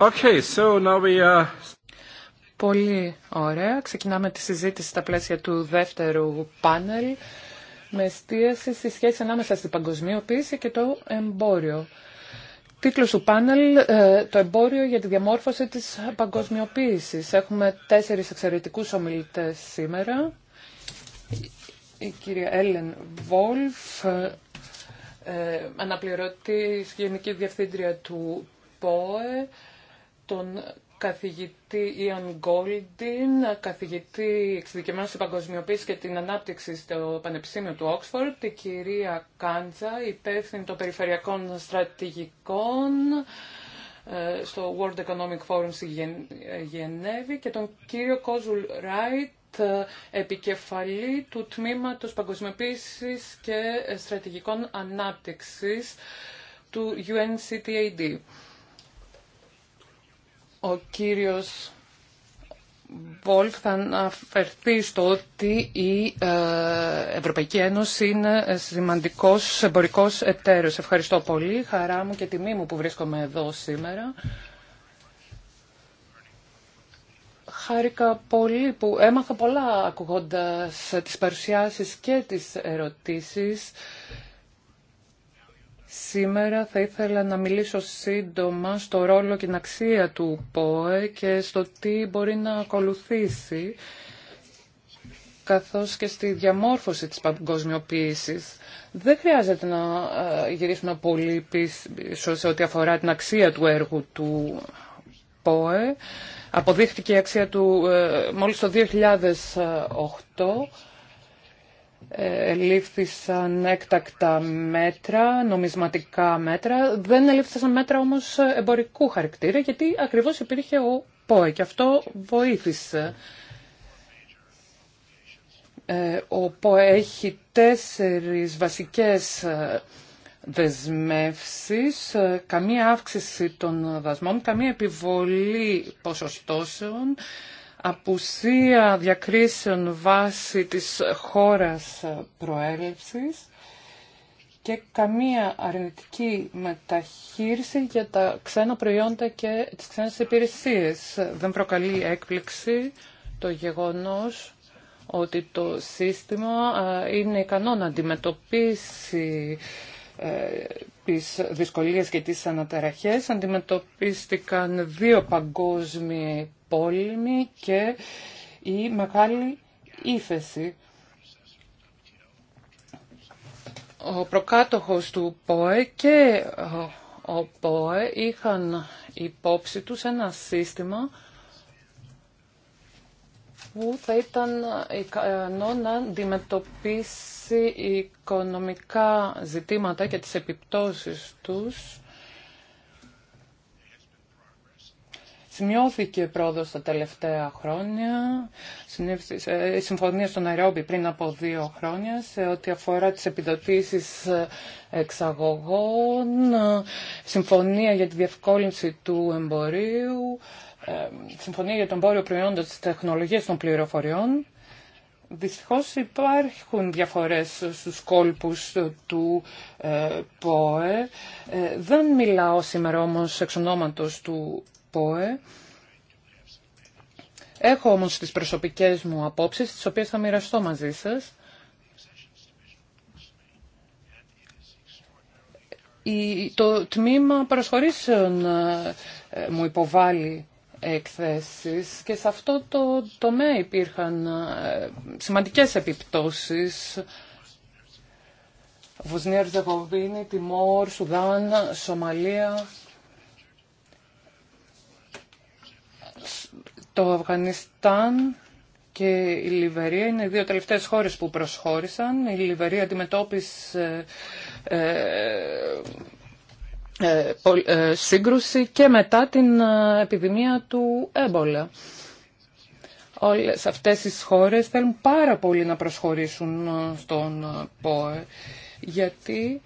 Okay, so now we Πολύ ωραία. Ξεκινάμε τη συζήτηση στα πλαίσια του δεύτερου πάνελ με εστίαση στη σχέση ανάμεσα στην παγκοσμιοποίηση και το εμπόριο. Τίτλος του πάνελ ε, «Το εμπόριο για τη διαμόρφωση της παγκοσμιοποίησης». Έχουμε τέσσερις εξαιρετικούς ομιλητές σήμερα. Η κυρία Έλεν Βόλφ, ε, ε, αναπληρωτής Γενική Διευθύντρια του ΠΟΕ, τον καθηγητή Ιαν Γκόλντιν, καθηγητή εξειδικευμένο στην παγκοσμιοποίηση και την ανάπτυξη στο Πανεπιστήμιο του Όξφορντ, την κυρία Κάντζα, υπεύθυνη των περιφερειακών στρατηγικών ε, στο World Economic Forum στη Γενέβη και τον κύριο Κόζουλ Ράιτ, επικεφαλή του Τμήματος Παγκοσμιοποίησης και Στρατηγικών Ανάπτυξης του UNCTAD. Ο κύριος Βόλφ θα αναφερθεί στο ότι η ε, Ευρωπαϊκή Ένωση είναι σημαντικός εμπορικός εταίρος. Ευχαριστώ πολύ. Χαρά μου και τιμή μου που βρίσκομαι εδώ σήμερα. Χάρηκα πολύ που έμαθα πολλά ακούγοντας τις παρουσιάσεις και τις ερωτήσεις Σήμερα θα ήθελα να μιλήσω σύντομα στο ρόλο και την αξία του ΠΟΕ και στο τι μπορεί να ακολουθήσει καθώς και στη διαμόρφωση της παγκοσμιοποίηση. Δεν χρειάζεται να ε, γυρίσουμε πολύ πίσω σε ό,τι αφορά την αξία του έργου του ΠΟΕ. Αποδείχτηκε η αξία του ε, μόλις το 2008 ελήφθησαν έκτακτα μέτρα, νομισματικά μέτρα. Δεν ελήφθησαν μέτρα όμως εμπορικού χαρακτήρα, γιατί ακριβώς υπήρχε ο ΠΟΕ και αυτό βοήθησε. Ε, ο ΠΟΕ έχει τέσσερις βασικές δεσμεύσεις, ε, καμία αύξηση των δασμών, καμία επιβολή ποσοστώσεων, απουσία διακρίσεων βάση της χώρας προέλευσης και καμία αρνητική μεταχείριση για τα ξένα προϊόντα και τις ξένες υπηρεσίες. Δεν προκαλεί έκπληξη το γεγονός ότι το σύστημα είναι ικανό να αντιμετωπίσει ε, τις δυσκολίες και τις αναταραχές αντιμετωπίστηκαν δύο παγκόσμιοι πόλεμοι και η μεγάλη ύφεση. Ο προκάτοχος του ΠΟΕ και ο ΠΟΕ είχαν υπόψη τους ένα σύστημα που θα ήταν ικανό να αντιμετωπίσει οικονομικά ζητήματα και τις επιπτώσεις τους. Σημειώθηκε πρόοδος τα τελευταία χρόνια, η συμφωνία στον Αερόμπι πριν από δύο χρόνια, σε ό,τι αφορά τις επιδοτήσεις ε, εξαγωγών, συμφωνία για τη διευκόλυνση του εμπορίου, Συμφωνία για τον Πόριο προϊόντα τη τεχνολογία των Πληροφοριών. Δυστυχώ υπάρχουν διαφορές στους κόλπους του ε, ΠΟΕ. Ε, δεν μιλάω σήμερα όμως εξ ονόματο του ΠΟΕ. Έχω όμω τι προσωπικές μου απόψεις, τι οποίες θα μοιραστώ μαζί σα. Το τμήμα παρασχωρήσεων ε, μου υποβάλλει εκθέσεις και σε αυτό το τομέα υπήρχαν ε, σημαντικές επιπτώσεις. Βοσνία, Ρζεγοβίνη, Τιμόρ, Σουδάν, Σομαλία, το Αφγανιστάν και η Λιβερία είναι οι δύο τελευταίες χώρες που προσχώρησαν. Η Λιβερία αντιμετώπισε ε, ε, ε, σύγκρουση και μετά την ε, επιδημία του έμπολα. Όλες αυτές οι χώρες θέλουν πάρα πολύ να προσχωρήσουν στον ΠΟΕ γιατί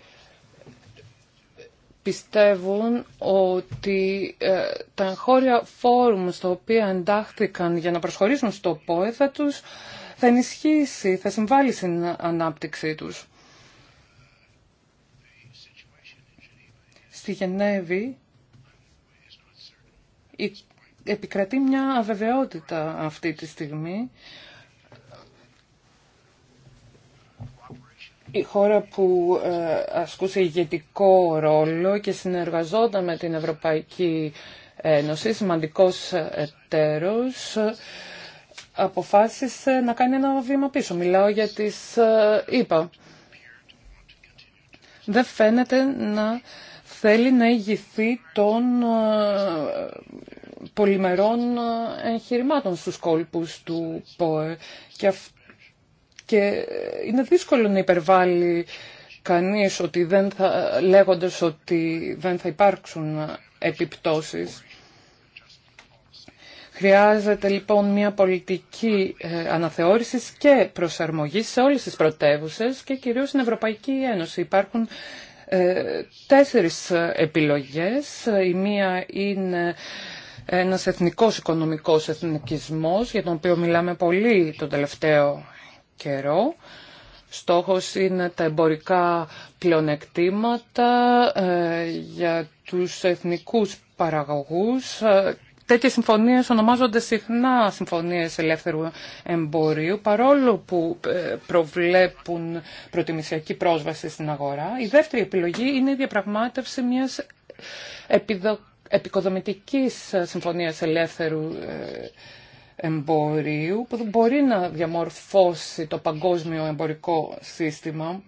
πιστεύουν ότι τα χώρια φόρουμ στο οποία εντάχθηκαν για να προσχωρήσουν στο ΠΟΕ θα τους θα ενισχύσει, θα συμβάλλει στην ανάπτυξή τους. στη Γενέβη επικρατεί μια αβεβαιότητα αυτή τη στιγμή. Η χώρα που ε, ασκούσε ηγετικό ρόλο και συνεργαζόταν με την Ευρωπαϊκή Ένωση, σημαντικός εταίρος, αποφάσισε να κάνει ένα βήμα πίσω. Μιλάω για τις ε, ΗΠΑ. Δεν φαίνεται να θέλει να ηγηθεί των ε, πολυμερών ε, εγχειρημάτων στους κόλπους του ΠΟΕ και, ε, είναι δύσκολο να υπερβάλλει κανείς ότι δεν θα, λέγοντας ότι δεν θα υπάρξουν επιπτώσεις. Χρειάζεται λοιπόν μια πολιτική αναθεώρησης και προσαρμογής σε όλες τις πρωτεύουσες και κυρίως στην Ευρωπαϊκή Ένωση. Υπάρχουν ε, τέσσερις επιλογές. Η μία είναι ένας εθνικός οικονομικός εθνικισμός, για τον οποίο μιλάμε πολύ τον τελευταίο καιρό. Στόχος είναι τα εμπορικά πλεονεκτήματα ε, για τους εθνικούς παραγωγούς ε, Τέτοιες συμφωνίες ονομάζονται συχνά συμφωνίες ελεύθερου εμπορίου, παρόλο που ε, προβλέπουν προτιμησιακή πρόσβαση στην αγορά. Η δεύτερη επιλογή είναι η διαπραγμάτευση μιας επιδο... επικοδομητικής συμφωνίας ελεύθερου ε, εμπορίου, που μπορεί να διαμορφώσει το παγκόσμιο εμπορικό σύστημα.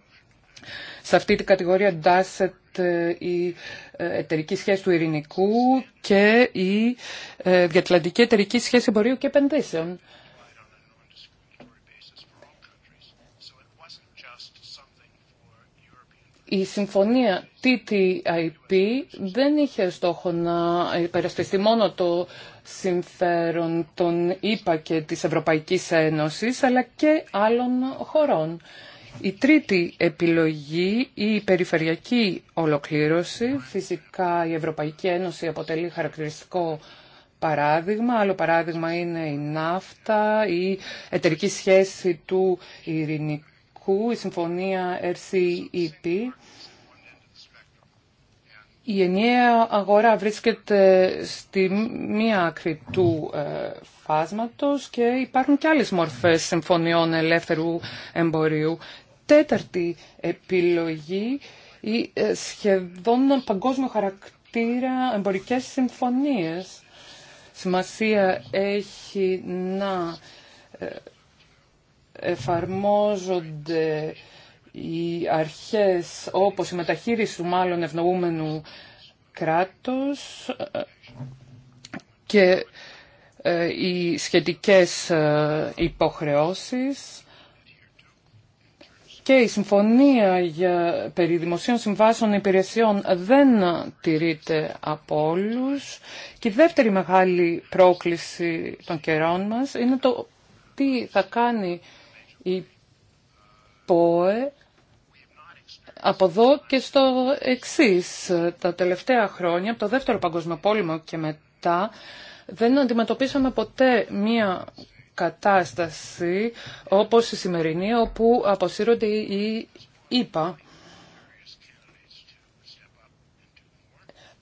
Σε αυτή την κατηγορία εντάσσεται ε, η ε, εταιρική σχέση του ειρηνικού και η ε, διατλαντική εταιρική σχέση εμπορίου και επενδύσεων. Η συμφωνία TTIP δεν είχε στόχο να υπερασπιστεί μόνο το συμφέρον των ΗΠΑ και της Ευρωπαϊκής Ένωσης, αλλά και άλλων χωρών. Η τρίτη επιλογή, η περιφερειακή ολοκλήρωση. Φυσικά η Ευρωπαϊκή Ένωση αποτελεί χαρακτηριστικό παράδειγμα. Άλλο παράδειγμα είναι η ναύτα, η εταιρική σχέση του ειρηνικού, η συμφωνία RCEP. Η ενιαία αγορά βρίσκεται στη μία άκρη του ε, φάσματος και υπάρχουν και άλλες μορφές συμφωνιών ελεύθερου εμπορίου τέταρτη επιλογή ή ε, σχεδόν παγκόσμιο χαρακτήρα εμπορικές συμφωνίες. Σημασία έχει να ε, εφαρμόζονται οι αρχές όπως η μεταχείριση του μάλλον ευνοούμενου κράτους ε, και οι σχετικές υποχρεώσεις και η συμφωνία για, περί δημοσίων συμβάσεων υπηρεσιών δεν τηρείται από όλου. Και η δεύτερη μεγάλη πρόκληση των καιρών μας είναι το τι θα κάνει η ΠΟΕ από εδώ και στο εξής. Τα τελευταία χρόνια, από το δεύτερο παγκόσμιο πόλεμο και μετά, δεν αντιμετωπίσαμε ποτέ μία κατάσταση όπως η σημερινή όπου αποσύρονται οι ΙΠΑ.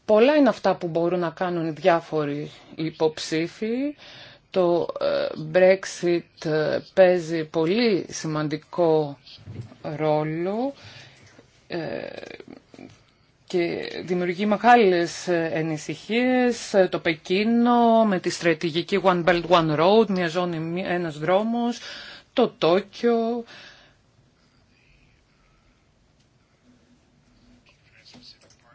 Πολλά είναι αυτά που μπορούν να κάνουν οι διάφοροι υποψήφοι. Το ε, Brexit ε, παίζει πολύ σημαντικό ρόλο ε, και δημιουργεί μεγάλες ενησυχίες ε, το Πεκίνο με τη στρατηγική One Belt One Road, μια ζώνη, ένας δρόμος, το Τόκιο.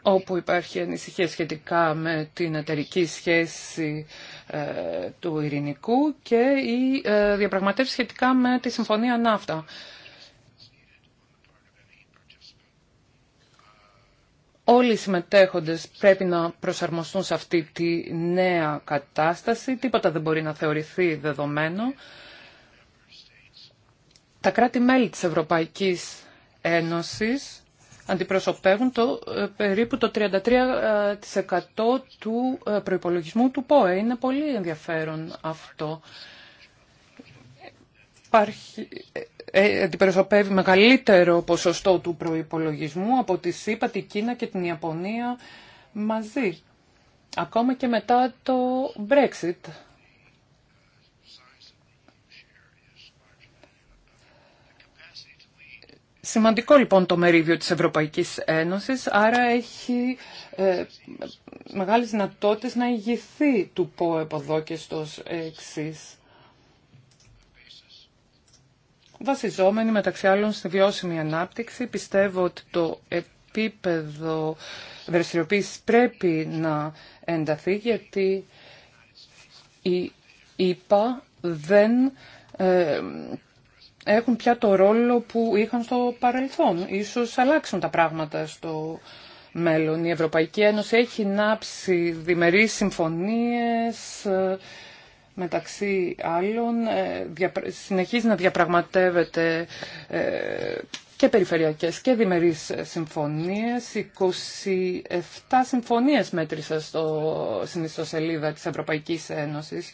όπου υπάρχει ανησυχία σχετικά με την εταιρική σχέση ε, του ειρηνικού και η ε, διαπραγματεύση σχετικά με τη Συμφωνία Ναύτα. Όλοι οι συμμετέχοντες πρέπει να προσαρμοστούν σε αυτή τη νέα κατάσταση. Τίποτα δεν μπορεί να θεωρηθεί δεδομένο. Τα κράτη-μέλη της Ευρωπαϊκής Ένωσης αντιπροσωπεύουν το, ε, περίπου το 33% ε, του ε, προϋπολογισμού του ΠΟΕ. Είναι πολύ ενδιαφέρον αυτό. Υπάρχει, ε, αντιπροσωπεύει μεγαλύτερο ποσοστό του προϋπολογισμού από τη ΣΥΠΑ, την Κίνα και την Ιαπωνία μαζί. Ακόμα και μετά το Brexit. Σημαντικό λοιπόν το μερίδιο της Ευρωπαϊκής Ένωσης, άρα έχει ε, μεγάλες δυνατότητες να ηγηθεί του ΠΟΕΠ εδώ και στο εξής βασιζόμενοι μεταξύ άλλων στη βιώσιμη ανάπτυξη. Πιστεύω ότι το επίπεδο δραστηριοποίηση πρέπει να ενταθεί γιατί οι ΙΠΑ δεν ε, έχουν πια το ρόλο που είχαν στο παρελθόν. Ίσως αλλάξουν τα πράγματα στο μέλλον. Η Ευρωπαϊκή Ένωση έχει νάψει διμερείς συμφωνίες, ε, μεταξύ άλλων ε, συνεχίζει να διαπραγματεύεται ε, και περιφερειακές και διμερείς συμφωνίες. 27 συμφωνίες μέτρησα στο, στην ιστοσελίδα της Ευρωπαϊκής Ένωσης.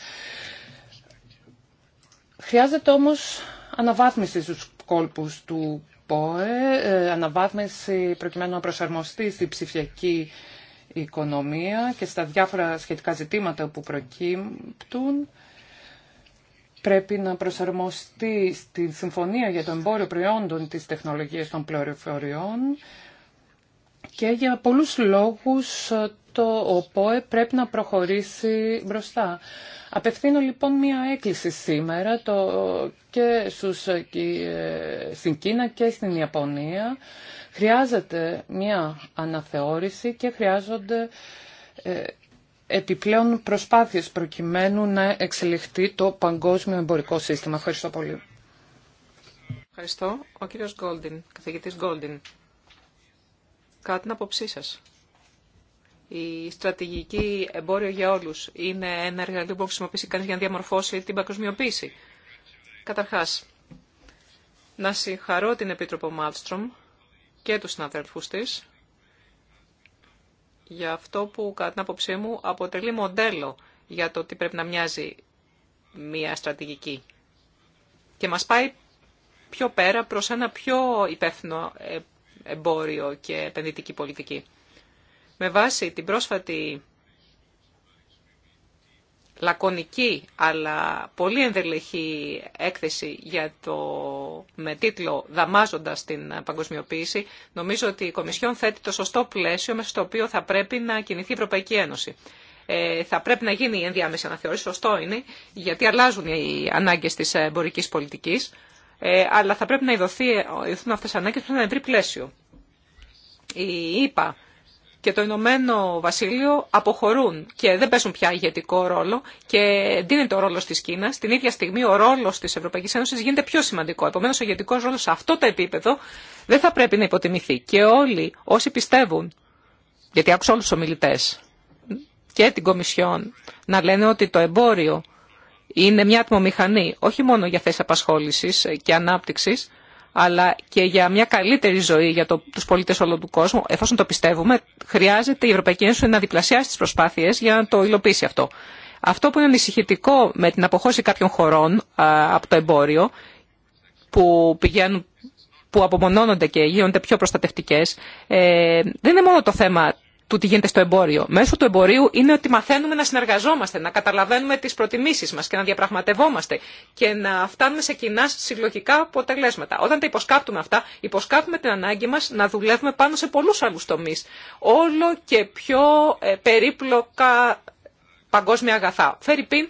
Χρειάζεται όμως αναβάθμιση στους κόλπους του ΠΟΕ, ε, αναβάθμιση προκειμένου να προσαρμοστεί στη ψηφιακή οικονομία και στα διάφορα σχετικά ζητήματα που προκύπτουν πρέπει να προσαρμοστεί στη Συμφωνία για το Εμπόριο Προϊόντων της Τεχνολογίας των Πληροφοριών και για πολλούς λόγους το ΟΠΟΕ πρέπει να προχωρήσει μπροστά. Απευθύνω λοιπόν μία έκκληση σήμερα το, και στους, ε, στην Κίνα και στην Ιαπωνία Χρειάζεται μια αναθεώρηση και χρειάζονται ε, επιπλέον προσπάθειες προκειμένου να εξελιχθεί το παγκόσμιο εμπορικό σύστημα. Ευχαριστώ πολύ. Ευχαριστώ. Ο κύριος Γκόλντιν, καθηγητής Γκόλντιν. Κάτι την απόψή σας. Η στρατηγική εμπόριο για όλους είναι ένα εργαλείο που χρησιμοποιήσει κανείς για να διαμορφώσει την παγκοσμιοποίηση. Καταρχάς, να συγχαρώ την Επίτροπο Μάλστρομ και τους συναδέλφους της για αυτό που κατά την άποψή μου αποτελεί μοντέλο για το τι πρέπει να μοιάζει μια στρατηγική. Και μας πάει πιο πέρα προς ένα πιο υπεύθυνο ε, εμπόριο και επενδυτική πολιτική. Με βάση την πρόσφατη λακωνική αλλά πολύ ενδελεχή έκθεση για το, με τίτλο «Δαμάζοντας την παγκοσμιοποίηση», νομίζω ότι η Κομισιόν θέτει το σωστό πλαίσιο μέσα στο οποίο θα πρέπει να κινηθεί η Ευρωπαϊκή Ένωση. Ε, θα πρέπει να γίνει η ενδιάμεση αναθεώρηση, σωστό είναι, γιατί αλλάζουν οι ανάγκες της εμπορική πολιτικής, ε, αλλά θα πρέπει να ε, ειδωθούν αυτές οι ανάγκες σε ένα ευρύ πλαίσιο. Η ΕΠΑ και το Ηνωμένο Βασίλειο αποχωρούν και δεν παίζουν πια ηγετικό ρόλο και δίνεται ο ρόλο τη Κίνα. Την ίδια στιγμή ο ρόλο τη Ευρωπαϊκή Ένωση γίνεται πιο σημαντικό. Επομένω, ο ηγετικό ρόλο σε αυτό το επίπεδο δεν θα πρέπει να υποτιμηθεί. Και όλοι όσοι πιστεύουν, γιατί άκουσα όλου του ομιλητέ και την Κομισιόν να λένε ότι το εμπόριο είναι μια ατμομηχανή όχι μόνο για θέσει απασχόληση και ανάπτυξη, αλλά και για μια καλύτερη ζωή για του τους πολίτες όλου του κόσμου, εφόσον το πιστεύουμε, χρειάζεται η Ευρωπαϊκή Ένωση να διπλασιάσει τις προσπάθειες για να το υλοποιήσει αυτό. Αυτό που είναι ανησυχητικό με την αποχώρηση κάποιων χωρών από το εμπόριο, που πηγαίνουν που απομονώνονται και γίνονται πιο προστατευτικές, ε, δεν είναι μόνο το θέμα του τι γίνεται στο εμπόριο. Μέσω του εμπορίου είναι ότι μαθαίνουμε να συνεργαζόμαστε, να καταλαβαίνουμε τι προτιμήσει μα και να διαπραγματευόμαστε και να φτάνουμε σε κοινά συλλογικά αποτελέσματα. Όταν τα υποσκάπτουμε αυτά, υποσκάπτουμε την ανάγκη μα να δουλεύουμε πάνω σε πολλού άλλου τομεί, Όλο και πιο ε, περίπλοκα παγκόσμια αγαθά. Φέρει πίν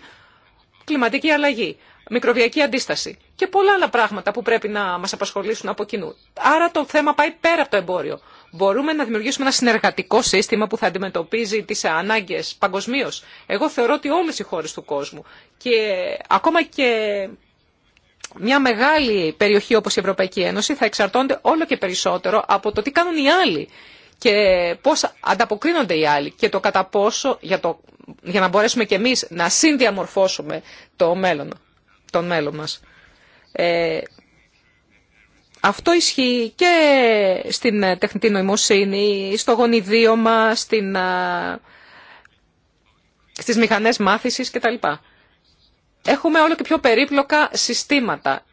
κλιματική αλλαγή, μικροβιακή αντίσταση και πολλά άλλα πράγματα που πρέπει να μα απασχολήσουν από κοινού. Άρα το θέμα πάει πέρα από το εμπόριο. Μπορούμε να δημιουργήσουμε ένα συνεργατικό σύστημα που θα αντιμετωπίζει τις ανάγκες παγκοσμίω. Εγώ θεωρώ ότι όλες οι χώρες του κόσμου και ακόμα και μια μεγάλη περιοχή όπως η Ευρωπαϊκή Ένωση θα εξαρτώνται όλο και περισσότερο από το τι κάνουν οι άλλοι και πώς ανταποκρίνονται οι άλλοι και το κατά πόσο για, το, για να μπορέσουμε και εμείς να συνδιαμορφώσουμε το μέλλον, τον μέλλον μας. Ε, αυτό ισχύει και στην ε, τεχνητή νοημοσύνη, στο γονιδίωμα, στην, ε, στις μηχανές μάθησης κτλ. Έχουμε όλο και πιο περίπλοκα συστήματα.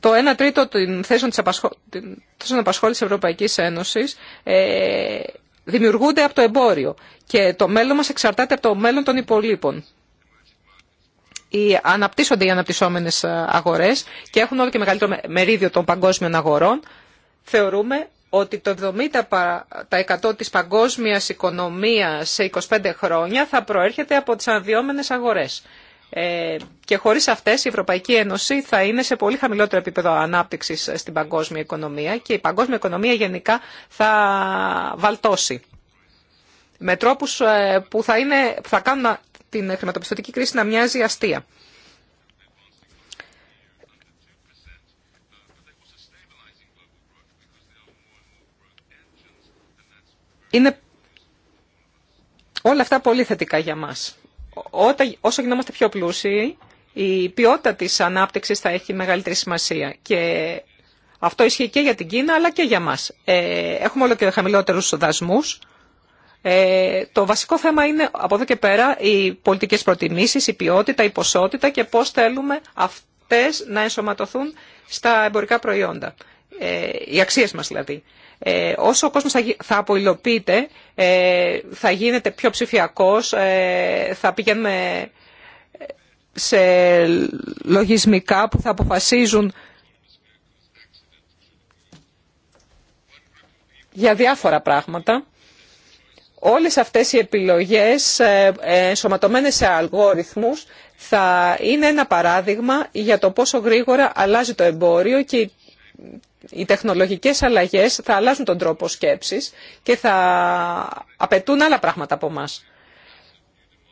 Το 1 τρίτο των θέσεων της απασχο... Ευρωπαϊκής Ένωσης ε, δημιουργούνται από το εμπόριο και το μέλλον μας εξαρτάται από το μέλλον των υπολείπων ή αναπτύσσονται οι αναπτυσσόμενες ε, αγορές και έχουν όλο και μεγαλύτερο μερίδιο των παγκόσμιων αγορών, θεωρούμε ότι το 70% της παγκόσμιας οικονομίας σε 25 χρόνια θα προέρχεται από τις αναδυόμενες αγορές. Ε, και χωρίς αυτές η Ευρωπαϊκή Ένωση θα είναι σε πολύ χαμηλότερο επίπεδο ανάπτυξης ε, στην παγκόσμια οικονομία και η παγκόσμια οικονομία γενικά θα βαλτώσει με τρόπους που θα, που θα κάνουν την χρηματοπιστωτική κρίση να μοιάζει αστεία. Είναι όλα αυτά πολύ θετικά για μας. όσο γινόμαστε πιο πλούσιοι, η ποιότητα της ανάπτυξης θα έχει μεγαλύτερη σημασία. Και αυτό ισχύει και για την Κίνα, αλλά και για μας. Ε, έχουμε όλο και χαμηλότερους δασμούς. Ε, το βασικό θέμα είναι από εδώ και πέρα οι πολιτικές προτιμήσεις, η ποιότητα, η ποσότητα και πώς θέλουμε αυτές να ενσωματωθούν στα εμπορικά προϊόντα. Ε, οι αξίες μας δηλαδή. Ε, όσο ο κόσμος θα, αποϊλοποιείται, θα γίνεται πιο ψηφιακός, θα πηγαίνουμε σε λογισμικά που θα αποφασίζουν για διάφορα πράγματα όλες αυτές οι επιλογές ε, ε, ενσωματωμένες σε αλγόριθμους θα είναι ένα παράδειγμα για το πόσο γρήγορα αλλάζει το εμπόριο και οι τεχνολογικές αλλαγές θα αλλάζουν τον τρόπο σκέψης και θα απαιτούν άλλα πράγματα από μας.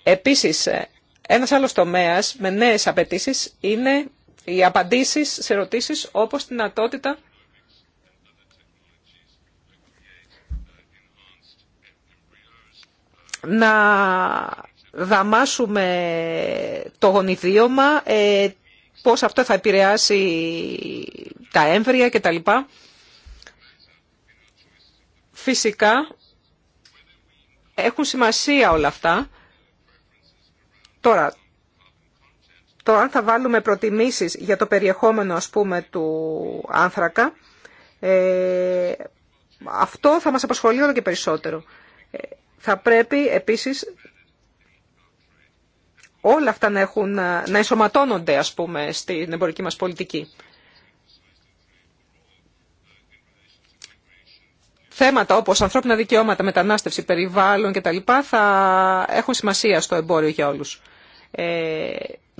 Επίσης, ε, ένας άλλος τομέας με νέες απαιτήσει είναι οι απαντήσεις σε ερωτήσεις όπως την δυνατότητα να δαμάσουμε το γονιδίωμα, ε, πώς αυτό θα επηρεάσει τα έμβρια κτλ. Φυσικά έχουν σημασία όλα αυτά. Τώρα, το αν θα βάλουμε προτιμήσεις για το περιεχόμενο, ας πούμε, του άνθρακα, ε, αυτό θα μας απασχολεί όλο και περισσότερο. Ε, θα πρέπει επίσης όλα αυτά να, έχουν, να ενσωματώνονται ας πούμε στην εμπορική μας πολιτική. Θέματα όπως ανθρώπινα δικαιώματα, μετανάστευση, περιβάλλον κτλ. θα έχουν σημασία στο εμπόριο για όλους. Ε,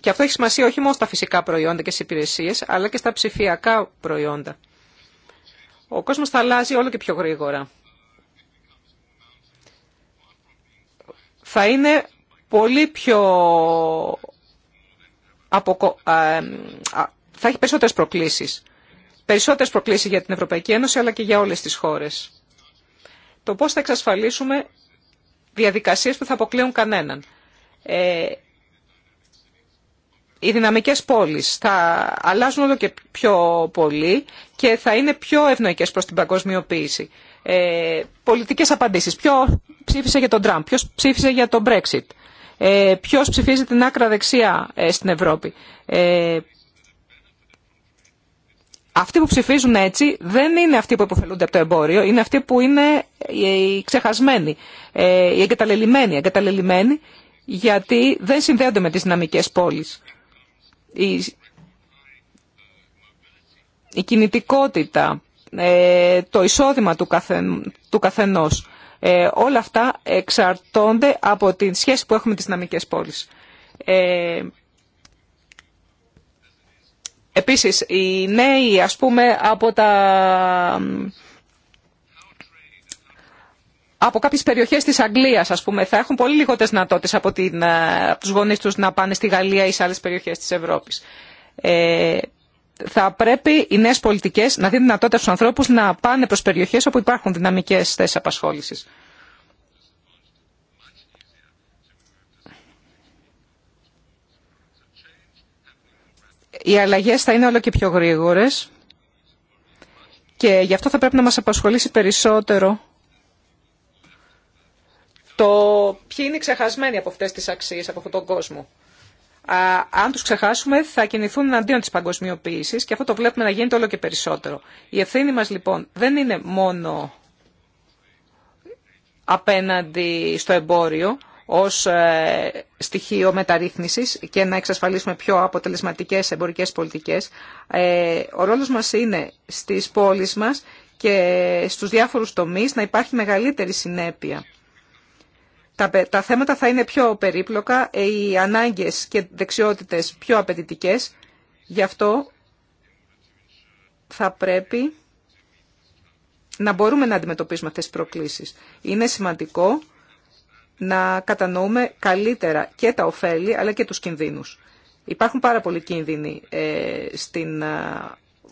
και αυτό έχει σημασία όχι μόνο στα φυσικά προϊόντα και στις υπηρεσίες, αλλά και στα ψηφιακά προϊόντα. Ο κόσμος θα αλλάζει όλο και πιο γρήγορα. θα είναι πολύ πιο θα έχει περισσότερες προκλήσεις. Περισσότερες προκλήσεις για την Ευρωπαϊκή Ένωση αλλά και για όλες τις χώρες. Το πώς θα εξασφαλίσουμε διαδικασίες που θα αποκλείουν κανέναν. Ε, οι δυναμικές πόλεις θα αλλάζουν όλο και πιο πολύ και θα είναι πιο ευνοϊκές προς την παγκοσμιοποίηση. Ε, πολιτικές απαντήσεις, πιο ψήφισε για τον Τραμπ, ποιος ψήφισε για τον Brexit, ε, ποιος ψηφίζει την άκρα δεξιά ε, στην Ευρώπη. Ε, αυτοί που ψηφίζουν έτσι δεν είναι αυτοί που υποφελούνται από το εμπόριο, είναι αυτοί που είναι οι ξεχασμένοι, ε, οι εγκαταλελειμμένοι, εγκαταλελειμμένοι γιατί δεν συνδέονται με τις δυναμικές πόλεις. Η, κινητικότητα, ε, το εισόδημα του, του καθενός, ε, όλα αυτά εξαρτώνται από τη σχέση που έχουμε με τις δυναμικές πόλεις. Ε, επίσης, οι νέοι, ας πούμε, από τα... Από κάποιες περιοχές της Αγγλίας, ας πούμε, θα έχουν πολύ λιγότερε δυνατότητε από, ε, από τους γονείς τους να πάνε στη Γαλλία ή σε άλλες περιοχές της Ευρώπης. Ε, θα πρέπει οι νέες πολιτικές να δίνουν δυνατότητα στους ανθρώπους να πάνε προς περιοχές όπου υπάρχουν δυναμικές θέσει απασχόλησης. Οι αλλαγές θα είναι όλο και πιο γρήγορες και γι' αυτό θα πρέπει να μας απασχολήσει περισσότερο το ποιοι είναι οι ξεχασμένοι από αυτές τις αξίες, από αυτόν τον κόσμο αν τους ξεχάσουμε θα κινηθούν αντίον τη παγκοσμιοποίηση, και αυτό το βλέπουμε να γίνεται όλο και περισσότερο. Η ευθύνη μα λοιπόν δεν είναι μόνο απέναντι στο εμπόριο ως ε, στοιχείο μεταρρύθμισης και να εξασφαλίσουμε πιο αποτελεσματικές εμπορικές πολιτικές. Ε, ο ρόλος μας είναι στις πόλεις μας και στους διάφορους τομείς να υπάρχει μεγαλύτερη συνέπεια τα, θέματα θα είναι πιο περίπλοκα, ε, οι ανάγκες και δεξιότητες πιο απαιτητικές. Γι' αυτό θα πρέπει να μπορούμε να αντιμετωπίσουμε αυτές τις προκλήσεις. Είναι σημαντικό να κατανοούμε καλύτερα και τα ωφέλη αλλά και τους κινδύνους. Υπάρχουν πάρα πολλοί κίνδυνοι ε, στην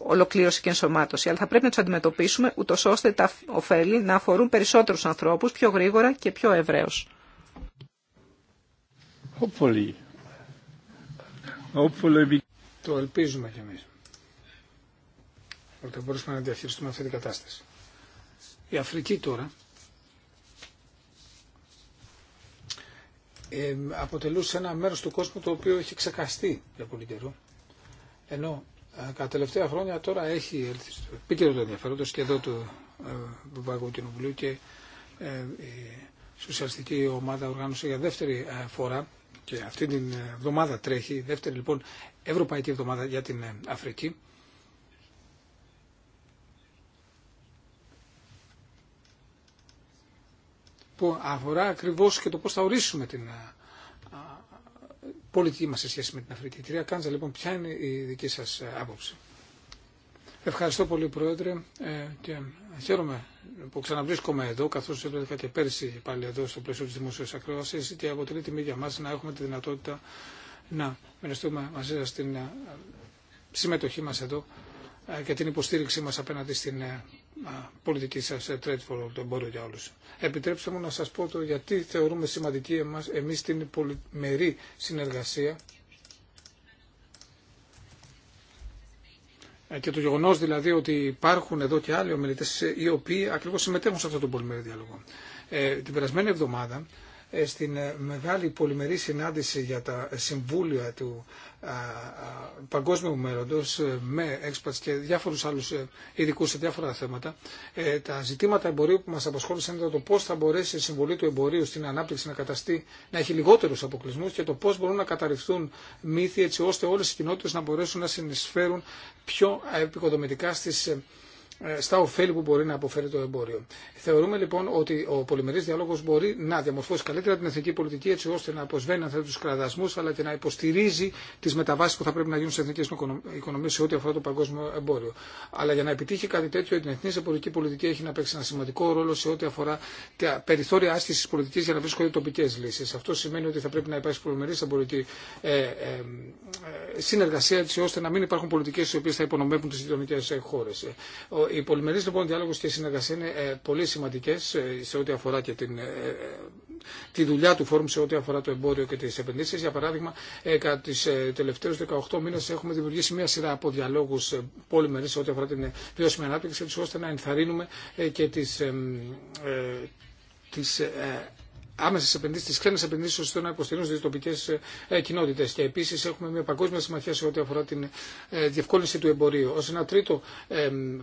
ολοκλήρωση και ενσωμάτωση, αλλά θα πρέπει να του αντιμετωπίσουμε ούτω ώστε τα ωφέλη να αφορούν περισσότερου ανθρώπου πιο γρήγορα και πιο ευρέω. Το ελπίζουμε κι εμεί ότι μπορούσαμε να διαχειριστούμε αυτή την κατάσταση. Η Αφρική τώρα ε, αποτελούσε ένα μέρος του κόσμου το οποίο έχει ξεκαστεί για πολύ καιρό. Ενώ ε, κατά τελευταία χρόνια τώρα έχει έλθει στο επίκεντρο του ενδιαφέροντος και εδώ του ε, Ευρωπαϊκού Κοινοβουλίου και ε, η σοσιαλιστική ομάδα οργάνωσε για δεύτερη φορά και αυτή την εβδομάδα τρέχει, δεύτερη λοιπόν Ευρωπαϊκή Εβδομάδα για την Αφρική. που αφορά ακριβώς και το πώς θα ορίσουμε την πολιτική μα σε σχέση με την Αφρική. Κυρία Κάντζα, λοιπόν, ποια είναι η δική σας ε, άποψη. Ευχαριστώ πολύ Πρόεδρε ε, και χαίρομαι που ξαναβρίσκομαι εδώ καθώς έβλεπα και πέρσι πάλι εδώ στο πλαίσιο της Δημοσίου Ακρόασης και αποτελεί τιμή για μας να έχουμε τη δυνατότητα να μοιραστούμε μαζί σας την ε, συμμετοχή μας εδώ ε, και την υποστήριξή μας απέναντι στην ε, πολιτική σας ε, trade for all, το εμπόριο για όλους. Επιτρέψτε μου να σας πω το γιατί θεωρούμε σημαντική εμάς, εμείς την πολυμερή συνεργασία και το γεγονό δηλαδή ότι υπάρχουν εδώ και άλλοι ομιλητέ οι οποίοι ακριβώ συμμετέχουν σε αυτό τον πολυμερή διάλογο. την περασμένη εβδομάδα ε, στην ε, μεγάλη πολυμερή συνάντηση για τα συμβούλια του ε, παγκόσμιου μέλλοντος με έξπατς και διάφορους άλλους ειδικούς σε διάφορα θέματα τα ζητήματα εμπορίου που μας απασχόλησαν ήταν το πώς θα μπορέσει η συμβολή του εμπορίου στην ανάπτυξη να καταστεί να έχει λιγότερους αποκλεισμούς και το πώς μπορούν να καταρριφθούν μύθοι έτσι ώστε όλες οι κοινότητες να μπορέσουν να συνεισφέρουν πιο επικοδομητικά στις ε, στα ωφέλη που μπορεί να αποφέρει το εμπόριο. Θεωρούμε λοιπόν ότι ο πολυμερή διάλογο μπορεί να διαμορφώσει καλύτερα την εθνική πολιτική έτσι ώστε να αποσβαίνει του κραδασμού αλλά και να υποστηρίζει τι μεταβάσει που θα πρέπει να γίνουν στι εθνικέ οικονομίε σε ό,τι αφορά το παγκόσμιο εμπόριο. Αλλά για να επιτύχει κάτι τέτοιο, η εθνική εμπορική πολιτική έχει να παίξει ένα σημαντικό ρόλο σε ό,τι αφορά τα περιθώρια άσκηση πολιτική για να βρίσκονται τοπικέ λύσει. Αυτό σημαίνει ότι θα πρέπει να υπάρξει πολυμερή εμπορική ε, ε, ε, συνεργασία έτσι ώστε να μην υπάρχουν πολιτικέ οι οποίε θα υπονομεύουν τι γειτονικέ ε, χώρε οι πολυμερείς λοιπόν διάλογος και η συνεργασία είναι ε, πολύ σημαντικές ε, σε ό,τι αφορά και την, ε, τη δουλειά του φόρουμ σε ό,τι αφορά το εμπόριο και τις επενδύσεις. Για παράδειγμα, κατά τις τελευταίους 18 μήνες έχουμε δημιουργήσει μια σειρά από διαλόγους πολυμερείς σε ό,τι αφορά την βιώσιμη ανάπτυξη, ώστε να ενθαρρύνουμε και τις, τις άμεσε επενδύσει, τι ξένε επενδύσει, ώστε να υποστηρίζουν τι τοπικέ ε, ε, κοινότητε. Και επίση έχουμε μια παγκόσμια συμμαχία σε ό,τι αφορά την ε, διευκόλυνση του εμπορίου. Ω ένα τρίτο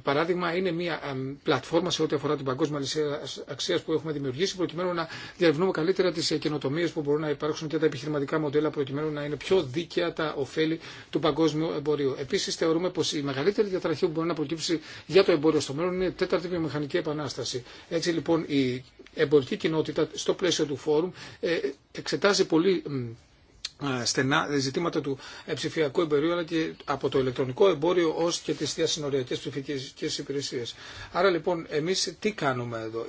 παράδειγμα είναι μια πλατφόρμα σε ό,τι αφορά την παγκόσμια αξία που έχουμε δημιουργήσει, προκειμένου να διαρευνούμε καλύτερα τι καινοτομίε που μπορούν να υπάρξουν και τα επιχειρηματικά μοντέλα, προκειμένου να είναι πιο δίκαια τα ωφέλη του παγκόσμιου εμπορίου. Επίση θεωρούμε πω η μεγαλύτερη διαταραχή που μπορεί να προκύψει για το εμπόριο στο μέλλον είναι η τέταρτη βιομηχανική επανάσταση. Έτσι λοιπόν η εμπορική κοινότητα στο πλαίσιο του φόρουμ ε, εξετάζει πολύ ε, στενά ζητήματα του ψηφιακού εμπορίου αλλά και από το ηλεκτρονικό εμπόριο ως και τις διασυνοριακές ψηφιακές υπηρεσίες. Άρα λοιπόν εμείς τι κάνουμε εδώ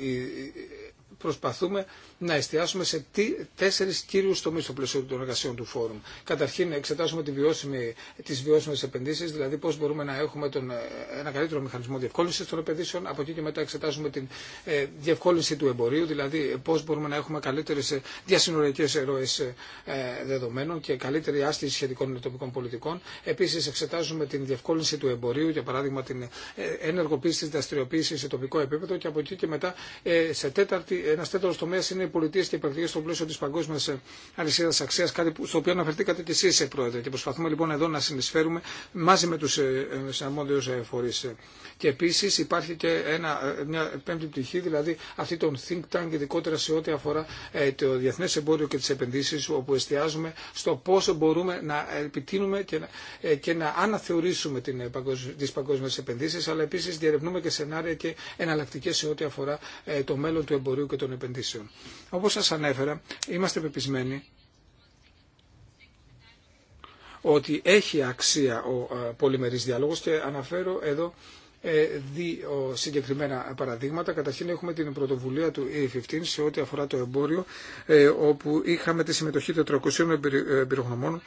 προσπαθούμε να εστιάσουμε σε τέσσερι κύριου τομεί στο πλαίσιο των εργασιών του φόρουμ. Καταρχήν, εξετάζουμε τι βιώσιμε τις βιώσιμες επενδύσει, δηλαδή πώ μπορούμε να έχουμε τον, ε, ένα καλύτερο μηχανισμό διευκόλυνση των επενδύσεων. Από εκεί και μετά εξετάζουμε τη ε, διευκόλυνση του εμπορίου, δηλαδή πώ μπορούμε να έχουμε καλύτερε διασυνοριακέ ροέ ε, δεδομένων και καλύτερη άσκηση σχετικών τοπικών πολιτικών. Επίση, εξετάζουμε την διευκόλυνση του εμπορίου, για παράδειγμα την ενεργοποίηση τη δραστηριοποίηση σε τοπικό επίπεδο και από εκεί και μετά σε τέταρτη ένα τέταρτο τομέα είναι οι πολιτείε και οι πρακτικέ στο πλαίσιο τη παγκόσμια ε, αλυσίδα αξία, κάτι στο οποίο αναφερθήκατε κι εσεί, ε, Πρόεδρε. Και προσπαθούμε λοιπόν εδώ να συνεισφέρουμε μαζί με του ε, συναρμόδιου φορεί. Και επίση υπάρχει και ένα, μια πέμπτη πτυχή, δηλαδή αυτή των think tank, ειδικότερα σε ό,τι αφορά το διεθνέ εμπόριο και τι επενδύσει, όπου εστιάζουμε στο πόσο μπορούμε να επιτείνουμε και να, και αναθεωρήσουμε τι παγκόσμιε επενδύσει, αλλά επίση διερευνούμε και σενάρια και εναλλακτικέ σε ό,τι αφορά το μέλλον του εμπορίου και των επενδύσεων. Όπως σας ανέφερα, είμαστε πεπισμένοι ότι έχει αξία ο ε, πολυμερής διάλογος και αναφέρω εδώ ε, δύο συγκεκριμένα παραδείγματα. Καταρχήν έχουμε την πρωτοβουλία του E15 σε ό,τι αφορά το εμπόριο, ε, όπου είχαμε τη συμμετοχή 400 ε, εμπειρογνωμών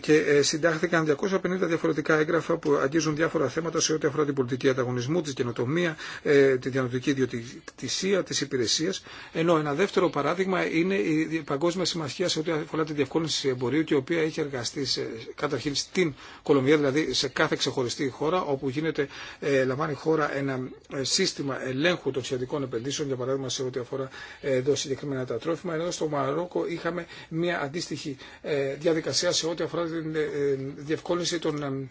και συντάχθηκαν 250 διαφορετικά έγγραφα που αγγίζουν διάφορα θέματα σε ό,τι αφορά την πολιτική ανταγωνισμού, τη καινοτομία, τη διανοτική ιδιοκτησία, τι υπηρεσίε. Ενώ ένα δεύτερο παράδειγμα είναι η Παγκόσμια Συμμαχία σε ό,τι αφορά τη διευκόλυνση εμπορίου και η οποία έχει εργαστεί καταρχήν στην Κολομβία, δηλαδή σε κάθε ξεχωριστή χώρα όπου γίνεται λαμβάνει χώρα ένα ε, σύστημα ελέγχου των σχετικών επενδύσεων, για παράδειγμα σε ό,τι αφορά ε, εδώ συγκεκριμένα τα τρόφιμα, ενώ στο Μαρόκο είχαμε μια αντίστοιχη ε, διαδικασία σε ό,τι αφορά την διευκόλυνση των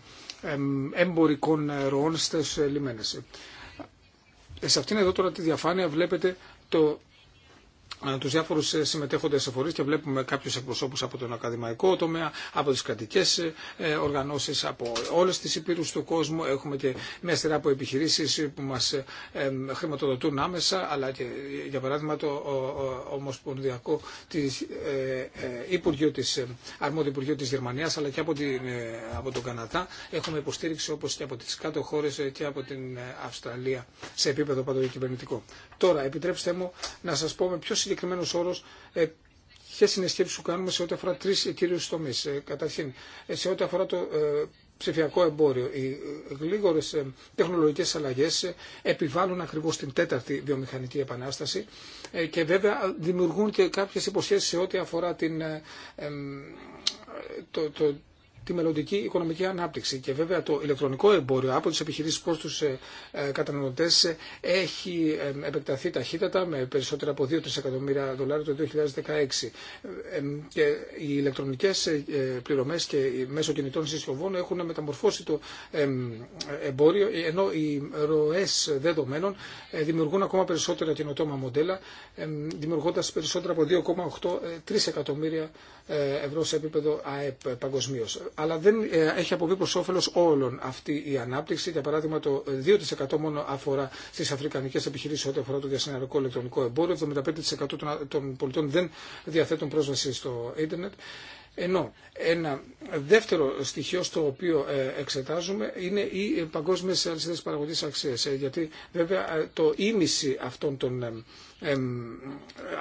εμπορικών ροών στι λιμένε. Σε αυτήν εδώ τώρα τη διαφάνεια βλέπετε το ε, τους διάφορους ε, συμμετέχοντες εφορείς και βλέπουμε κάποιου εκπροσώπους από τον ακαδημαϊκό τομέα, από τι κρατικέ ε, οργανώσει, από όλε τι υπήρου του κόσμου. Έχουμε και μια σειρά από επιχειρήσει που μα χρηματοδοτούν άμεσα, αλλά και για παράδειγμα το Ομοσπονδιακό της, Υπουργείο της, Αρμόδιο Υπουργείο τη Γερμανίας, αλλά και από, την, από τον Καναδά. Έχουμε υποστήριξη όπω και από τι κάτω χώρε και από την Αυστραλία σε επίπεδο παντοκυβερνητικό. Τώρα, επιτρέψτε μου να σα πω με πιο όρο, όρος ε, ποιε είναι οι σκέψει που κάνουμε σε ό,τι αφορά τρει κυρίου τομεί. Ε, καταρχήν, ε, σε ό,τι αφορά το ψηφιακό εμπόριο. Οι γλίγορε τεχνολογικέ αλλαγέ επιβάλλουν ακριβώ την τέταρτη βιομηχανική επανάσταση και βέβαια δημιουργούν και κάποιε υποσχέσει σε ό,τι αφορά την, το, το, τη μελλοντική οικονομική ανάπτυξη. Και βέβαια το ηλεκτρονικό εμπόριο από τι επιχειρήσει προ του ε, ε, καταναλωτέ ε, έχει επεκταθεί ταχύτατα με περισσότερα από 2 εκατομμύρια δολάρια το 2016. Και οι ηλεκτρονικέ πληρωμέ και μέσω κινητών συσκευών έχουν μεταμορφώσει το εμπόριο, ενώ οι ροέ δεδομένων δημιουργούν ακόμα περισσότερα καινοτόμα μοντέλα, δημιουργώντα περισσότερα από 2,8 3 εκατομμύρια ευρώ σε επίπεδο ΑΕΠ παγκοσμίω αλλά δεν ε, έχει αποβεί προ όφελο όλων αυτή η ανάπτυξη. Για παράδειγμα, το 2% μόνο αφορά στι αφρικανικέ επιχειρήσει ό,τι αφορά το διασυναρικό ηλεκτρονικό εμπόριο. 75% των πολιτών δεν διαθέτουν πρόσβαση στο ίντερνετ. Ενώ ένα δεύτερο στοιχείο στο οποίο ε, εξετάζουμε είναι οι παγκόσμιες αλυσίδες παραγωγής αξίας. Ε, γιατί βέβαια το ίμιση αυτών των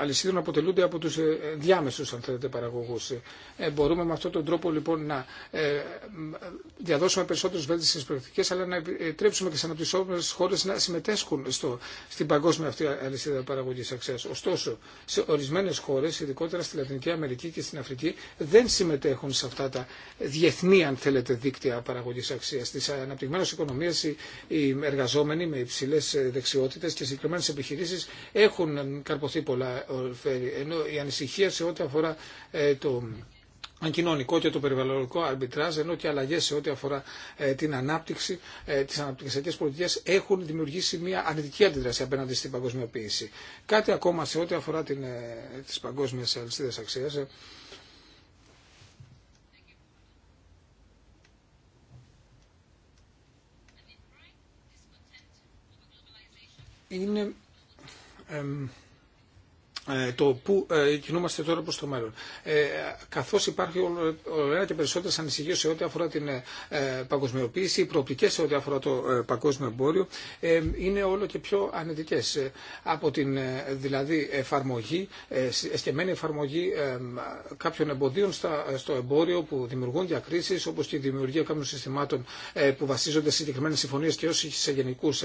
αλυσίδων αποτελούνται από τους ε, διάμεσους αν θέλετε παραγωγούς. Ε, μπορούμε με αυτόν τον τρόπο λοιπόν να ε, διαδώσουμε περισσότερες βέλτιστες πρακτικές αλλά να επιτρέψουμε και στις αναπτυσσόμενες χώρες να συμμετέσχουν στο, στην παγκόσμια αυτή αλυσίδα παραγωγής αξίας. Ωστόσο, σε ορισμένες χώρες, ειδικότερα στη Λατινική Αμερική και στην Αφρική, δεν συμμετέχουν σε αυτά τα διεθνή αν θέλετε δίκτυα παραγωγής αξίας. Στις αναπτυγμένες οικονομίες οι εργαζόμενοι με υψηλές δεξιότητες και συγκεκριμένες επιχειρήσεις έχουν καρποθεί πολλά Ενώ η ανησυχία σε ό,τι αφορά ε, το κοινωνικό και το περιβαλλοντικό αρμπιτράζ, ενώ και αλλαγέ σε ό,τι αφορά ε, την ανάπτυξη, ε, τι αναπτυξιακέ πολιτικέ έχουν δημιουργήσει μια αρνητική αντίδραση απέναντι στην παγκοσμιοποίηση. Κάτι ακόμα σε ό,τι αφορά ε, τι παγκόσμιε αλυσίδε αξία. είναι ähm, ε, το που ε, κινούμαστε τώρα προς το μέλλον. Ε, καθώς υπάρχει ένα και περισσότερες ανησυχίες σε ό,τι αφορά την ε, ε παγκοσμιοποίηση, οι προοπτικές σε ό,τι αφορά το παγκόσμιο εμπόριο είναι όλο και πιο ανετικές. από την δηλαδή εφαρμογή, εσκεμμένη εφαρμογή κάποιων εμποδίων στο εμπόριο που δημιουργούν διακρίσεις, όπως και η δημιουργία κάποιων συστημάτων που βασίζονται σε συγκεκριμένες συμφωνίες και όσοι σε γενικούς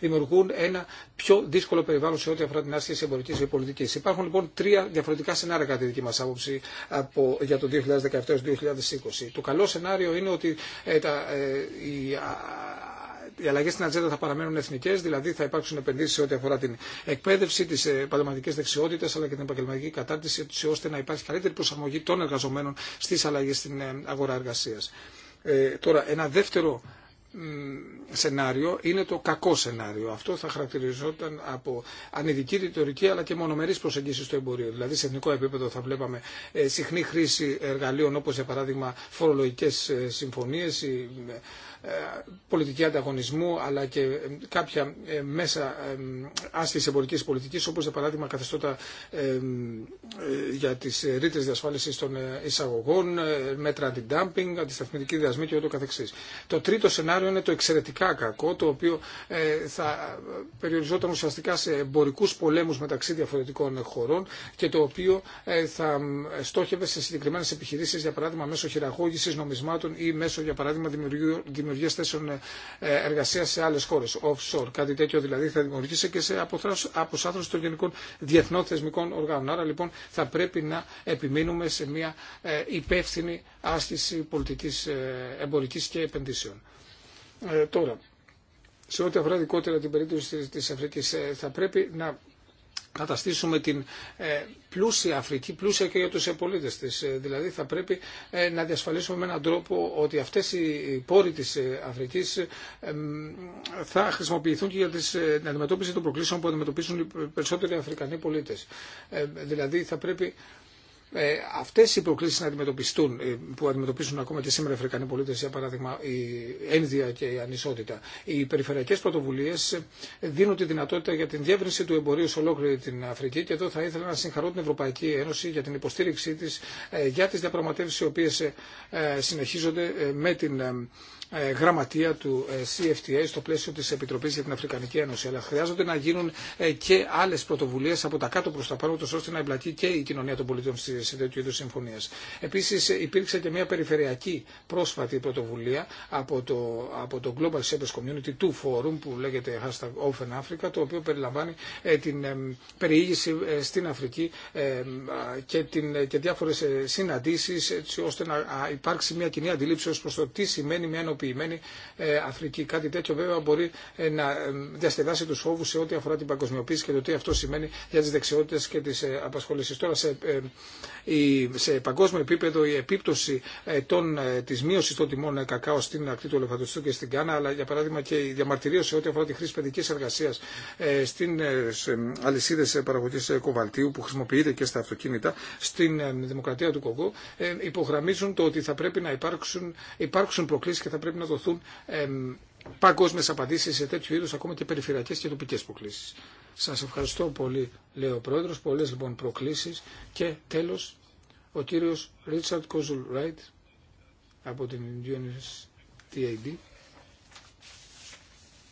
δημιουργούν ένα πιο δύσκολο περιβάλλον σε ό,τι αφορά την άσκηση εμπορικής πολιτική. Υπάρχουν λοιπόν τρία διαφορετικά σενάρια κατά τη δική μα άποψη από, για το 2017-2020. Το καλό σενάριο είναι ότι ε, τα, ε, η, οι αλλαγέ στην ατζέντα θα παραμένουν εθνικέ, δηλαδή θα υπάρξουν επενδύσει σε ό,τι αφορά την εκπαίδευση, τι ε, επαγγελματικέ δεξιότητε αλλά και την επαγγελματική κατάρτιση, ώστε να υπάρχει καλύτερη προσαρμογή των εργαζομένων στι αλλαγέ στην ε, αγορά εργασία. Ε, τώρα, ένα δεύτερο σενάριο είναι το κακό σενάριο. Αυτό θα χαρακτηριζόταν από ανειδική ρητορική αλλά και μονομερή προσεγγίσεις στο εμπορίο. Δηλαδή σε εθνικό επίπεδο θα βλέπαμε ε, συχνή χρήση εργαλείων όπως για παράδειγμα φορολογικέ ε, συμφωνίες ή ε, ε, πολιτική ανταγωνισμού αλλά και ε, κάποια ε, μέσα άσκηση εμπορική πολιτική όπω για παράδειγμα καθεστώτα για τι ρήτρε διασφάλιση των εισαγωγών, μέτρα αντι-dumping, αντισταθμητική διδασμή και ούτω καθεξής. Το τρίτο σενάριο είναι το εξαιρετικά κακό το οποίο θα περιοριζόταν ουσιαστικά σε εμπορικού πολέμου μεταξύ διαφορετικών χωρών και το οποίο θα στόχευε σε συγκεκριμένε επιχειρήσει για παράδειγμα μέσω χειραγώγηση νομισμάτων ή μέσω για παράδειγμα δημιουργίου δημιουργία θέσεων ε, εργασία σε άλλε χώρε, offshore. Κάτι τέτοιο δηλαδή θα δημιουργήσει και σε αποσάθρωση των γενικών διεθνών θεσμικών οργάνων. Άρα λοιπόν θα πρέπει να επιμείνουμε σε μια ε, υπεύθυνη άσκηση πολιτική ε, εμπορική και επενδύσεων. Ε, τώρα, σε ό,τι αφορά δικότερα την περίπτωση της Αφρικής, θα πρέπει να καταστήσουμε την ε, πλούσια Αφρική, πλούσια και για τους πολίτες της. Ε, δηλαδή θα πρέπει ε, να διασφαλίσουμε με έναν τρόπο ότι αυτές οι πόροι της Αφρικής θα χρησιμοποιηθούν και για την αντιμετώπιση των προκλήσεων που αντιμετωπίσουν οι περισσότεροι Αφρικανοί πολίτες. Δηλαδή θα πρέπει ε, αυτέ οι προκλήσει να αντιμετωπιστούν, ε, που αντιμετωπίζουν ακόμα και σήμερα οι Αφρικανοί πολίτε, για παράδειγμα η ένδυα και η ανισότητα, οι περιφερειακέ πρωτοβουλίε ε, δίνουν τη δυνατότητα για την διεύρυνση του εμπορίου σε ολόκληρη την Αφρική και εδώ θα ήθελα να συγχαρώ την Ευρωπαϊκή Ένωση για την υποστήριξή τη ε, για τι διαπραγματεύσει οι οποίε συνεχίζονται με την ε, γραμματεία του ε, CFTA στο πλαίσιο της Επιτροπής για την Αφρικανική Ένωση. Αλλά χρειάζονται να γίνουν ε, και άλλες πρωτοβουλίες από τα κάτω προς τα πάνω, ώστε να εμπλακεί και η κοινωνία των πολιτών σε τέτοιου είδους συμφωνίες. Επίσης υπήρξε και μια περιφερειακή πρόσφατη πρωτοβουλία από το, από το Global Service Community του Forum που λέγεται hashtag Open Africa, το οποίο περιλαμβάνει την περιήγηση στην Αφρική και, την, και διάφορες συναντήσεις έτσι ώστε να υπάρξει μια κοινή αντίληψη ω προς το τι σημαίνει μια ε, Αφρική. Κάτι τέτοιο βέβαια μπορεί ε, να ε, διασκεδάσει του φόβου σε ό,τι αφορά την παγκοσμιοποίηση και το τι αυτό σημαίνει για τι δεξιότητε και τι ε, απασχολήσει. Τώρα σε, σε παγκόσμιο επίπεδο η επίπτωση τη μείωση των τιμών κακάο στην ακτή του Ελεφαντοστού και στην Κάνα, αλλά για παράδειγμα και η διαμαρτυρία σε ό,τι αφορά τη χρήση παιδική εργασία στην αλυσίδε παραγωγή κοβαλτίου που χρησιμοποιείται και στα αυτοκίνητα στην Δημοκρατία του Κογκό υπογραμμίζουν το ότι θα πρέπει να υπάρξουν, υπάρξουν προκλήσει και θα πρέπει πρέπει να δοθούν παγκόσμιες απαντήσεις σε τέτοιου είδους ακόμα και περιφερειακές και τοπικές προκλήσεις. Σας ευχαριστώ πολύ, λέει ο Πρόεδρος, πολλές λοιπόν προκλήσεις και τέλος ο κύριος Ρίτσαρτ Κόζουλ Ράιτ από την UNSTAD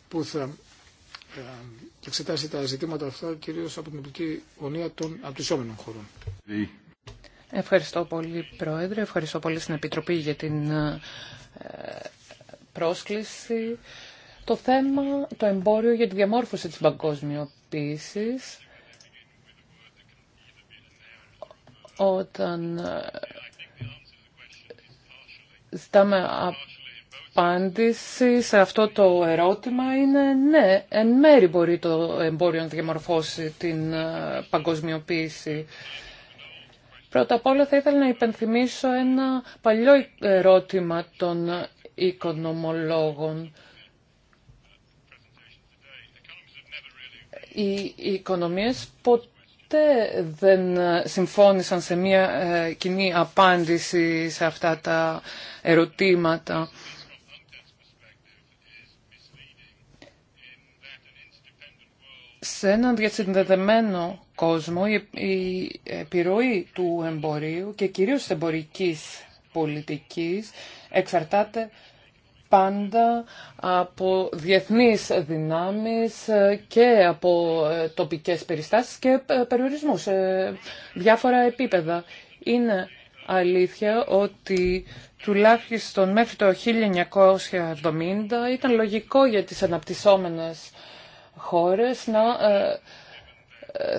που θα εξετάσει τα ζητήματα αυτά κυρίως από την οπτική γωνία των απτυσσόμενων χωρών. Ευχαριστώ πολύ Πρόεδρε, ευχαριστώ πολύ στην Επιτροπή για την ε, πρόσκληση το θέμα, το εμπόριο για τη διαμόρφωση της παγκοσμιοποίησης όταν ε, ζητάμε απάντηση σε αυτό το ερώτημα είναι ναι, εν μέρη μπορεί το εμπόριο να διαμορφώσει την ε, παγκοσμιοποίηση. Πρώτα απ' όλα θα ήθελα να υπενθυμίσω ένα παλιό ερώτημα των οικονομολόγων. Οι οικονομίες ποτέ δεν συμφώνησαν σε μια ε, κοινή απάντηση σε αυτά τα ερωτήματα. σε έναν διασυνδεδεμένο κόσμο η επιρροή του εμπορίου και κυρίως της εμπορικής πολιτικής εξαρτάται πάντα από διεθνείς δυνάμεις και από ε, τοπικές περιστάσεις και ε, περιορισμούς σε διάφορα επίπεδα. Είναι αλήθεια ότι τουλάχιστον μέχρι το 1970 ήταν λογικό για τις αναπτυσσόμενες χώρες να ε,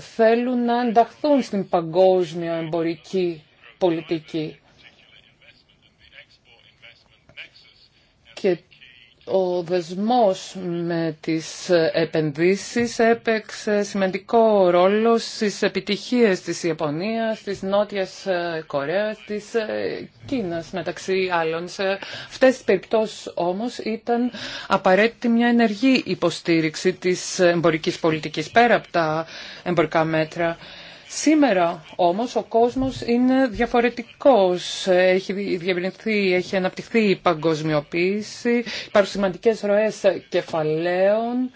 θέλουν να ενταχθούν στην παγκόσμια εμπορική πολιτική. ο δεσμός με τις επενδύσεις έπαιξε σημαντικό ρόλο στις επιτυχίες της Ιαπωνίας, της Νότιας ε, Κορέας, της ε, Κίνας μεταξύ άλλων. Σε αυτές τις περιπτώσεις όμως ήταν απαραίτητη μια ενεργή υποστήριξη της εμπορικής πολιτικής πέρα από τα εμπορικά μέτρα. Σήμερα όμως ο κόσμος είναι διαφορετικός. Έχει έχει αναπτυχθεί η παγκοσμιοποίηση, υπάρχουν σημαντικέ ροές κεφαλαίων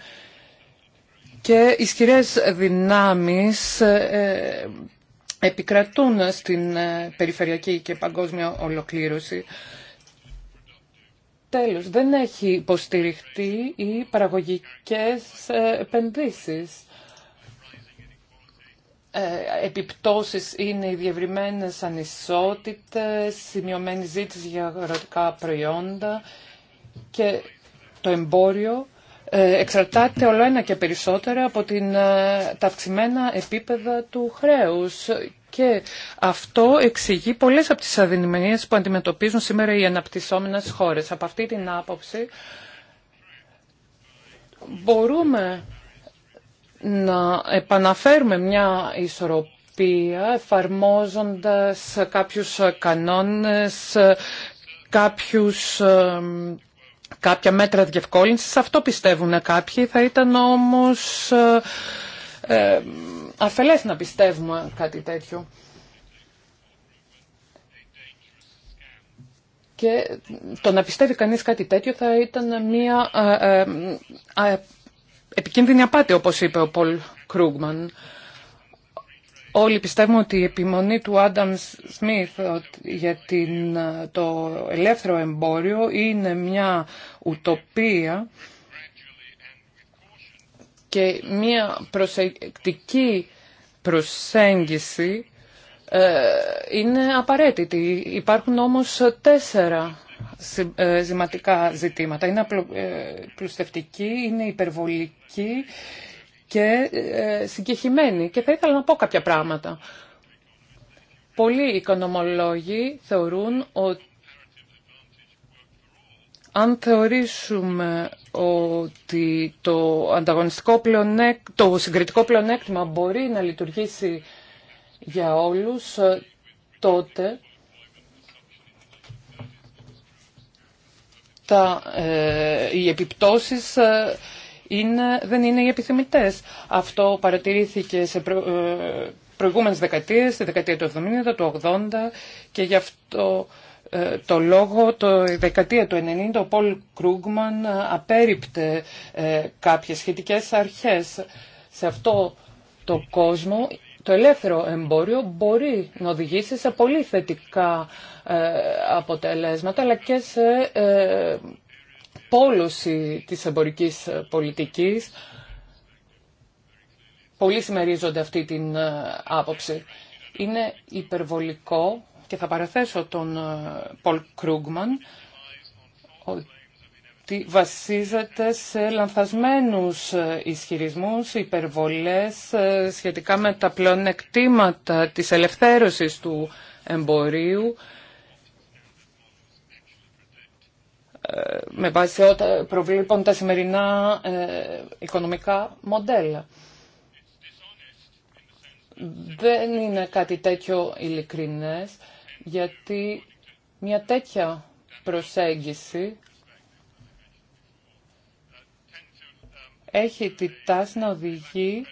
και ισχυρές δυνάμεις ε, επικρατούν στην ε, περιφερειακή και παγκόσμια ολοκλήρωση. Τέλος, δεν έχει υποστηριχτεί οι παραγωγικές ε, επενδύσεις ε, επιπτώσεις είναι οι διευρυμένες ανισότητες, η μειωμένη ζήτηση για αγροτικά προϊόντα και το εμπόριο ε, εξαρτάται όλο ένα και περισσότερο από την, ε, τα αυξημένα επίπεδα του χρέους και αυτό εξηγεί πολλές από τις αδυναμίες που αντιμετωπίζουν σήμερα οι αναπτυσσόμενες χώρες. Από αυτή την άποψη μπορούμε να επαναφέρουμε μια ισορροπία εφαρμόζοντας κάποιους κανόνες, κάποιους, κάποια μέτρα διευκόλυνσης. Αυτό πιστεύουν κάποιοι. Θα ήταν όμως ε, ε, αφελές να πιστεύουμε κάτι τέτοιο. Και το να πιστεύει κανείς κάτι τέτοιο θα ήταν μια ε, ε επικίνδυνη απάτη, όπως είπε ο Πολ Κρούγμαν, Όλοι πιστεύουμε ότι η επιμονή του Άνταμ Σμιθ για την, το ελεύθερο εμπόριο είναι μια ουτοπία και μια προσεκτική προσέγγιση ε, είναι απαραίτητη. Υπάρχουν όμως τέσσερα ε, ζηματικά ζητήματα. Είναι ε, πλουστευτική, είναι υπερβολική και ε, συγκεχημένη. Και θα ήθελα να πω κάποια πράγματα. Πολλοί οικονομολόγοι θεωρούν ότι αν θεωρήσουμε ότι το, ανταγωνιστικό το συγκριτικό πλεονέκτημα μπορεί να λειτουργήσει για όλους, τότε τα, ε, οι επιπτώσεις ε, είναι, δεν είναι οι επιθυμητές. Αυτό παρατηρήθηκε σε προ, ε, προηγούμενες δεκαετίες, στη δεκαετία του 70, του 80 και γι' αυτό ε, το λόγο το δεκαετία του 90 ο Πολ Κρούγκμαν απέριπτε κάποιες σχετικές αρχές. Σε αυτό το κόσμο το ελεύθερο εμπόριο μπορεί να οδηγήσει σε πολύ θετικά ε, αποτελέσματα αλλά και σε ε, πόλωση της εμπορικής πολιτικής. Πολλοί συμμερίζονται αυτή την ε, άποψη. Είναι υπερβολικό και θα παραθέσω τον Πολ Κρούγκμαν ότι βασίζεται σε λανθασμένους ε, ισχυρισμούς, υπερβολές ε, σχετικά με τα πλεονεκτήματα της ελευθέρωσης του εμπορίου ε, με βάση ό,τι προβλήπων τα σημερινά οικονομικά μοντέλα. Δεν είναι κάτι τέτοιο ειλικρινές, γιατί μια τέτοια προσέγγιση έχει τη τάση να οδηγεί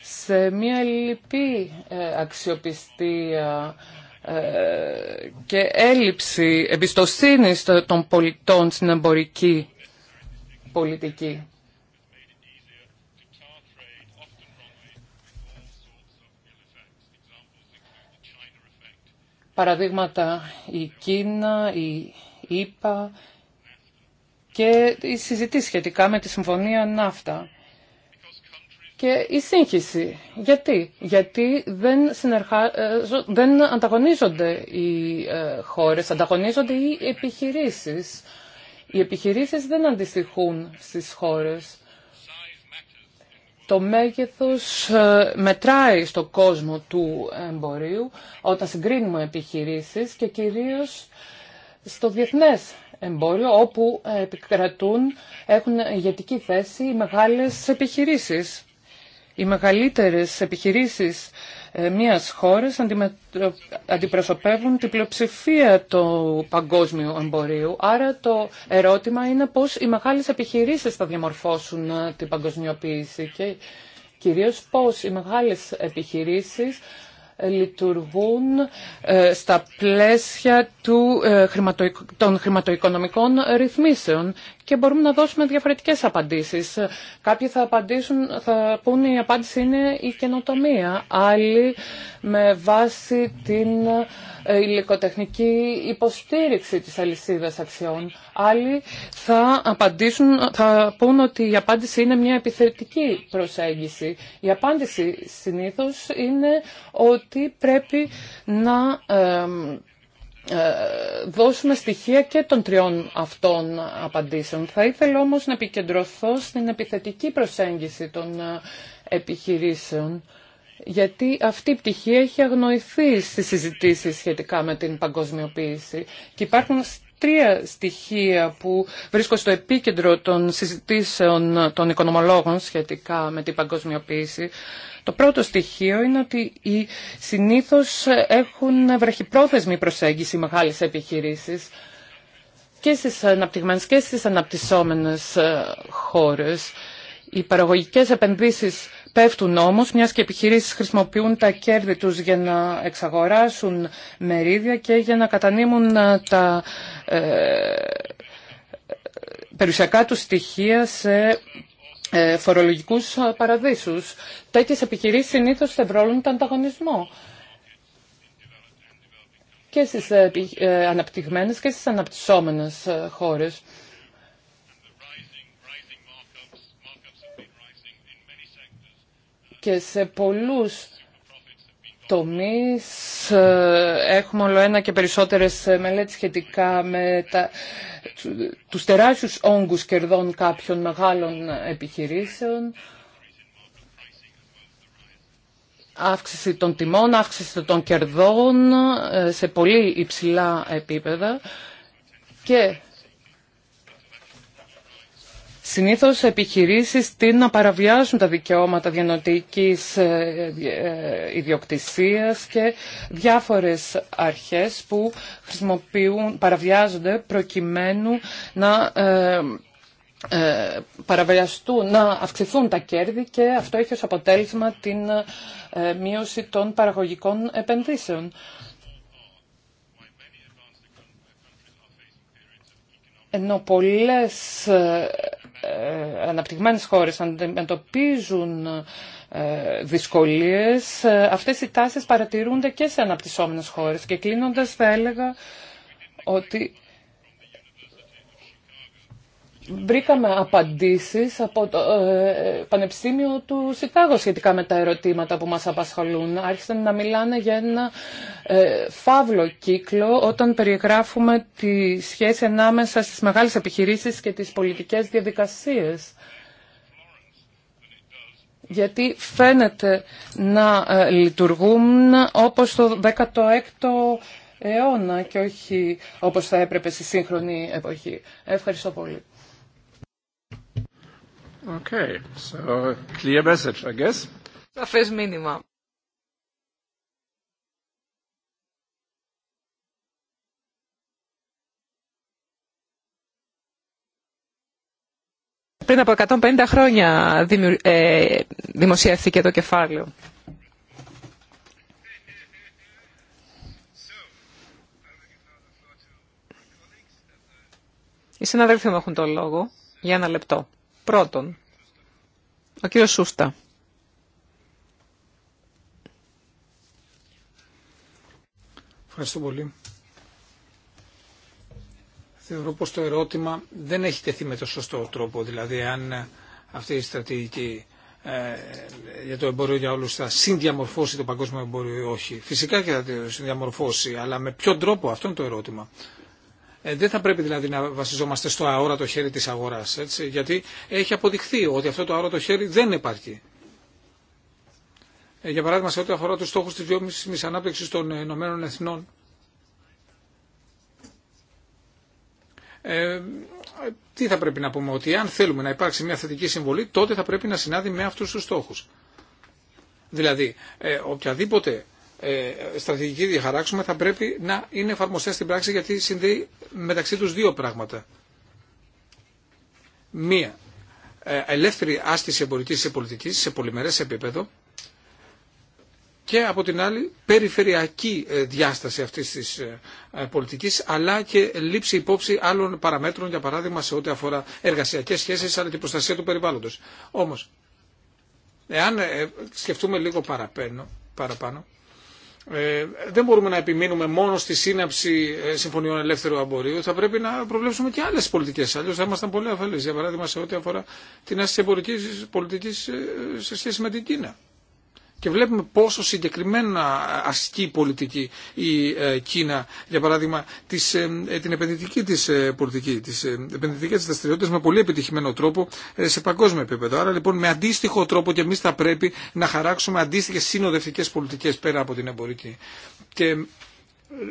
σε μια λυπή ε, αξιοπιστία ε, και έλλειψη εμπιστοσύνης των πολιτών στην εμπορική πολιτική. Παραδείγματα η Κίνα, η ΙΠΑ, και η συζητή σχετικά με τη Συμφωνία Ναύτα και η σύγχυση. Γιατί, Γιατί δεν, συνεργα... Ε, δεν ανταγωνίζονται οι ε, χώρες, ανταγωνίζονται οι επιχειρήσεις. Οι επιχειρήσεις δεν αντιστοιχούν στις χώρες. Το μέγεθος ε, μετράει στο κόσμο του εμπορίου όταν συγκρίνουμε επιχειρήσεις και κυρίως στο διεθνές εμπόριο όπου ε, επικρατούν, έχουν ηγετική θέση οι μεγάλες επιχειρήσεις. Οι μεγαλύτερες επιχειρήσεις ε, μιας χώρας αντιπροσωπεύουν την πλειοψηφία του παγκόσμιου εμπορίου. Άρα το ερώτημα είναι πώς οι μεγάλες επιχειρήσεις θα διαμορφώσουν ε, την παγκοσμιοποίηση και κυρίως πώς οι μεγάλες επιχειρήσεις λειτουργούν ε, στα πλαίσια του, ε, των χρηματοοικονομικών ρυθμίσεων και μπορούμε να δώσουμε διαφορετικές απαντήσεις. Κάποιοι θα, απαντήσουν, θα πούν η απάντηση είναι η καινοτομία, άλλοι με βάση την ε, υλικοτεχνική υποστήριξη της αλυσίδας αξιών. Άλλοι θα απαντήσουν, θα πούν ότι η απάντηση είναι μια επιθετική προσέγγιση. Η απάντηση συνήθως είναι ότι πρέπει να ε, δώσουμε στοιχεία και των τριών αυτών απαντήσεων. Θα ήθελα όμως να επικεντρωθώ στην επιθετική προσέγγιση των ε, επιχειρήσεων γιατί αυτή η πτυχή έχει αγνοηθεί στις συζητήσεις σχετικά με την παγκοσμιοποίηση και υπάρχουν τρία στοιχεία που βρίσκω στο επίκεντρο των συζητήσεων των οικονομολόγων σχετικά με την παγκοσμιοποίηση. Το πρώτο στοιχείο είναι ότι οι συνήθως έχουν βραχυπρόθεσμη προσέγγιση μεγάλες επιχειρήσεις και στις αναπτυγμένες και στις αναπτυσσόμενες ε, χώρες. Οι παραγωγικές επενδύσεις Πέφτουν όμω, μιας και επιχειρήσεις χρησιμοποιούν τα κέρδη του για να εξαγοράσουν μερίδια και για να κατανείμουν ε, τα ε, περιουσιακά τους στοιχεία σε ε, φορολογικούς παραδείσους. Τέτοιες επιχειρήσεις συνήθως τον ανταγωνισμό και στις ε, ε, αναπτυγμένες και στις αναπτυσσόμενες χώρες. και σε πολλούς τομείς ε, έχουμε όλο ένα και περισσότερες ε, μελέτες σχετικά με τα, τους τεράστιους όγκους κερδών κάποιων μεγάλων επιχειρήσεων αύξηση των τιμών, αύξηση των κερδών ε, σε πολύ υψηλά επίπεδα και Συνήθω επιχειρήσει την να παραβιάζουν τα δικαιώματα διανοτική ε, ε, ιδιοκτησία και διάφορες αρχές που χρησιμοποιούν, παραβιάζονται προκειμένου να ε, παραβιαστούν, να αυξηθούν τα κέρδη και αυτό έχει ως αποτέλεσμα την μείωση των παραγωγικών επενδύσεων. Ενώ πολλές ε, αναπτυγμένες χώρες αντιμετωπίζουν ε, δυσκολίες, ε, αυτές οι τάσεις παρατηρούνται και σε αναπτυσσόμενες χώρες. Και κλείνοντας θα έλεγα ότι βρήκαμε απαντήσεις από το ε, Πανεπιστήμιο του Σικάγο σχετικά με τα ερωτήματα που μας απασχολούν. Άρχισαν να μιλάνε για ένα ε, φαύλο κύκλο όταν περιγράφουμε τη σχέση ανάμεσα στις μεγάλες επιχειρήσεις και τις πολιτικές διαδικασίες. Γιατί φαίνεται να ε, λειτουργούν όπως το 16ο αιώνα και όχι όπως θα έπρεπε στη σύγχρονη εποχή. Ευχαριστώ πολύ. Okay, μήνυμα. Πριν από 150 χρόνια ε, δημοσιεύθηκε το κεφάλαιο. Οι συναδέλφοι μου έχουν το λόγο για ένα λεπτό. Πρώτον, ο κύριος Σούστα. Ευχαριστώ πολύ. Θεωρώ πως το ερώτημα δεν έχει τεθεί με το σωστό τρόπο, δηλαδή αν αυτή η στρατηγική ε, για το εμπόριο για όλους θα συνδιαμορφώσει το παγκόσμιο εμπόριο ή όχι. Φυσικά και θα συνδιαμορφώσει, αλλά με ποιον τρόπο αυτό είναι το ερώτημα. Ε, δεν θα πρέπει δηλαδή να βασιζόμαστε στο αόρατο χέρι της αγοράς, έτσι, γιατί έχει αποδειχθεί ότι αυτό το αόρατο χέρι δεν υπάρχει. Ε, για παράδειγμα, σε ό,τι αφορά τους στόχους της δυόμισης ανάπτυξης των ε, Ηνωμένων Εθνών, ε, τι θα πρέπει να πούμε, ότι αν θέλουμε να υπάρξει μια θετική συμβολή, τότε θα πρέπει να συνάδει με αυτούς τους στόχους. Δηλαδή, οποιαδήποτε ε, στρατηγική διαχαράξουμε θα πρέπει να είναι εφαρμοστές στην πράξη γιατί συνδέει μεταξύ τους δύο πράγματα. Μία, ε, ελεύθερη άσκηση εμπορικής πολιτικής σε πολυμερές επίπεδο και από την άλλη περιφερειακή ε, διάσταση αυτής της πολιτικής αλλά και λήψη υπόψη άλλων παραμέτρων για παράδειγμα σε ό,τι αφορά εργασιακές σχέσεις αλλά και προστασία του περιβάλλοντος. Όμως, εάν σκεφτούμε λίγο παραπένω, παραπάνω ε, δεν μπορούμε να επιμείνουμε μόνο στη σύναψη ε, συμφωνιών ελεύθερου αμπορίου. Θα πρέπει να προβλέψουμε και άλλε πολιτικέ. Αλλιώ θα ήμασταν πολύ αφελεί. Για παράδειγμα, σε ό,τι αφορά την άσκηση εμπορική πολιτική ε, σε σχέση με την Κίνα. Και βλέπουμε πόσο συγκεκριμένα ασκεί πολιτική η ε, Κίνα, για παράδειγμα, της, ε, ε, την επενδυτική της πολιτική, τις επενδυτικές της δραστηριότητες με πολύ επιτυχημένο τρόπο σε παγκόσμιο επίπεδο. Άρα λοιπόν με αντίστοιχο τρόπο και εμείς θα πρέπει να χαράξουμε αντίστοιχες συνοδευτικές πολιτικές πέρα από την εμπορική. Και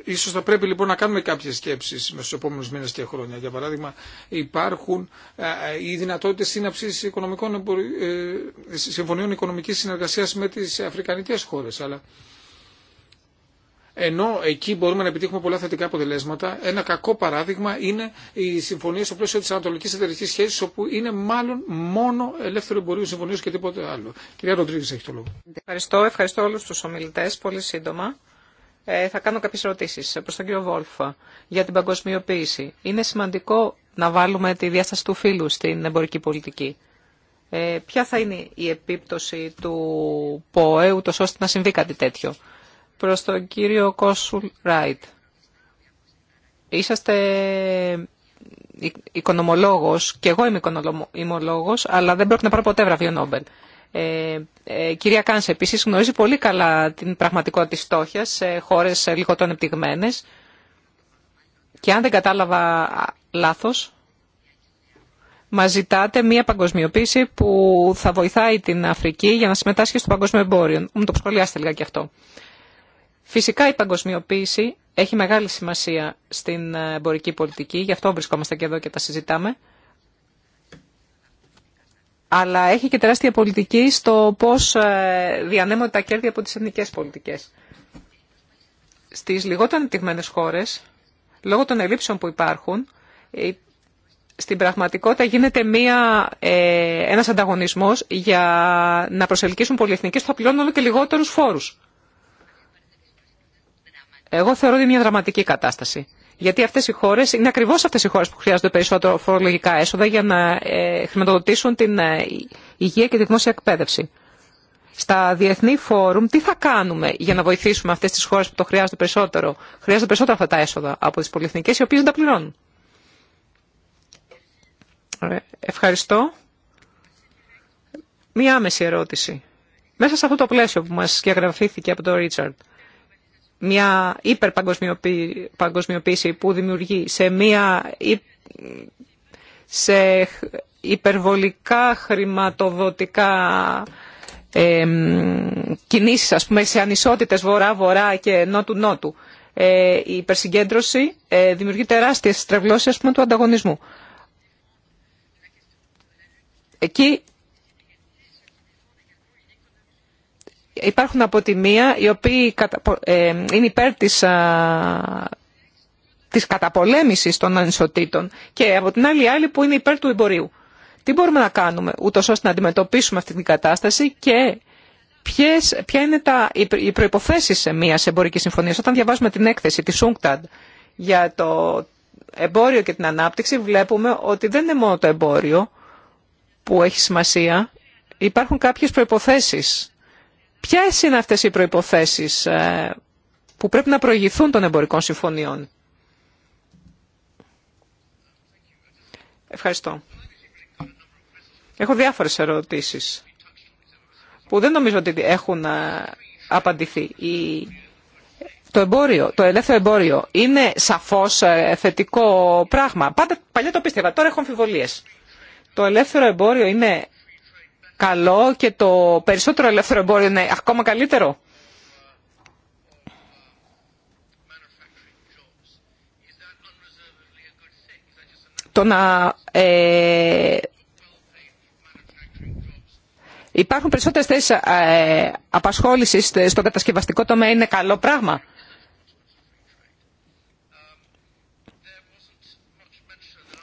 Ίσως θα πρέπει λοιπόν να κάνουμε κάποιες σκέψεις με στους επόμενους μήνες και χρόνια. Για παράδειγμα υπάρχουν ε, ε, οι δυνατότητες σύναψης οικονομικών, ε, συμφωνίων οικονομικής συνεργασίας με τις αφρικανικές χώρες. Αλλά ενώ εκεί μπορούμε να επιτύχουμε πολλά θετικά αποτελέσματα, ένα κακό παράδειγμα είναι οι συμφωνίε στο πλαίσιο τη Ανατολική Εταιρική Σχέση, όπου είναι μάλλον μόνο ελεύθερο εμπορίο συμφωνίε και τίποτε άλλο. Κυρία Ροντρίγκη, έχει το λόγο. Ευχαριστώ, ευχαριστώ όλου του ομιλητέ. Πολύ σύντομα. Ε, θα κάνω κάποιες ερωτήσει προς τον κύριο Βόλφα για την παγκοσμιοποίηση. Είναι σημαντικό να βάλουμε τη διάσταση του φύλου στην εμπορική πολιτική. Ε, ποια θα είναι η επίπτωση του ΠΟΕ ούτως ώστε να συμβεί κάτι τέτοιο. Προς τον κύριο Κόσουλ Ράιτ. Είσαστε οικονομολόγος και εγώ είμαι οικονομολόγος αλλά δεν πρόκειται να πάρω ποτέ βραβείο Νόμπελ. Ε, ε, κυρία Κάνσε, επίσης, γνωρίζει πολύ καλά την πραγματικότητα της στόχιας σε χώρες λιγοτών Και αν δεν κατάλαβα λάθος, μα ζητάτε μια παγκοσμιοποίηση που θα βοηθάει την Αφρική για να συμμετάσχει στο παγκόσμιο εμπόριο. Μου το σχολιάστε λίγα και αυτό. Φυσικά η παγκοσμιοποίηση έχει μεγάλη σημασία στην εμπορική πολιτική, γι' αυτό βρισκόμαστε και εδώ και τα συζητάμε αλλά έχει και τεράστια πολιτική στο πώς ε, διανέμονται τα κέρδη από τις εθνικές πολιτικές. Στις λιγότερο ανεπτυγμένες χώρες, λόγω των ελλείψεων που υπάρχουν, ε, στην πραγματικότητα γίνεται μία, ε, ένας ανταγωνισμός για να προσελκύσουν πολυεθνικές που θα πληρώνουν όλο και λιγότερους φόρους. Εγώ θεωρώ ότι είναι μια δραματική κατάσταση. Γιατί αυτέ οι χώρε είναι ακριβώ αυτέ οι χώρε που χρειάζονται περισσότερο φορολογικά έσοδα για να ε, χρηματοδοτήσουν την ε, υγεία και τη δημόσια εκπαίδευση. Στα διεθνή φόρουμ τι θα κάνουμε για να βοηθήσουμε αυτέ τι χώρε που το χρειάζονται περισσότερο. Χρειάζονται περισσότερα αυτά τα έσοδα από τι πολυεθνικέ, οι οποίε δεν τα πληρώνουν. Ευχαριστώ. Μία άμεση ερώτηση. Μέσα σε αυτό το πλαίσιο που μας διαγραφήθηκε από τον Ρίτσαρντ, μια υπερπαγκοσμιοποίηση που δημιουργεί σε μια σε υπερβολικά χρηματοδοτικά ε, κινήσεις, ας πούμε, σε ανισότητες βορρά-βορρά και νότου-νότου. Ε, η υπερσυγκέντρωση ε, δημιουργεί τεράστιες στρεβλώσεις, πούμε, του ανταγωνισμού. Εκεί υπάρχουν από τη μία οι οποίοι ε, είναι υπέρ της, της καταπολέμησης των ανισοτήτων και από την άλλη άλλοι που είναι υπέρ του εμπορίου. Τι μπορούμε να κάνουμε ούτω ώστε να αντιμετωπίσουμε αυτή την κατάσταση και ποιες, ποια είναι τα, οι προϋποθέσεις μία εμπορική συμφωνία. Όταν διαβάζουμε την έκθεση της UNCTAD για το εμπόριο και την ανάπτυξη βλέπουμε ότι δεν είναι μόνο το εμπόριο που έχει σημασία. Υπάρχουν κάποιες προϋποθέσεις Ποιες είναι αυτές οι προϋποθέσεις ε, που πρέπει να προηγηθούν των εμπορικών συμφωνιών. Ευχαριστώ. Έχω διάφορες ερωτήσεις που δεν νομίζω ότι έχουν ε, απαντηθεί. Το, εμπόριο, το ελεύθερο εμπόριο είναι σαφώς ε, θετικό πράγμα. Πάντα, παλιά το πίστευα, τώρα έχω αμφιβολίες. Το ελεύθερο εμπόριο είναι καλό και το περισσότερο ελεύθερο εμπόριο είναι ακόμα καλύτερο. Το να ε, υπάρχουν περισσότερες θέσεις ε, απασχόλησης στον κατασκευαστικό τομέα είναι καλό πράγμα.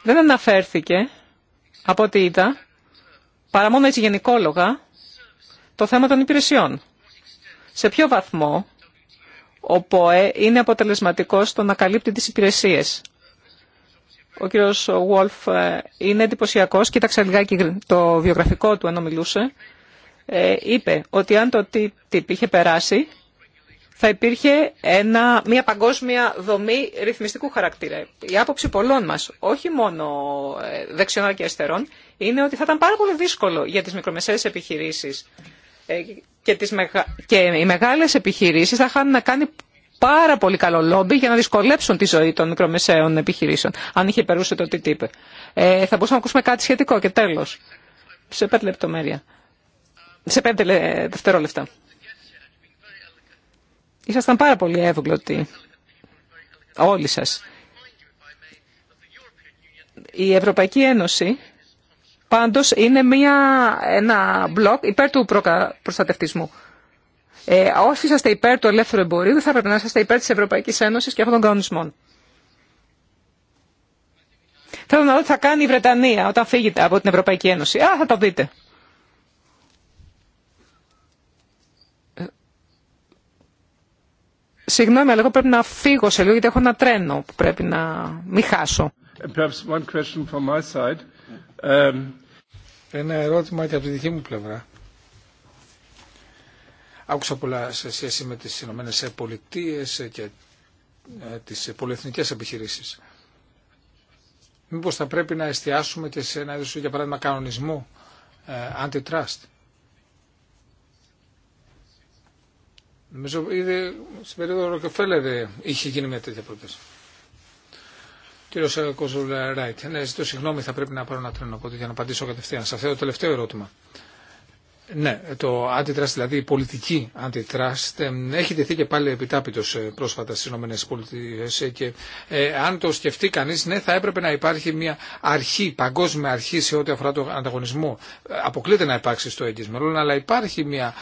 Δεν αναφέρθηκε από ό,τι ήταν παρά μόνο έτσι γενικόλογα, το θέμα των υπηρεσιών. Σε ποιο βαθμό ο ΠΟΕ είναι αποτελεσματικός στο να καλύπτει τις υπηρεσίες. Ο κύριος Βόλφ ε, είναι εντυπωσιακό, κοίταξα λιγάκι το βιογραφικό του ενώ μιλούσε. Ε, είπε ότι αν το τι είχε περάσει, θα υπήρχε ένα, μια παγκόσμια δομή ρυθμιστικού χαρακτήρα. Η άποψη πολλών μας, όχι μόνο ε, δεξιών και αριστερών, είναι ότι θα ήταν πάρα πολύ δύσκολο για τις μικρομεσαίες επιχειρήσεις ε, και, τις και οι μεγάλες επιχειρήσεις θα είχαν να κάνει πάρα πολύ καλό λόμπι για να δυσκολέψουν τη ζωή των μικρομεσαίων επιχειρήσεων, αν είχε περούσε το TTIP. Ε, θα μπορούσαμε να ακούσουμε κάτι σχετικό και τέλος. Σε πέντε λεπτομέρεια. Σε πέντε δευτερόλεπτα. Ήσασταν πάρα πολύ εύγλωτοι όλοι σας. Η Ευρωπαϊκή Ένωση πάντως είναι μια, ένα μπλοκ υπέρ του προστατευτισμού. Ε, όσοι είσαστε υπέρ του ελεύθερου εμπορίου, δεν θα πρέπει να είσαστε υπέρ της Ευρωπαϊκής Ένωσης και αυτών των κανονισμών. Θέλω να δω τι θα κάνει η Βρετανία όταν φύγετε από την Ευρωπαϊκή Ένωση. Α, θα το δείτε. Συγγνώμη, αλλά εγώ πρέπει να φύγω σε λίγο, γιατί έχω ένα τρένο που πρέπει να μην χάσω. Um, ένα ερώτημα και από τη δική μου πλευρά. Άκουσα πολλά σε σχέση με τις Ηνωμένες Πολιτείες και ε, τις πολυεθνικές επιχειρήσεις. Μήπως θα πρέπει να εστιάσουμε και σε ένα είδος, για παράδειγμα, κανονισμού, ε, antitrust Νομίζω ήδη στην περίοδο Ροκεφέλερ είχε γίνει μια τέτοια πρόταση. Κύριο Κόζουλ Ράιτ, ναι, ζητώ συγγνώμη, θα πρέπει να πάρω ένα τρένο για να απαντήσω κατευθείαν σε αυτό το τελευταίο ερώτημα. Ναι, το αντιτράστ, δηλαδή η πολιτική αντιτράστ, ε, έχει τεθεί και πάλι επιτάπητο ε, πρόσφατα στι ΗΠΑ ε, και αν το σκεφτεί κανεί, ναι, θα έπρεπε να υπάρχει μια αρχή, παγκόσμια αρχή σε ό,τι αφορά τον ανταγωνισμό. Αποκλείται να υπάρξει στο έγκυο αλλά υπάρχει μια.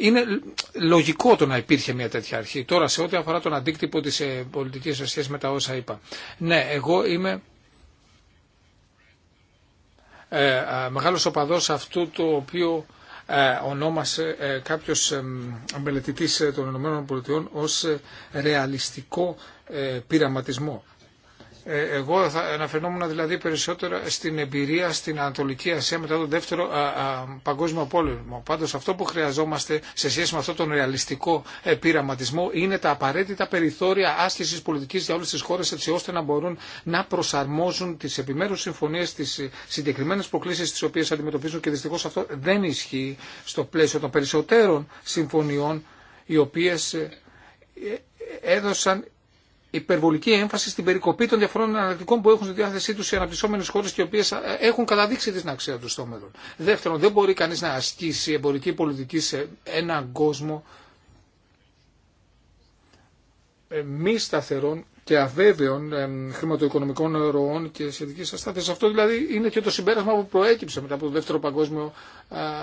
είναι λογικό το να υπήρχε μια τέτοια αρχή. Τώρα, σε ό,τι αφορά τον αντίκτυπο τη ε, πολιτική σε σχέση με τα όσα είπα. Ναι, εγώ είμαι ε, μεγάλος οπαδός αυτού το οποίο ε, ονόμασε ε, κάποιος μελετητής ε, των ΗΠΑ ως ρεαλιστικό πειραματισμό. Ε, εγώ θα αναφερνόμουν δηλαδή περισσότερο στην εμπειρία στην Ανατολική Ασία μετά τον δεύτερο α, α, παγκόσμιο πόλεμο. Πάντως αυτό που χρειαζόμαστε σε σχέση με αυτόν τον ρεαλιστικό πειραματισμό είναι τα απαραίτητα περιθώρια άσκηση πολιτική για όλε τι χώρε έτσι ώστε να μπορούν να προσαρμόζουν τι επιμέρου συμφωνίε, τι συγκεκριμένε προκλήσει, τι οποίε αντιμετωπίζουν και δυστυχώ αυτό δεν ισχύει στο πλαίσιο των περισσότερων συμφωνιών οι οποίες ε, ε, έδωσαν υπερβολική έμφαση στην περικοπή των διαφορών εναλλακτικών που έχουν στη διάθεσή του οι αναπτυσσόμενε χώρε και οι οποίε ε, έχουν καταδείξει την αξία του στο μέλλον. Δεύτερον, δεν μπορεί κανεί να ασκήσει εμπορική πολιτική σε έναν κόσμο ε, μη σταθερών και αβέβαιων ε, χρηματοοικονομικών ροών και σχετική αστάθεια. Αυτό δηλαδή είναι και το συμπέρασμα που προέκυψε μετά από τον Δεύτερο Παγκόσμιο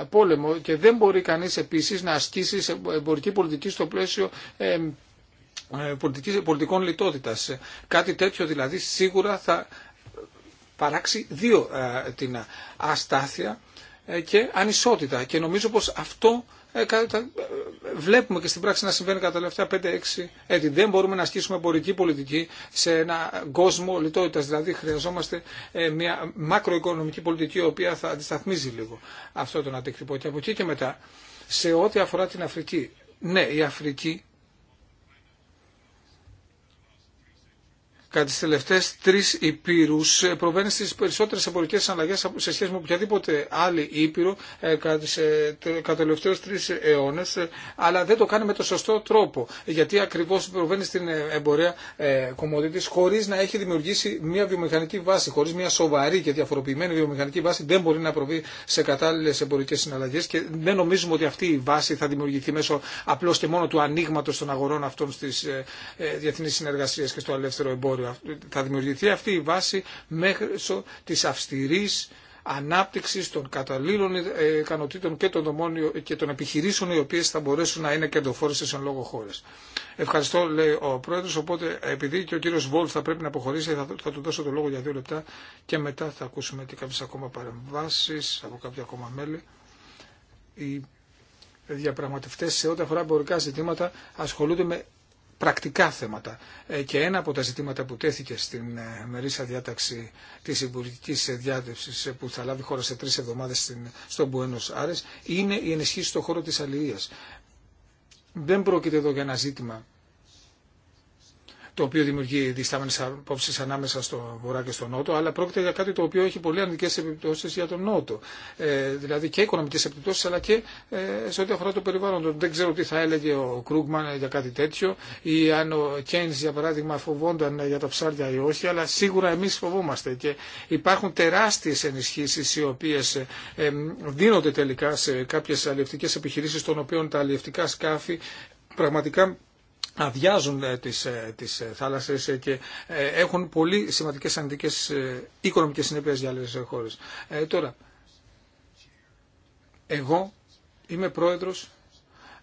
Πόλεμο και δεν μπορεί κανεί επίση να ασκήσει εμπορική πολιτική στο πλαίσιο ε, πολιτικών λιτότητας. Ε, κάτι τέτοιο δηλαδή σίγουρα θα παράξει δύο ε, την αστάθεια και ανισότητα. Και νομίζω πως αυτό βλέπουμε και στην πράξη να συμβαίνει κατά τα τελευταία 5-6 έτη. Δεν μπορούμε να ασκήσουμε εμπορική πολιτική σε ένα κόσμο λιτότητας. Δηλαδή χρειαζόμαστε μια μακροοικονομική πολιτική η οποία θα αντισταθμίζει λίγο αυτό τον αντίκτυπο. Και από εκεί και μετά, σε ό,τι αφορά την Αφρική, ναι, η Αφρική κατά τι τελευταίε τρει υπήρου ε, προβαίνει στι περισσότερε εμπορικέ αλλαγέ σε σχέση με οποιαδήποτε άλλη ήπειρο ε, κατά ε, του τελευταίες τρεις αιώνες αλλά δεν το κάνει με το σωστό τρόπο γιατί ακριβώ προβαίνει στην εμπορία κομμωδίτη χωρί να έχει δημιουργήσει μια βιομηχανική βάση χωρί μια σοβαρή και διαφοροποιημένη βιομηχανική βάση δεν μπορεί να προβεί σε κατάλληλε εμπορικέ συναλλαγέ και δεν νομίζουμε ότι αυτή η βάση θα δημιουργηθεί μέσω απλώ και μόνο του ανοίγματο των αγορών αυτών στις διεθνείς συνεργασίε και στο ελεύθερο εμπόριο. Θα δημιουργηθεί αυτή η βάση μέχρι της αυστηρής ανάπτυξης των καταλήλων ε, ικανοτήτων και των, δομών, και των επιχειρήσεων οι οποίες θα μπορέσουν να είναι κεντροφόρε σε λόγω χώρες. Ευχαριστώ, λέει ο Πρόεδρος, οπότε επειδή και ο κύριος Βόλτ θα πρέπει να αποχωρήσει, θα, θα του δώσω το λόγο για δύο λεπτά και μετά θα ακούσουμε και κάποιες ακόμα παρεμβάσεις από κάποια ακόμα μέλη. Οι διαπραγματευτές σε ό,τι αφορά εμπορικά ζητήματα ασχολούνται με πρακτικά θέματα. Ε, και ένα από τα ζητήματα που τέθηκε στην ε, μερίσα διάταξη τη Υπουργική Διάδευση ε, που θα λάβει χώρα σε τρει εβδομάδε στον Μπουένο Άρε είναι η ενισχύση στον χώρο τη αλληλεία. Δεν πρόκειται εδώ για ένα ζήτημα το οποίο δημιουργεί διστάμενε απόψει ανάμεσα στο Βορρά και στο Νότο, αλλά πρόκειται για κάτι το οποίο έχει πολύ αρνητικέ επιπτώσει για τον Νότο. Ε, δηλαδή και οικονομικέ επιπτώσει, αλλά και ε, σε ό,τι αφορά το περιβάλλον. Δεν ξέρω τι θα έλεγε ο Κρούγκμαν για κάτι τέτοιο, ή αν ο Κέιν, για παράδειγμα, φοβόνταν για τα ψάρια ή όχι, αλλά σίγουρα εμεί φοβόμαστε. Και υπάρχουν τεράστιε ενισχύσει οι οποίε ε, δίνονται τελικά σε κάποιε αλληλευτικέ επιχειρήσει, των οποίων τα αλληλευτικά σκάφη πραγματικά αδειάζουν ε, τις, ε, τις ε, θάλασσες και έχουν πολύ σημαντικές αντικές οικονομικές συνέπειες για άλλες χώρες. τώρα, εγώ είμαι πρόεδρος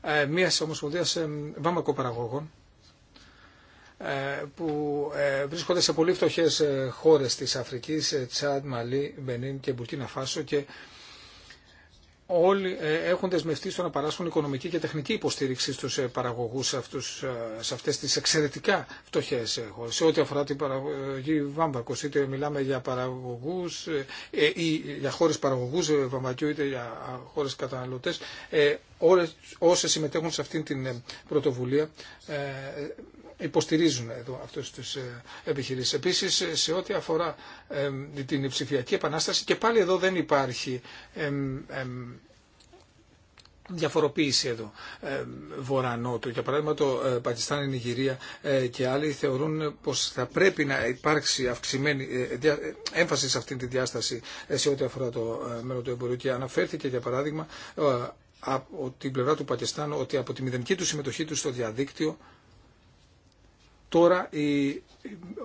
ε, μιας ομοσπονδίας βάμακο που βρίσκονται σε πολύ φτωχές χώρες της Αφρικής, Τσάντ, Μαλή, Μπενίν και Μπουρκίνα Φάσο και όλοι ε, έχουν δεσμευτεί στο να παράσχουν οικονομική και τεχνική υποστήριξη στους ε, παραγωγούς αυτούς, ε, σε αυτές τις εξαιρετικά φτωχές χώρες. Σε ό,τι αφορά την παραγωγή βάμβακος, είτε μιλάμε για παραγωγούς ή για χώρες παραγωγούς βαμβακιού, είτε για χώρες καταναλωτές, όλες, όσες συμμετέχουν σε αυτήν την πρωτοβουλία υποστηρίζουν εδώ αυτές τις ε, επιχειρήσεις. Επίσης σε ό,τι αφορά την ψηφιακή επανάσταση και πάλι εδώ δεν υπάρχει διαφοροποίηση εδώ. Ε, Βορρανότου, για παράδειγμα το ε, Πακιστάν, η Νιγηρία ε, και άλλοι θεωρούν πως θα πρέπει να υπάρξει αυξημένη έμφαση σε αυτή τη διάσταση σε ό,τι αφορά το μέλλον του εμπορίου και αναφέρθηκε για παράδειγμα από την πλευρά του Πακιστάν ότι από τη μηδενική του συμμετοχή του στο διαδίκτυο τώρα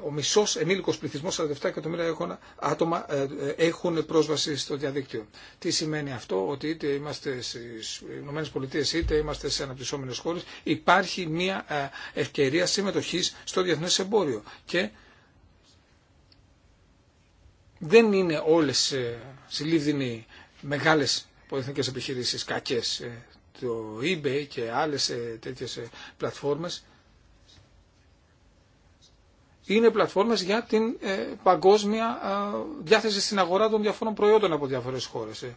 ο μισό ενήλικο πληθυσμό, 47 εκατομμύρια άτομα ε, ε, έχουν πρόσβαση στο διαδίκτυο. Τι σημαίνει αυτό, ότι είτε είμαστε στις ΗΠΑ είτε είμαστε σε αναπτυσσόμενες χώρε, υπάρχει μια ε, ευκαιρία συμμετοχής στο διεθνέ εμπόριο. Και δεν είναι όλες μεγάλε μεγάλες πολυεθνικέ επιχειρήσεις κακές. Το eBay και άλλες τέτοιες πλατφόρμες είναι πλατφόρμες για την ε, παγκόσμια ε, διάθεση στην αγορά των διαφόρων προϊόντων από διάφορες χώρες. Ε.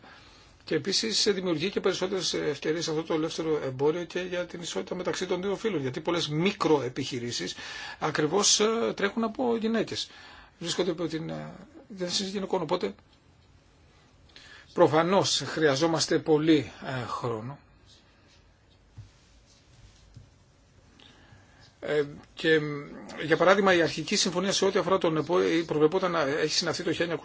Και επίση δημιουργεί και περισσότερε ευκαιρίε αυτό το ελεύθερο εμπόριο και για την ισότητα μεταξύ των δύο φύλων. Γιατί πολλέ μικροεπιχειρήσει ακριβώ τρέχουν από γυναίκε. Βρίσκονται από την διάθεση γυναικών. Οπότε προφανώ χρειαζόμαστε πολύ χρόνο. Και για παράδειγμα η αρχική συμφωνία σε ό,τι αφορά τον ΕΠΟ προβλεπόταν να έχει συναυθεί το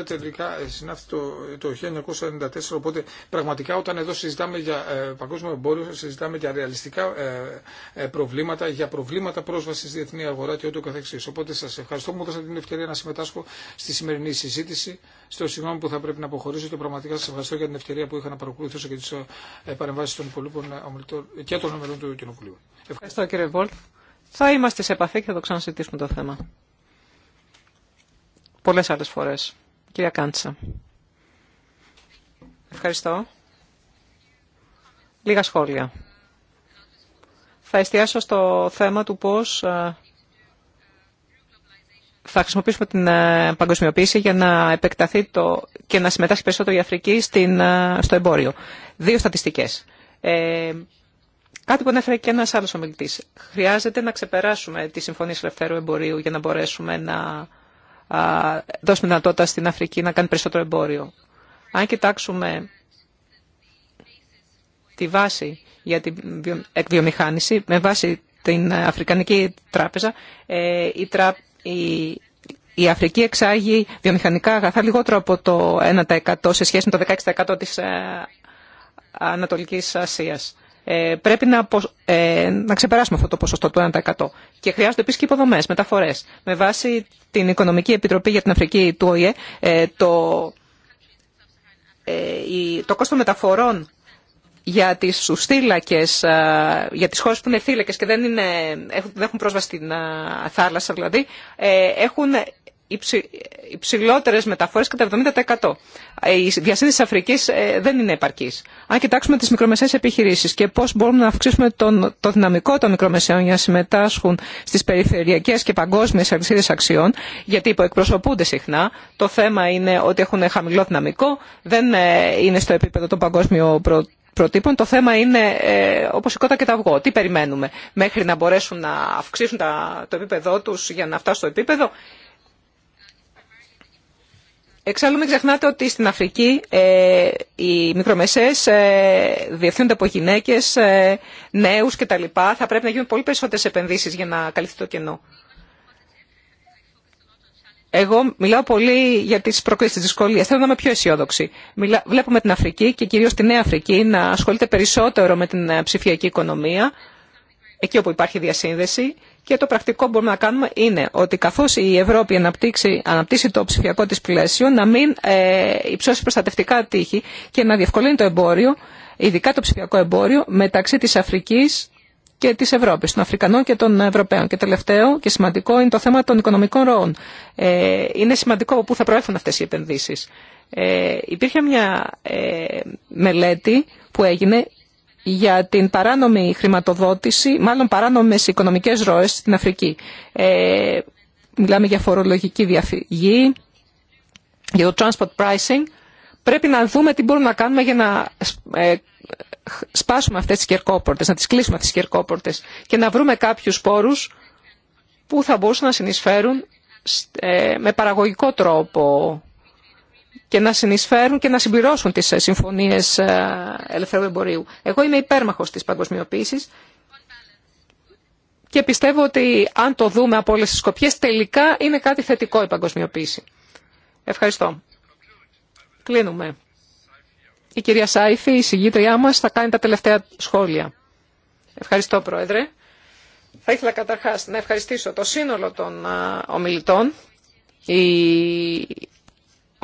1990, τελικά ε, συναυθεί το, το 1994, οπότε πραγματικά όταν εδώ συζητάμε για ε, παγκόσμιο εμπόριο, συζητάμε για ρεαλιστικά ε, ε, προβλήματα, για προβλήματα πρόσβαση στη διεθνή αγορά και ό,τι καθεξή. Οπότε σα ευχαριστώ που μου δώσατε την ευκαιρία να συμμετάσχω στη σημερινή συζήτηση, στο συγγνώμη που θα πρέπει να αποχωρήσω και πραγματικά σα ευχαριστώ για την ευκαιρία που είχα να παρακολουθήσω και τις παρεμβάσει των υπολείπων και των ομιλητών του Κοινοβουλίου. Ευχαριστώ, ευχαριστώ κύριε θα είμαστε σε επαφή και θα το ξανασυζητήσουμε το θέμα. Πολλές άλλες φορές. Κυρία Κάντσα. Ευχαριστώ. Λίγα σχόλια. Θα εστιάσω στο θέμα του πώς ε, θα χρησιμοποιήσουμε την ε, παγκοσμιοποίηση για να επεκταθεί το, και να συμμετάσχει περισσότερο η Αφρική στην, ε, στο εμπόριο. Δύο στατιστικές. Ε, Κάτι που ανέφερε και ένας άλλος ομιλητής. Χρειάζεται να ξεπεράσουμε τη Συμφωνία Ελευθέρου Εμπορίου για να μπορέσουμε να δώσουμε δυνατότητα στην Αφρική να κάνει περισσότερο εμπόριο. Αν κοιτάξουμε τη βάση για την εκβιομηχάνηση, με βάση την Αφρικανική Τράπεζα, ε, η, η... η Αφρική εξάγει βιομηχανικά αγαθά λιγότερο από το 1% σε σχέση με το 16% της ε, Ανατολικής Ασίας. Ε, πρέπει να, ε, να ξεπεράσουμε αυτό το ποσοστό του 1%. Και χρειάζονται επίση και υποδομέ, μεταφορέ. Με βάση την Οικονομική Επιτροπή για την Αφρική του ΟΗΕ, ε, το, το κόστο μεταφορών για τις θύλακε, για τις χώρες που είναι θύλακες και δεν, είναι, έχουν πρόσβαση στην θάλασσα δηλαδή, έχουν υψηλότερε μεταφορέ κατά 70%. Ε, η διασύνδεση τη Αφρική ε, δεν είναι επαρκή. Αν κοιτάξουμε τι μικρομεσαίε επιχειρήσει και πώ μπορούμε να αυξήσουμε τον, το δυναμικό των μικρομεσαίων για να συμμετάσχουν στι περιφερειακέ και παγκόσμιε αλυσίδε αξιών, γιατί υποεκπροσωπούνται συχνά, το θέμα είναι ότι έχουν χαμηλό δυναμικό, δεν ε, είναι στο επίπεδο των παγκόσμιων προ... Προτύπων. Το θέμα είναι ε, όπω η κότα και τα αυγό. Τι περιμένουμε μέχρι να μπορέσουν να αυξήσουν τα, το επίπεδό του για να φτάσουν στο επίπεδο Εξάλλου μην ξεχνάτε ότι στην Αφρική ε, οι μικρομεσαίες ε, διευθύνονται από γυναίκες, ε, νέους κτλ. Θα πρέπει να γίνουν πολύ περισσότερες επενδύσεις για να καλυφθεί το κενό. Εγώ μιλάω πολύ για τις προκλήσεις της δυσκολίας. Θέλω να είμαι πιο αισιόδοξη. βλέπουμε την Αφρική και κυρίως τη Νέα Αφρική να ασχολείται περισσότερο με την ε, ψηφιακή οικονομία, εκεί όπου υπάρχει διασύνδεση και το πρακτικό που μπορούμε να κάνουμε είναι ότι καθώς η Ευρώπη αναπτύξει, αναπτύσσει το ψηφιακό τη πλαίσιο, να μην ε, υψώσει προστατευτικά τείχη και να διευκολύνει το εμπόριο, ειδικά το ψηφιακό εμπόριο, μεταξύ της Αφρικής και της Ευρώπης, των Αφρικανών και των Ευρωπαίων. Και τελευταίο και σημαντικό είναι το θέμα των οικονομικών ροών. Ε, είναι σημαντικό πού θα προέλθουν αυτέ οι επενδύσει. Ε, υπήρχε μια ε, μελέτη που έγινε για την παράνομη χρηματοδότηση, μάλλον παράνομες οικονομικές ροές στην Αφρική. Ε, μιλάμε για φορολογική διαφυγή, για το transport pricing. Πρέπει να δούμε τι μπορούμε να κάνουμε για να ε, σπάσουμε αυτές τις κερκόπορτες, να τις κλείσουμε αυτές τις κερκόπορτες και να βρούμε κάποιους πόρους που θα μπορούσαν να συνεισφέρουν ε, με παραγωγικό τρόπο και να συνεισφέρουν και να συμπληρώσουν τις ε, συμφωνίες ε, ελευθερού εμπορίου. Εγώ είμαι υπέρμαχος της παγκοσμιοποίησης και πιστεύω ότι αν το δούμε από όλες τις σκοπιές τελικά είναι κάτι θετικό η παγκοσμιοποίηση. Ευχαριστώ. Κλείνουμε. Η κυρία Σάιφη, η συγγήτριά μας, θα κάνει τα τελευταία σχόλια. Ευχαριστώ, Πρόεδρε. Θα ήθελα καταρχάς να ευχαριστήσω το σύνολο των ε, ομιλητών. Η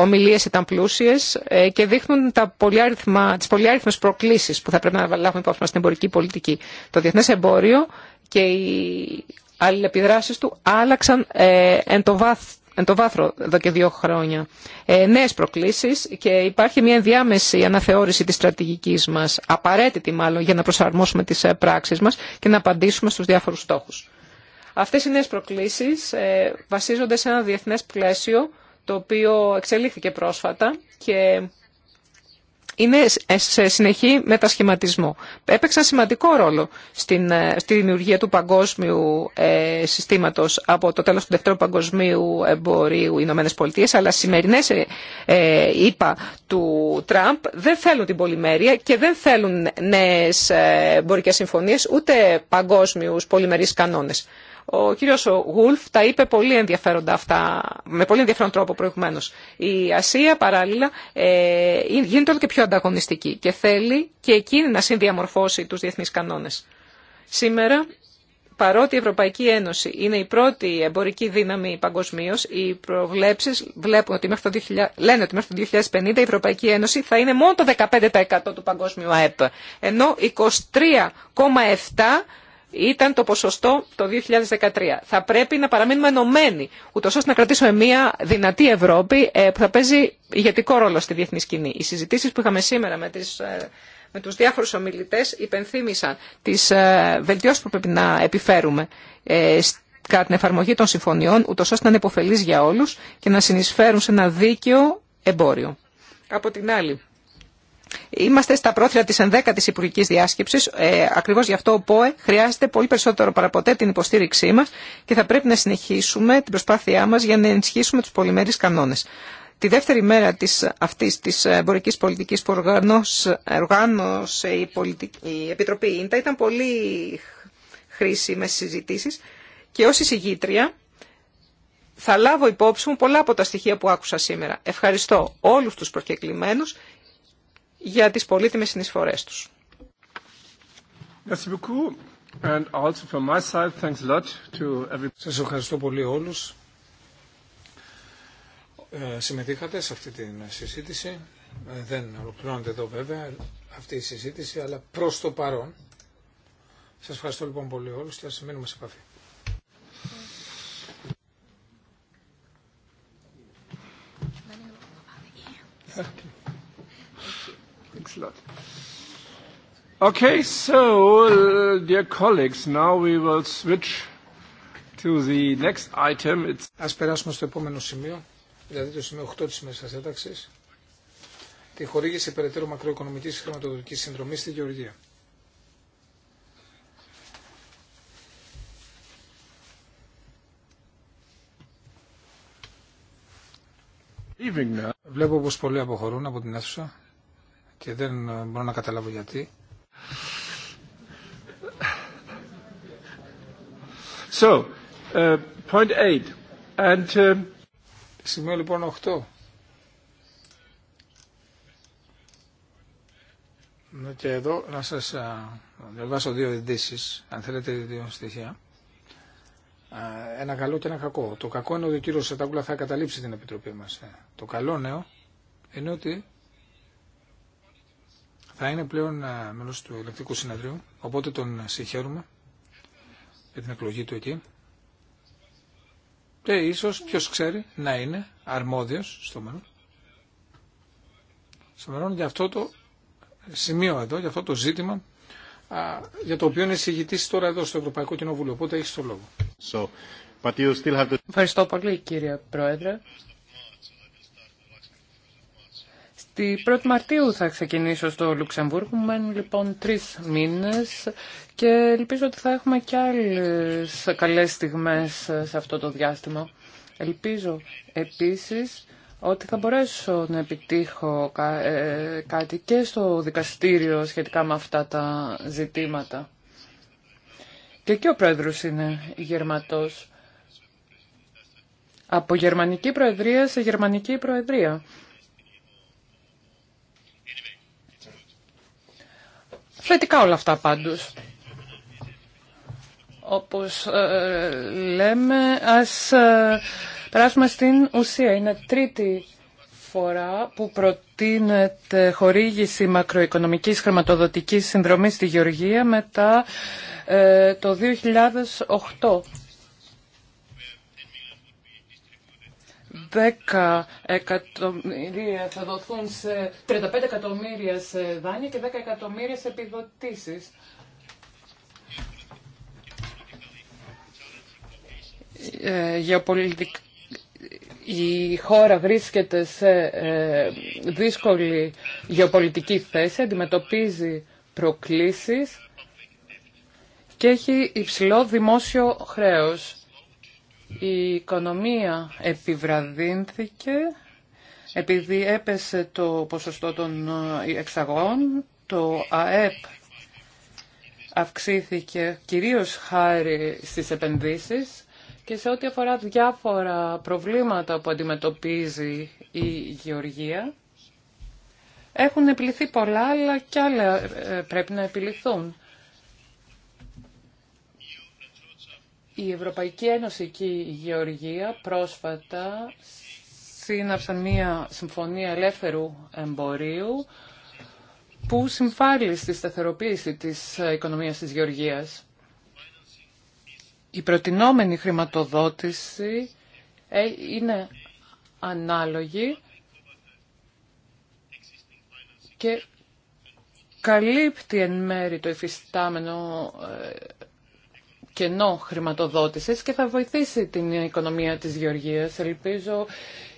Ομιλιε ήταν πλούσιε ε, και δείχνουν τι πολυάριθμε τις που θα πρέπει να λάβουμε υπόψη μα στην εμπορική πολιτική. Το διεθνέ εμπόριο και οι αλληλεπιδράσει του άλλαξαν ε, εν, το βάθρο εδώ και δύο χρόνια. Ε, νέες προκλήσεις και υπάρχει μια ενδιάμεση αναθεώρηση τη στρατηγική μα, απαραίτητη μάλλον για να προσαρμόσουμε τις ε, πράξει μα και να απαντήσουμε στου διάφορου στόχου. Αυτές οι νέες προκλήσεις ε, βασίζονται σε ένα διεθνές πλαίσιο το οποίο εξελίχθηκε πρόσφατα και είναι σε συνεχή μετασχηματισμό. Έπαιξαν σημαντικό ρόλο στην, ε, στη δημιουργία του παγκόσμιου ε, συστήματος από το τέλος του Δευτέρου Παγκοσμίου Εμπορίου Ηνωμένες Πολιτείες, αλλά σημερινές ε, είπα του Τραμπ δεν θέλουν την πολυμέρεια και δεν θέλουν νέες ε, εμπορικές συμφωνίες, ούτε παγκόσμιους πολυμερείς κανόνες. Ο κύριος Γουλφ τα είπε πολύ ενδιαφέροντα αυτά, με πολύ ενδιαφέρον τρόπο προηγουμένως. Η Ασία παράλληλα ε, γίνεται όλο και πιο ανταγωνιστική και θέλει και εκείνη να συνδιαμορφώσει τους διεθνείς κανόνες. Σήμερα παρότι η Ευρωπαϊκή Ένωση είναι η πρώτη εμπορική δύναμη παγκοσμίω, οι προβλέψει βλέπουν ότι μέχρι το 2000, λένε ότι μέχρι το 2050 η Ευρωπαϊκή Ένωση θα είναι μόνο το 15% του παγκόσμιου ΑΕΠ, ενώ 23,7% ήταν το ποσοστό το 2013. Θα πρέπει να παραμείνουμε ενωμένοι, ούτω ώστε να κρατήσουμε μια δυνατή Ευρώπη ε, που θα παίζει ηγετικό ρόλο στη διεθνή σκηνή. Οι συζητήσει που είχαμε σήμερα με, τις, ε, με τους διάφορους ομιλητές υπενθύμησαν τις ε, βελτιώσεις που πρέπει να επιφέρουμε κατά την εφαρμογή των συμφωνιών, ούτω ώστε να είναι για όλους και να συνεισφέρουν σε ένα δίκαιο εμπόριο. Από την άλλη, Είμαστε στα πρόθυρα τη 11ης Υπουργικής Διάσκεψης, ε, ακριβώς γι' αυτό ο ΠΟΕ χρειάζεται πολύ περισσότερο παραποτέ την υποστήριξή μα και θα πρέπει να συνεχίσουμε την προσπάθειά μα για να ενισχύσουμε του πολυμερει κανόνε. Τη δεύτερη μέρα της, αυτής της εμπορικής πολιτικής που οργάνωσε η, η Επιτροπή ΙΝΤΑ ήταν πολύ χρήσιμες συζητήσεις και ως εισηγήτρια θα λάβω υπόψη μου πολλά από τα στοιχεία που άκουσα σήμερα. Ευχαριστώ όλους τους προκεκλημένους για τις πολύτιμες συνεισφορές τους. Σας ευχαριστώ πολύ όλους. Ε, συμμετείχατε σε αυτή τη συζήτηση. Ε, δεν ολοκληρώνεται εδώ βέβαια αυτή η συζήτηση, αλλά προς το παρόν. Σας ευχαριστώ λοιπόν πολύ όλους και ας μείνουμε σε επαφή. Okay, so, uh, dear colleagues, Ας περάσουμε στο επόμενο σημείο, δηλαδή το σημείο 8 της Μέσας Ένταξης, τη χορήγηση περαιτέρω μακροοικονομικής χρηματοδοτικής συνδρομής στη Γεωργία. Βλέπω πως πολλοί αποχωρούν από την αίθουσα και δεν ε, μπορώ να καταλάβω γιατί. So, ε, point eight. And, ε, Σημείο λοιπόν 8. Ναι, και εδώ να σας διαβάσω δύο ειδήσει, αν θέλετε δύο στοιχεία. Ένα καλό και ένα κακό. Το κακό είναι ότι ο κύριος Σατάκουλα θα καταλήψει την Επιτροπή μας. Το καλό νέο είναι ότι θα είναι πλέον ε, μέλος του Ελεκτικού Συναδρίου, οπότε τον συγχαίρουμε για την εκλογή του εκεί. Και ίσως, ποιος ξέρει, να είναι αρμόδιος στο μέλλον. Στο μέλλον για αυτό το σημείο εδώ, για αυτό το ζήτημα, για το οποίο είναι συγητής τώρα εδώ στο Ευρωπαϊκό Κοινοβούλιο. Οπότε έχει το λόγο. So, to... Ευχαριστώ πολύ κύριε Πρόεδρε. Τη 1η Μαρτίου θα ξεκινήσω στο Λουξεμβούργο, μένουν λοιπόν τρει μήνε και ελπίζω ότι θα έχουμε και άλλε καλέ στιγμέ σε αυτό το διάστημα. Ελπίζω επίση ότι θα μπορέσω να επιτύχω ε, κάτι και στο δικαστήριο σχετικά με αυτά τα ζητήματα. Και εκεί ο πρόεδρος είναι γερματός. Από γερμανική προεδρία σε γερμανική προεδρία. Φετικά όλα αυτά πάντως. Όπως ε, λέμε, ας ε, περάσουμε στην ουσία. Είναι τρίτη φορά που προτείνεται χορήγηση μακροοικονομικής χρηματοδοτικής συνδρομής στη Γεωργία μετά ε, το 2008. 10 εκατομμύρια θα δοθούν σε 35 εκατομμύρια σε δάνεια και 10 εκατομμύρια σε επιδοτήσεις. Ε, η χώρα βρίσκεται σε ε, δύσκολη γεωπολιτική θέση, αντιμετωπίζει προκλήσεις και έχει υψηλό δημόσιο χρέος η οικονομία επιβραδύνθηκε επειδή έπεσε το ποσοστό των ε, εξαγών, το ΑΕΠ αυξήθηκε κυρίως χάρη στις επενδύσεις και σε ό,τι αφορά διάφορα προβλήματα που αντιμετωπίζει η Γεωργία, έχουν επιληθεί πολλά, αλλά και άλλα ε, πρέπει να επιληθούν. Η Ευρωπαϊκή Ένωση και η Γεωργία πρόσφατα σύναψαν μία συμφωνία ελεύθερου εμπορίου που συμφάλει στη σταθεροποίηση της οικονομίας της Γεωργίας. Η προτινόμενη χρηματοδότηση ε, είναι ανάλογη και καλύπτει εν μέρη το εφιστάμενο ε, χρηματοδότησης και θα βοηθήσει την οικονομία της Γεωργίας. Ελπίζω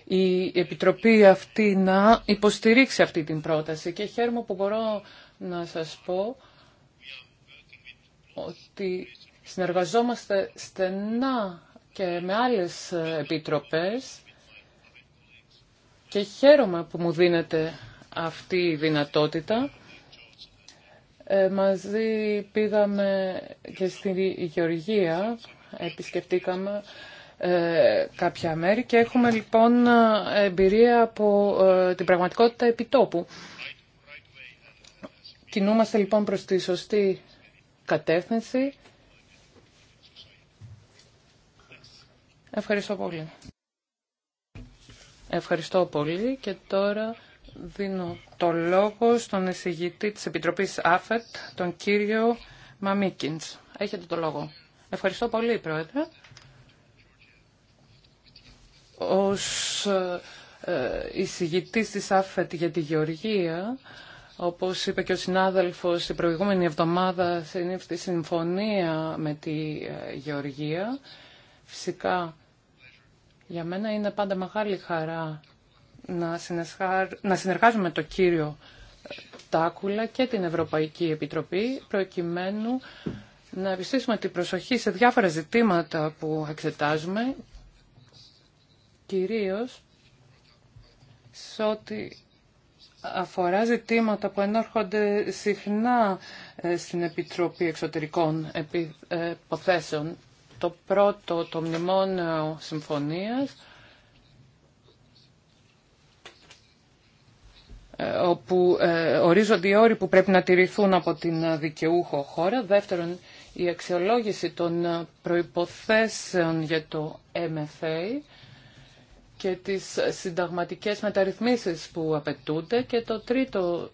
η Επιτροπή αυτή να υποστηρίξει αυτή την πρόταση και χαίρομαι που μπορώ να σας πω ότι συνεργαζόμαστε στενά και με άλλες επιτροπές και χαίρομαι που μου δίνεται αυτή η δυνατότητα ε, μαζί πήγαμε και στη Γεωργία, επισκεφτήκαμε ε, κάποια μέρη και έχουμε λοιπόν εμπειρία από ε, την πραγματικότητα επιτόπου. Κινούμαστε λοιπόν προς τη σωστή κατεύθυνση. Ευχαριστώ πολύ. Ευχαριστώ πολύ και τώρα δίνω το λόγο στον εισηγητή της Επιτροπής ΑΦΕΤ, τον κύριο Μαμίκινς. Έχετε το λόγο. Ευχαριστώ πολύ, Πρόεδρε. Ως ε, ε, εισηγητής της ΑΦΕΤ για τη Γεωργία, όπως είπε και ο συνάδελφος, η προηγούμενη εβδομάδα συνήφθη συμφωνία με τη ε, Γεωργία. Φυσικά, για μένα είναι πάντα μεγάλη χαρά να, να συνεργάζουμε το κύριο ε, Τάκουλα και την Ευρωπαϊκή Επιτροπή προκειμένου να επιστήσουμε την προσοχή σε διάφορα ζητήματα που εξετάζουμε κυρίως σε ό,τι αφορά ζητήματα που ενόρχονται συχνά ε, στην Επιτροπή Εξωτερικών ε, Υποθέσεων. Το πρώτο, το μνημόνιο συμφωνίας, Ε, όπου ε, ορίζονται οι όροι που πρέπει να τηρηθούν από την ε, δικαιούχο χώρα. Δεύτερον, η αξιολόγηση των προϋποθέσεων για το MFA και τις συνταγματικές μεταρρυθμίσεις που απαιτούνται. Και το τρίτο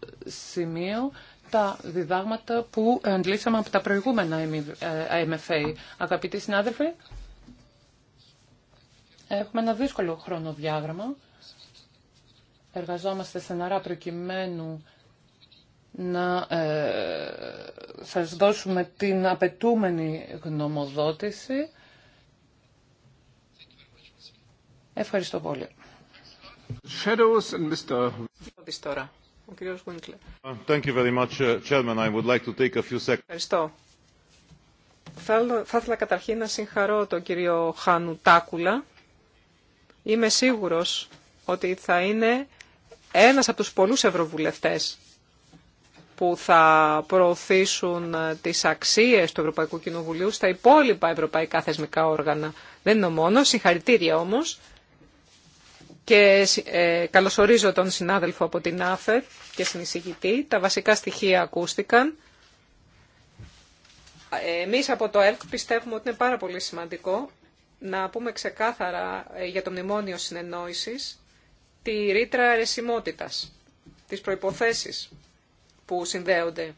σημείο, τα διδάγματα που αντλήσαμε από τα προηγούμενα MFA. Αγαπητοί συνάδελφοι, έχουμε ένα δύσκολο χρονοδιάγραμμα εργαζόμαστε στεναρά προκειμένου να ε, σας δώσουμε την απαιτούμενη γνωμοδότηση. Ευχαριστώ πολύ. Ευχαριστώ. Θα, θα ήθελα καταρχήν να συγχαρώ τον κύριο Χάνου Τάκουλα. Είμαι σίγουρος ότι θα είναι ένας από τους πολλούς ευρωβουλευτές που θα προωθήσουν ε, τις αξίες του Ευρωπαϊκού Κοινοβουλίου στα υπόλοιπα ευρωπαϊκά θεσμικά όργανα. Δεν είναι ο μόνος, συγχαρητήρια όμως. Και ε, καλωσορίζω τον συνάδελφο από την ΑΦΕΤ και συνεισηγητή. Τα βασικά στοιχεία ακούστηκαν. Εμείς από το ΕΛΚ πιστεύουμε ότι είναι πάρα πολύ σημαντικό να πούμε ξεκάθαρα ε, για το μνημόνιο συνεννόησης τη ρήτρα αρεσιμότητας, τις προϋποθέσεις που συνδέονται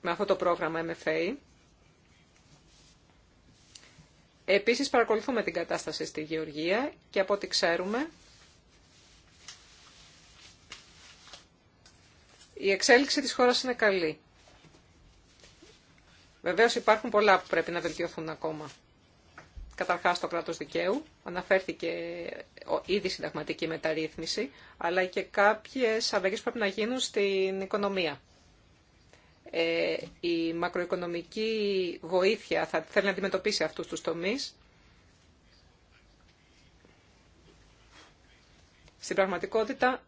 με αυτό το πρόγραμμα MFA. Επίσης παρακολουθούμε την κατάσταση στη Γεωργία και από ό,τι ξέρουμε η εξέλιξη της χώρας είναι καλή. Βεβαίως υπάρχουν πολλά που πρέπει να βελτιωθούν ακόμα. Καταρχά το κράτο δικαίου, αναφέρθηκε ήδη συνταγματική μεταρρύθμιση, αλλά και κάποιες αλλαγέ που πρέπει να γίνουν στην οικονομία. Ε, η μακροοικονομική βοήθεια θα θέλει να αντιμετωπίσει αυτούς τους τομείς. Στην πραγματικότητα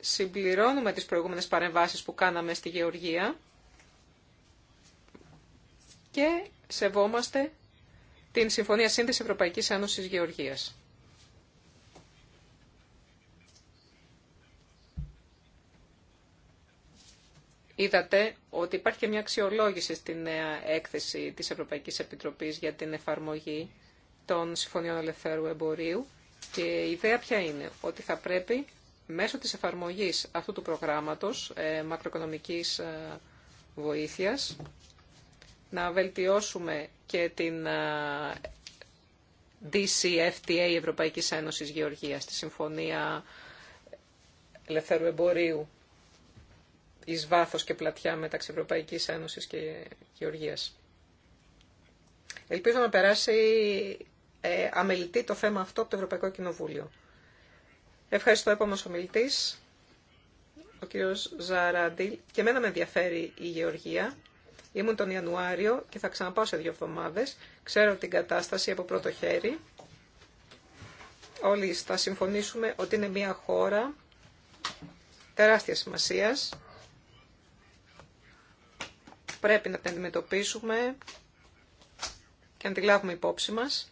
συμπληρώνουμε τις προηγούμενες παρεμβάσεις που κάναμε στη Γεωργία και σεβόμαστε την Συμφωνία Σύνδεση Ευρωπαϊκής Ένωση Γεωργίας. Είδατε ότι υπάρχει και μια αξιολόγηση στη νέα έκθεση της Ευρωπαϊκής Επιτροπής για την εφαρμογή των Συμφωνιών Ελευθέρου Εμπορίου και η ιδέα ποια είναι, ότι θα πρέπει μέσω της εφαρμογής αυτού του προγράμματος ε, μακροοικονομικής ε, βοήθειας να βελτιώσουμε και την DCFTA Ευρωπαϊκής Ένωσης Γεωργίας, τη Συμφωνία Ελευθέρου Εμπορίου εις βάθος και πλατιά μεταξύ Ευρωπαϊκής Ένωσης και Γεωργίας. Ελπίζω να περάσει ε, αμελητή το θέμα αυτό από το Ευρωπαϊκό Κοινοβούλιο. Ευχαριστώ επόμενος ομιλητής, ο κύριος Ζαραντήλ. Και εμένα με ενδιαφέρει η Γεωργία Ήμουν τον Ιανουάριο και θα ξαναπάω σε δύο εβδομάδε. Ξέρω την κατάσταση από πρώτο χέρι. Όλοι θα συμφωνήσουμε ότι είναι μια χώρα τεράστια σημασία. Πρέπει να την αντιμετωπίσουμε και να την λάβουμε υπόψη μας.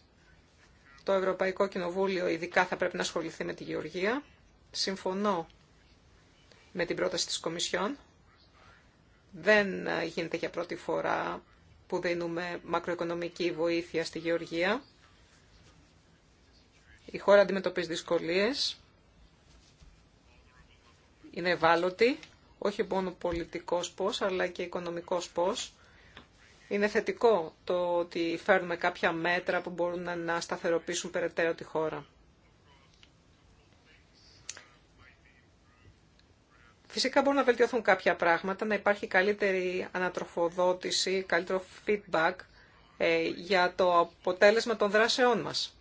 Το Ευρωπαϊκό Κοινοβούλιο ειδικά θα πρέπει να ασχοληθεί με τη Γεωργία. Συμφωνώ με την πρόταση της Κομισιόν. Δεν ε, γίνεται για πρώτη φορά που δίνουμε μακροοικονομική βοήθεια στη Γεωργία. Η χώρα αντιμετωπίζει δυσκολίες, είναι ευάλωτη, όχι μόνο πολιτικός πώς, αλλά και οικονομικός πώς. Είναι θετικό το ότι φέρνουμε κάποια μέτρα που μπορούν να σταθεροποιήσουν περαιτέρω τη χώρα. Φυσικά μπορούν να βελτιωθούν κάποια πράγματα, να υπάρχει καλύτερη ανατροφοδότηση, καλύτερο feedback ε, για το αποτέλεσμα των δράσεών μας.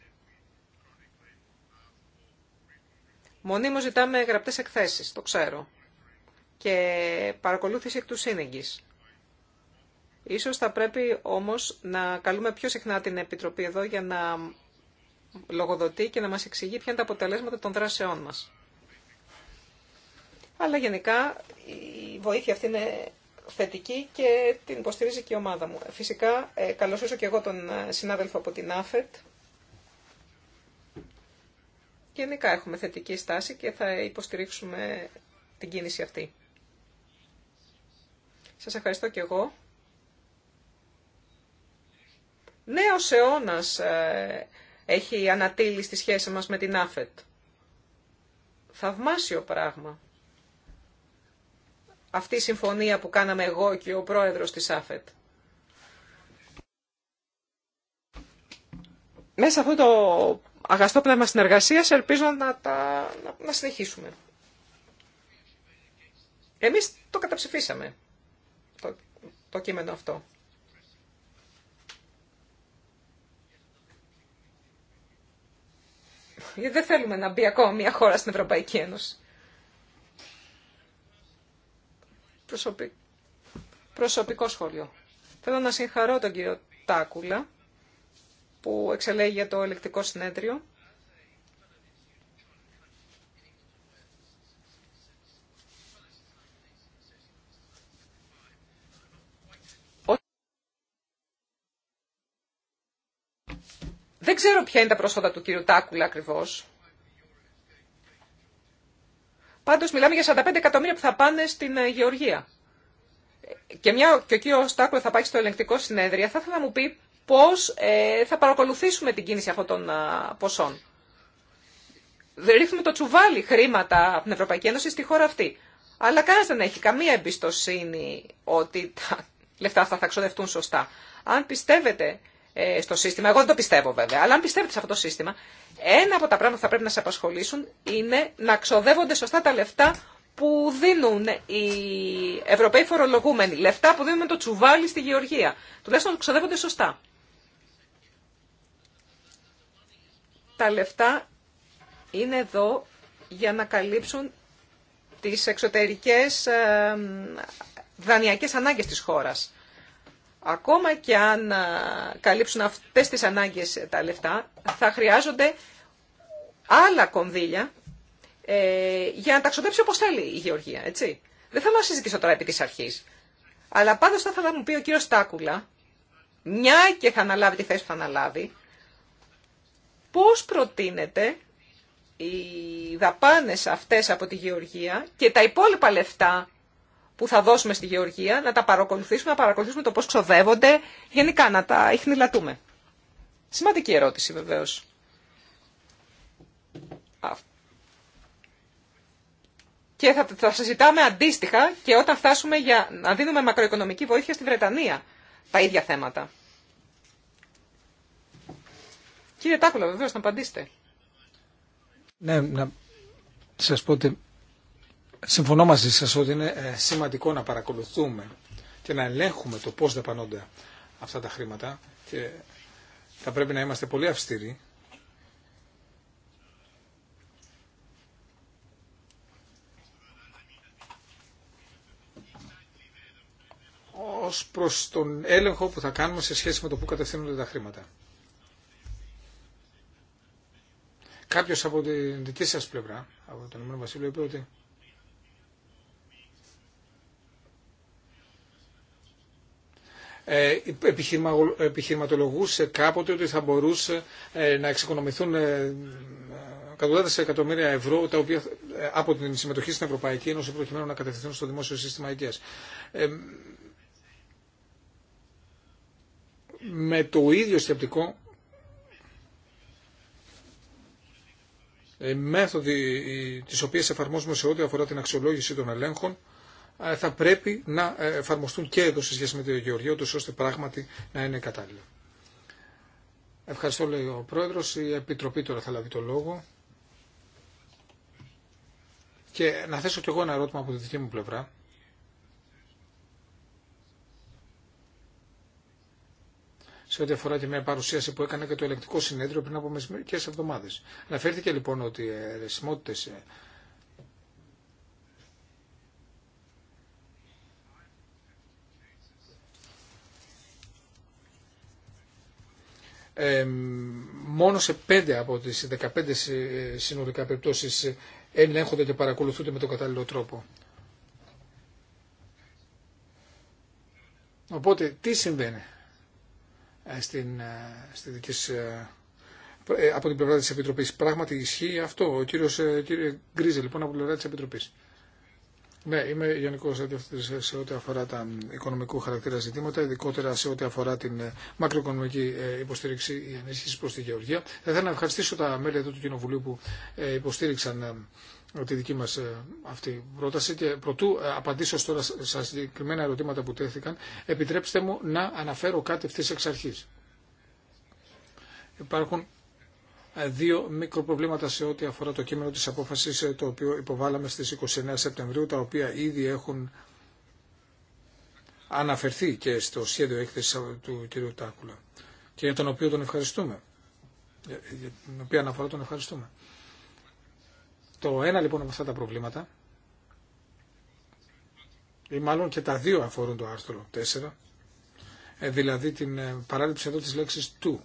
Μονίμως ζητάμε γραπτές εκθέσεις, το ξέρω, και παρακολούθηση εκ του Ίσως θα πρέπει όμως να καλούμε πιο συχνά την Επιτροπή εδώ για να λογοδοτεί και να μας εξηγεί ποια είναι τα αποτελέσματα των δράσεών μας αλλά γενικά η βοήθεια αυτή είναι θετική και την υποστηρίζει και η ομάδα μου. Φυσικά, ε, και εγώ τον ε, συνάδελφο από την ΑΦΕΤ. Γενικά έχουμε θετική στάση και θα υποστηρίξουμε την κίνηση αυτή. Σας ευχαριστώ και εγώ. Νέος αιώνας ε, έχει ανατείλει στη σχέση μας με την ΑΦΕΤ. Θαυμάσιο πράγμα αυτή η συμφωνία που κάναμε εγώ και ο πρόεδρος της ΑΦΕΤ. Μέσα αυτό το αγαστό πνεύμα συνεργασίας ελπίζω να, τα, να, συνεχίσουμε. Εμείς το καταψηφίσαμε, το, κείμενο αυτό. δεν θέλουμε να μπει ακόμα μια χώρα στην Ευρωπαϊκή Ένωση. προσωπι... προσωπικό σχόλιο. Θέλω να συγχαρώ τον κύριο Τάκουλα που εξελέγει για το ελεκτικό συνέδριο. Δεν ξέρω ποια είναι τα πρόσφατα του κύριου Τάκουλα ακριβώς. Πάντως μιλάμε για 45 εκατομμύρια που θα πάνε στην ε, Γεωργία. Και μια και ο κύριο Στάκλο θα πάει στο ελεγκτικό συνέδριο, θα ήθελα να μου πει πώς ε, θα παρακολουθήσουμε την κίνηση αυτών των ποσών. Ρίχνουμε το τσουβάλι χρήματα από την Ευρωπαϊκή Ένωση στη χώρα αυτή. Αλλά κανένα δεν έχει καμία εμπιστοσύνη ότι τα λεφτά αυτά θα ξοδευτούν σωστά. Αν πιστεύετε ε, στο σύστημα. Εγώ δεν το πιστεύω βέβαια, αλλά αν πιστεύετε σε αυτό το σύστημα, ένα από τα πράγματα που θα πρέπει να σε απασχολήσουν είναι να ξοδεύονται σωστά τα λεφτά που δίνουν οι Ευρωπαίοι φορολογούμενοι. Λεφτά που δίνουν με το τσουβάλι στη Γεωργία. Τουλάχιστον ξοδεύονται σωστά. Τα λεφτά είναι εδώ για να καλύψουν τις εξωτερικές ε, δανειακές ανάγκες της χώρας. Ακόμα και αν καλύψουν αυτές τις ανάγκες τα λεφτά, θα χρειάζονται άλλα κονδύλια ε, για να τα ξοδέψει όπως θέλει η Γεωργία, έτσι. Δεν θα μας συζητήσω τώρα επί της αρχής. Αλλά πάντως θα ήθελα να μου πει ο κύριος Στάκουλα, μια και θα αναλάβει τη θέση που θα αναλάβει, πώς προτείνεται οι δαπάνες αυτές από τη Γεωργία και τα υπόλοιπα λεφτά που θα δώσουμε στη Γεωργία, να τα παρακολουθήσουμε, να παρακολουθήσουμε το πώς ξοδεύονται, γενικά να τα ειχνηλατούμε. Σημαντική ερώτηση βεβαίως. Και θα, θα συζητάμε αντίστοιχα και όταν φτάσουμε για να δίνουμε μακροοικονομική βοήθεια στη Βρετανία τα ίδια θέματα. Κύριε Τάκουλα, βεβαίως, να απαντήσετε. Ναι, να σας πω ότι συμφωνώ μαζί σας ότι είναι ε, σημαντικό να παρακολουθούμε και να ελέγχουμε το πώς δεπανώνται αυτά τα χρήματα και θα πρέπει να είμαστε πολύ αυστηροί ως προς τον έλεγχο που θα κάνουμε σε σχέση με το που κατευθύνονται τα χρήματα. Κάποιος από την δική σας πλευρά, από τον Ηνωμένο Βασίλειο, είπε ότι Ε, επιχειρηματολογούσε κάποτε ότι θα μπορούσε ε, να εξοικονομηθούν ε, εκατοντάδε εκατομμύρια ευρώ τα οποία από την συμμετοχή στην Ευρωπαϊκή Ένωση προκειμένου να κατευθυνθούν στο δημόσιο σύστημα υγεία. με το ίδιο σκεπτικό οι μέθοδοι τις οποίες εφαρμόζουμε σε ό,τι αφορά την αξιολόγηση των ελέγχων ε, θα πρέπει να ε, εφαρμοστούν και εδώ σε σχέση με το Γεωργείο τους ώστε πράγματι να είναι κατάλληλα. Ευχαριστώ λέει ο Πρόεδρος. Η Επιτροπή τώρα θα λάβει το λόγο. Και να θέσω κι εγώ ένα ερώτημα από τη δική μου πλευρά. σε ό,τι αφορά και μια παρουσίαση που έκανε και το ελεκτικό συνέδριο πριν από μερικέ εβδομάδε. Αναφέρθηκε λοιπόν ότι οι ρεσιμότητε ε, μόνο σε 5 από τις 15 συνολικά περιπτώσεις ελέγχονται και παρακολουθούνται με τον κατάλληλο τρόπο. Οπότε τι συμβαίνει ε, στην, ε, στη δική ε, από την πλευρά της Επιτροπής. Πράγματι ισχύει αυτό. Ο κύριος κύριε Γκρίζε λοιπόν από την πλευρά της Επιτροπής. Ναι, είμαι γενικό σε ό,τι αφορά τα οικονομικού χαρακτήρα ζητήματα, ειδικότερα σε ό,τι αφορά την ε, μακροοικονομική ε, υποστήριξη ή ενίσχυση προ τη Γεωργία. Θα ήθελα να ευχαριστήσω τα μέλη εδώ του Κοινοβουλίου που ε, υποστήριξαν τη δική μας αυτή πρόταση και προτού απαντήσω τώρα στα συγκεκριμένα ερωτήματα που τέθηκαν, επιτρέψτε μου να αναφέρω κάτι ευθύ εξ αρχής. Υπάρχουν δύο μικροπροβλήματα σε ό,τι αφορά το κείμενο της απόφασης ε, το οποίο υποβάλαμε στις 29 Σεπτεμβρίου τα οποία ήδη έχουν αναφερθεί και στο σχέδιο έκθεση ε, του κ. Τάκουλα και για τον οποίο τον ευχαριστούμε. Για την οποία αναφορά τον ευχαριστούμε. Το ένα λοιπόν από αυτά τα προβλήματα ή μάλλον και τα δύο αφορούν το άρθρο 4 ε, δηλαδή την παράληψη εδώ της λέξης του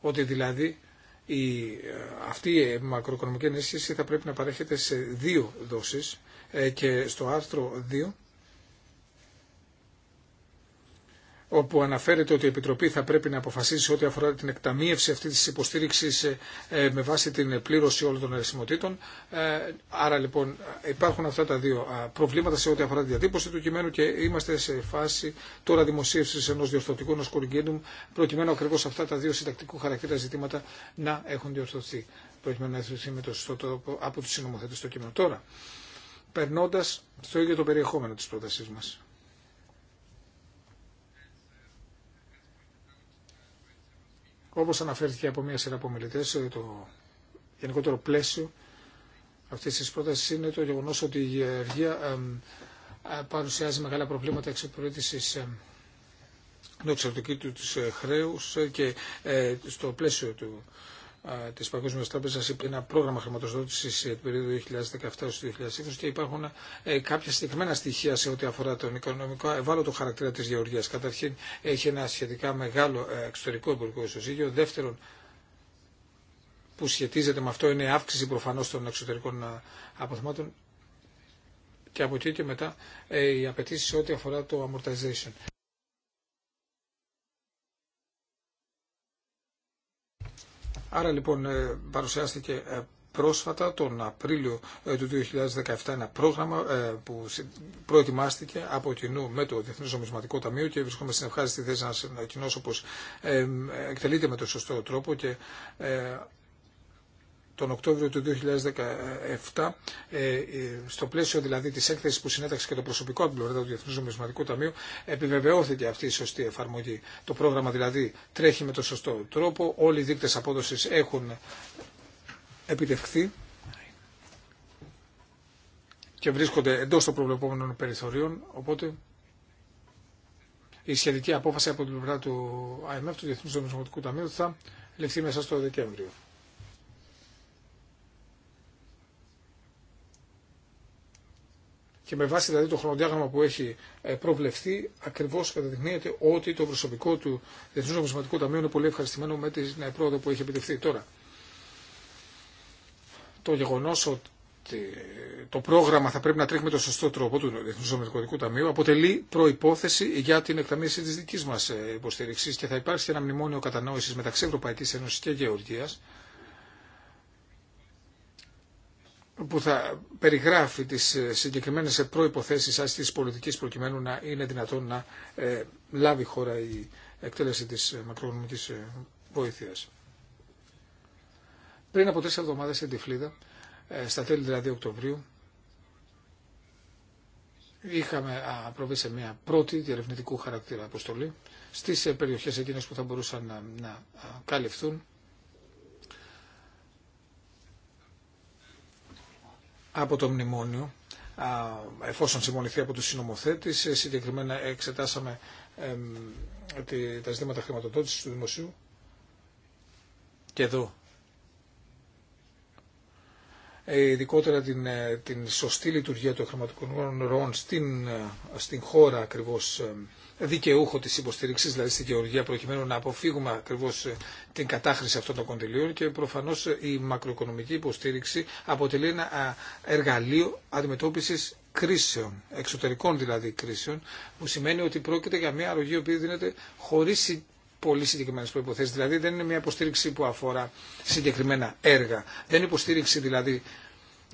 ότι δηλαδή η, ε, αυτή η μακροοικονομική ενίσχυση θα πρέπει να παρέχεται σε δύο δόσεις ε, και στο άρθρο 2 όπου αναφέρεται ότι η Επιτροπή θα πρέπει να αποφασίσει ό,τι αφορά την εκταμείευση αυτή τη υποστήριξη ε, ε, με βάση την πλήρωση όλων των αριθμοτήτων. Ε, άρα λοιπόν υπάρχουν αυτά τα δύο προβλήματα σε ό,τι αφορά τη διατύπωση του κειμένου και είμαστε σε φάση τώρα δημοσίευση ενό διορθωτικού ενό προκειμένου ακριβώ αυτά τα δύο συντακτικού χαρακτήρα ζητήματα να έχουν διορθωθεί προκειμένου να έρθει με το σωστό τρόπο από του σύνομοθετέ στο κείμενο. Τώρα, περνώντα στο ίδιο το περιεχόμενο τη πρότασή μα. Όπως αναφέρθηκε από μια σειρά από ε, το γενικότερο πλαίσιο αυτή τη πρόταση είναι το γεγονό ότι η γεωργία ε, παρουσιάζει μεγάλα προβλήματα εξυπηρέτηση του της του ε, χρέου και στο πλαίσιο του τη Παγκόσμια Τράπεζα είπε ένα πρόγραμμα χρηματοδότηση ε, του περίοδου 2017-2020 και υπάρχουν ε, κάποια συγκεκριμένα στοιχεία σε ό,τι αφορά τον οικονομικό ευάλωτο χαρακτήρα τη γεωργία. Καταρχήν, έχει ένα σχετικά μεγάλο ε, εξωτερικό εμπορικό ισοζύγιο. Δεύτερον, που σχετίζεται με αυτό είναι η αύξηση προφανώ των εξωτερικών αποθεμάτων. Και από εκεί και μετά οι απαιτήσει σε ό,τι αφορά το amortization. Άρα λοιπόν ε, παρουσιάστηκε ε, πρόσφατα τον Απρίλιο ε, του 2017 ένα πρόγραμμα που προετοιμάστηκε από κοινού με το Διεθνές Ομισματικό Ταμείο και βρισκόμαστε στην ευχάριστη θέση να ανακοινώσω πως εκτελείται με τον σωστό τρόπο και τον Οκτώβριο του 2017, ε, ε, στο πλαίσιο δηλαδή τη έκθεση που συνέταξε και το προσωπικό από την πλευρά του Διεθνού Νομισματικού Ταμείου, επιβεβαιώθηκε αυτή η σωστή εφαρμογή. Το πρόγραμμα δηλαδή τρέχει με τον σωστό τρόπο, όλοι οι δείκτε απόδοση έχουν επιτευχθεί και βρίσκονται εντό των προβλεπόμενων περιθωρίων, οπότε η σχετική απόφαση από την πλευρά του IMF, του Διεθνού Νομισματικού Ταμείου, θα ληφθεί μέσα στο Δεκέμβριο. και με βάση δηλαδή το χρονοδιάγραμμα που έχει ε, προβλεφθεί, ακριβώ καταδεικνύεται ότι το προσωπικό του Διεθνού Νομισματικού Ταμείου είναι πολύ ευχαριστημένο με την ε, πρόοδο που έχει επιτευχθεί τώρα. Το γεγονό ότι ε, το πρόγραμμα θα πρέπει να τρέχει με τον σωστό τρόπο του Διεθνού Νομισματικού Ταμείου αποτελεί προπόθεση για την εκταμίευση τη δική μα υποστήριξη και θα υπάρξει ένα μνημόνιο κατανόηση μεταξύ Ευρωπαϊκή Ένωση και Γεωργία που θα περιγράφει τις ε, συγκεκριμένες ε, προϋποθέσεις άσχης της πολιτικής προκειμένου να είναι δυνατόν να ε, λάβει χώρα η εκτέλεση της μακροοικονομικής βοήθειας. Πριν από τρεις εβδομάδες στην Τυφλίδα, στα τέλη δηλαδή Οκτωβρίου, είχαμε προβεί σε μια πρώτη διερευνητικού χαρακτήρα αποστολή στις περιοχές εκείνες που θα μπορούσαν να, να καλυφθούν από το μνημόνιο, εφόσον συμμονηθεί από τους συνομοθέτες, ε, συγκεκριμένα εξετάσαμε τα ζητήματα χρηματοδότησης του δημοσίου και εδώ ε, ειδικότερα την, ε, την σωστή λειτουργία των χρηματικών ροών στην, στην χώρα ακριβώς δικαιούχο τη υποστήριξη, δηλαδή στη Γεωργία, προκειμένου να αποφύγουμε ακριβώ ε, την κατάχρηση αυτών των κονδυλίων και προφανώ ε, η μακροοικονομική υποστήριξη αποτελεί ένα εργαλείο αντιμετώπιση κρίσεων, εξωτερικών δηλαδή κρίσεων, που σημαίνει ότι πρόκειται για μια αρρωγή που δίνεται χωρί πολύ συγκεκριμένε προποθέσει. Δηλαδή δεν είναι μια υποστήριξη που αφορά συγκεκριμένα έργα. Δεν είναι υποστήριξη δηλαδή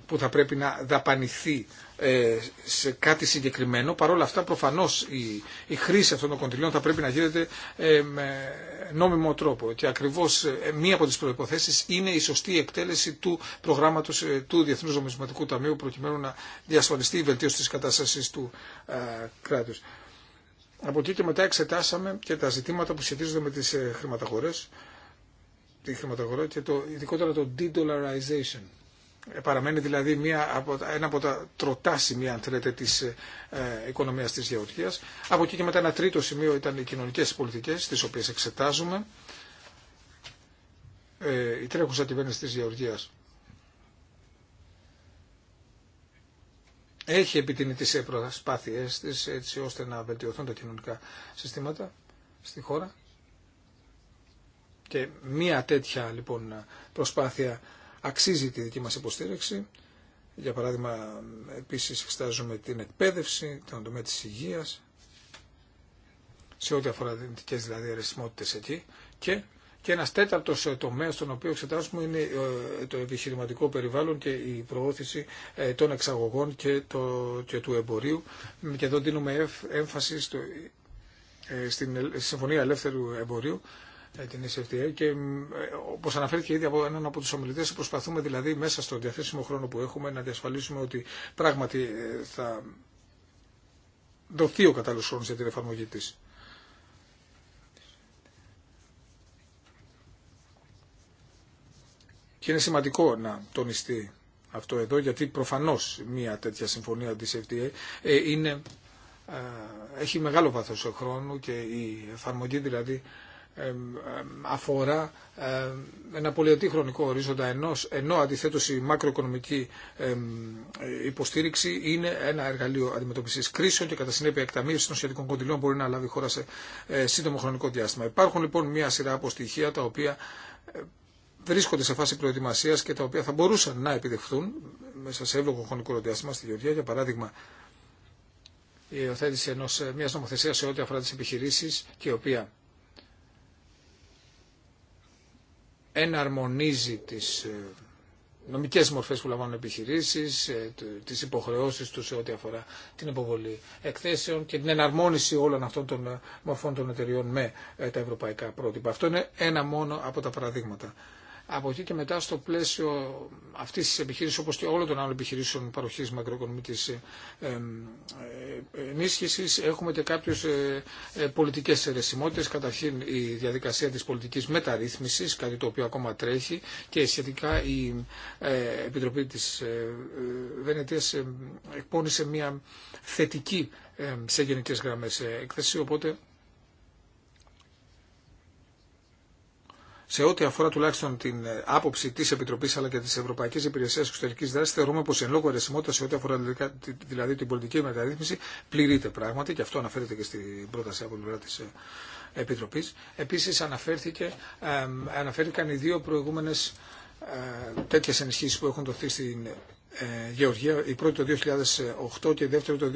που θα πρέπει να δαπανηθεί ε, σε κάτι συγκεκριμένο. Παρ' όλα αυτά προφανώς η, η χρήση αυτών των κοντιλιών θα πρέπει να γίνεται ε, με νόμιμο τρόπο. Και ακριβώς ε, μία από τις προϋποθέσεις είναι η σωστή εκτέλεση του προγράμματος του Διεθνούς Νομισματικού Ταμείου προκειμένου να διασφαλιστεί η βελτίωση της κατάστασης του κράτους. Από εκεί και μετά εξετάσαμε και τα ζητήματα που σχετίζονται με τις χρηματαγορές, τη χρηματαγορά και το, ειδικότερα το de-dollarization. Ε, παραμένει δηλαδή μία από, ένα από τα τροτά σημεία, αν θέλετε, της ε, οικονομίας της γεωργίας. Από εκεί και μετά ένα τρίτο σημείο ήταν οι κοινωνικές πολιτικές, τις οποίες εξετάζουμε. Ε, η τρέχουσα κυβέρνηση της γεωργίας έχει επιτείνει τις προσπάθειές της έτσι ώστε να βελτιωθούν τα κοινωνικά συστήματα στη χώρα. Και μία τέτοια λοιπόν προσπάθεια αξίζει τη δική μας υποστήριξη. Για παράδειγμα, επίσης εξετάζουμε την εκπαίδευση, τον τομέα της υγείας, σε ό,τι αφορά δυνητικές δηλαδή αρεσιμότητες εκεί. Και, και ένας τέταρτος ε, τομέας στον οποίο εξετάζουμε είναι ε, το επιχειρηματικό περιβάλλον και η προώθηση ε, των εξαγωγών και, και του εμπορίου. Και εδώ δίνουμε έμφαση στο, στην Συμφωνία Ελεύθερου Εμπορίου ε, την SFTA και ε, όπως αναφέρθηκε ήδη από έναν από τους ομιλητέ, προσπαθούμε δηλαδή μέσα στο διαθέσιμο χρόνο που έχουμε να διασφαλίσουμε ότι πράγματι ε, θα δοθεί ο κατάλληλο χρόνο για την εφαρμογή τη. Και είναι σημαντικό να τονιστεί αυτό εδώ, γιατί προφανώς μια τέτοια συμφωνία της FTA είναι, έχει μεγάλο βάθος χρόνου και η εφαρμογή δηλαδή αφορά ένα πολυετή χρονικό ορίζοντα ενός, ενώ αντιθέτως η μακροοικονομική υποστήριξη είναι ένα εργαλείο αντιμετωπισής κρίσεων και κατά συνέπεια εκταμείωση των σχετικών κοντιλών μπορεί να λάβει η χώρα σε ε, σύντομο χρονικό διάστημα. Υπάρχουν λοιπόν μια σειρά από στοιχεία τα οποία ε, βρίσκονται σε φάση προετοιμασία και τα οποία θα μπορούσαν να επιδεχθούν μέσα σε εύλογο χρονικό διάστημα στη Γεωργία. Για παράδειγμα, η υιοθέτηση ε, μια νομοθεσία σε ό,τι αφορά τι επιχειρήσει και η οποία εναρμονίζει τις ε, νομικές μορφές που λαμβάνουν επιχειρήσεις, ε, τις υποχρεώσεις τους σε ό,τι αφορά την υποβολή εκθέσεων και την εναρμόνιση όλων αυτών των ε, μορφών των εταιριών με τα ευρωπαϊκά πρότυπα. Αυτό είναι ένα μόνο από τα παραδείγματα από εκεί και μετά στο πλαίσιο αυτής της επιχείρησης όπως και όλων των άλλων επιχειρήσεων παροχής μακροοικονομικής ε, ε, ενίσχυσης έχουμε και κάποιες ε, πολιτικές ερεσιμότητες. Καταρχήν η διαδικασία της πολιτικής μεταρρύθμισης, κάτι το οποίο ακόμα τρέχει και σχετικά η Επιτροπή της Βενετίας εκπώνησε μια θετική σε γενικές γραμμές έκθεση, οπότε σε ό,τι αφορά τουλάχιστον την ε, άποψη τη Επιτροπή αλλά και τη Ευρωπαϊκή Υπηρεσία Εξωτερική Δράση, θεωρούμε πω εν λόγω αρεσιμότητα σε ό,τι αφορά δηλαδή την πολιτική μεταρρύθμιση πληρείται πράγματι και αυτό αναφέρεται και στην πρόταση από την πλευρά τη ε, Επιτροπή. Επίση αναφέρθηκαν οι δύο προηγούμενε ε, τέτοιε ενισχύσει που έχουν δοθεί στην Γεωργία, η πρώτη το 2008 και η δεύτερη το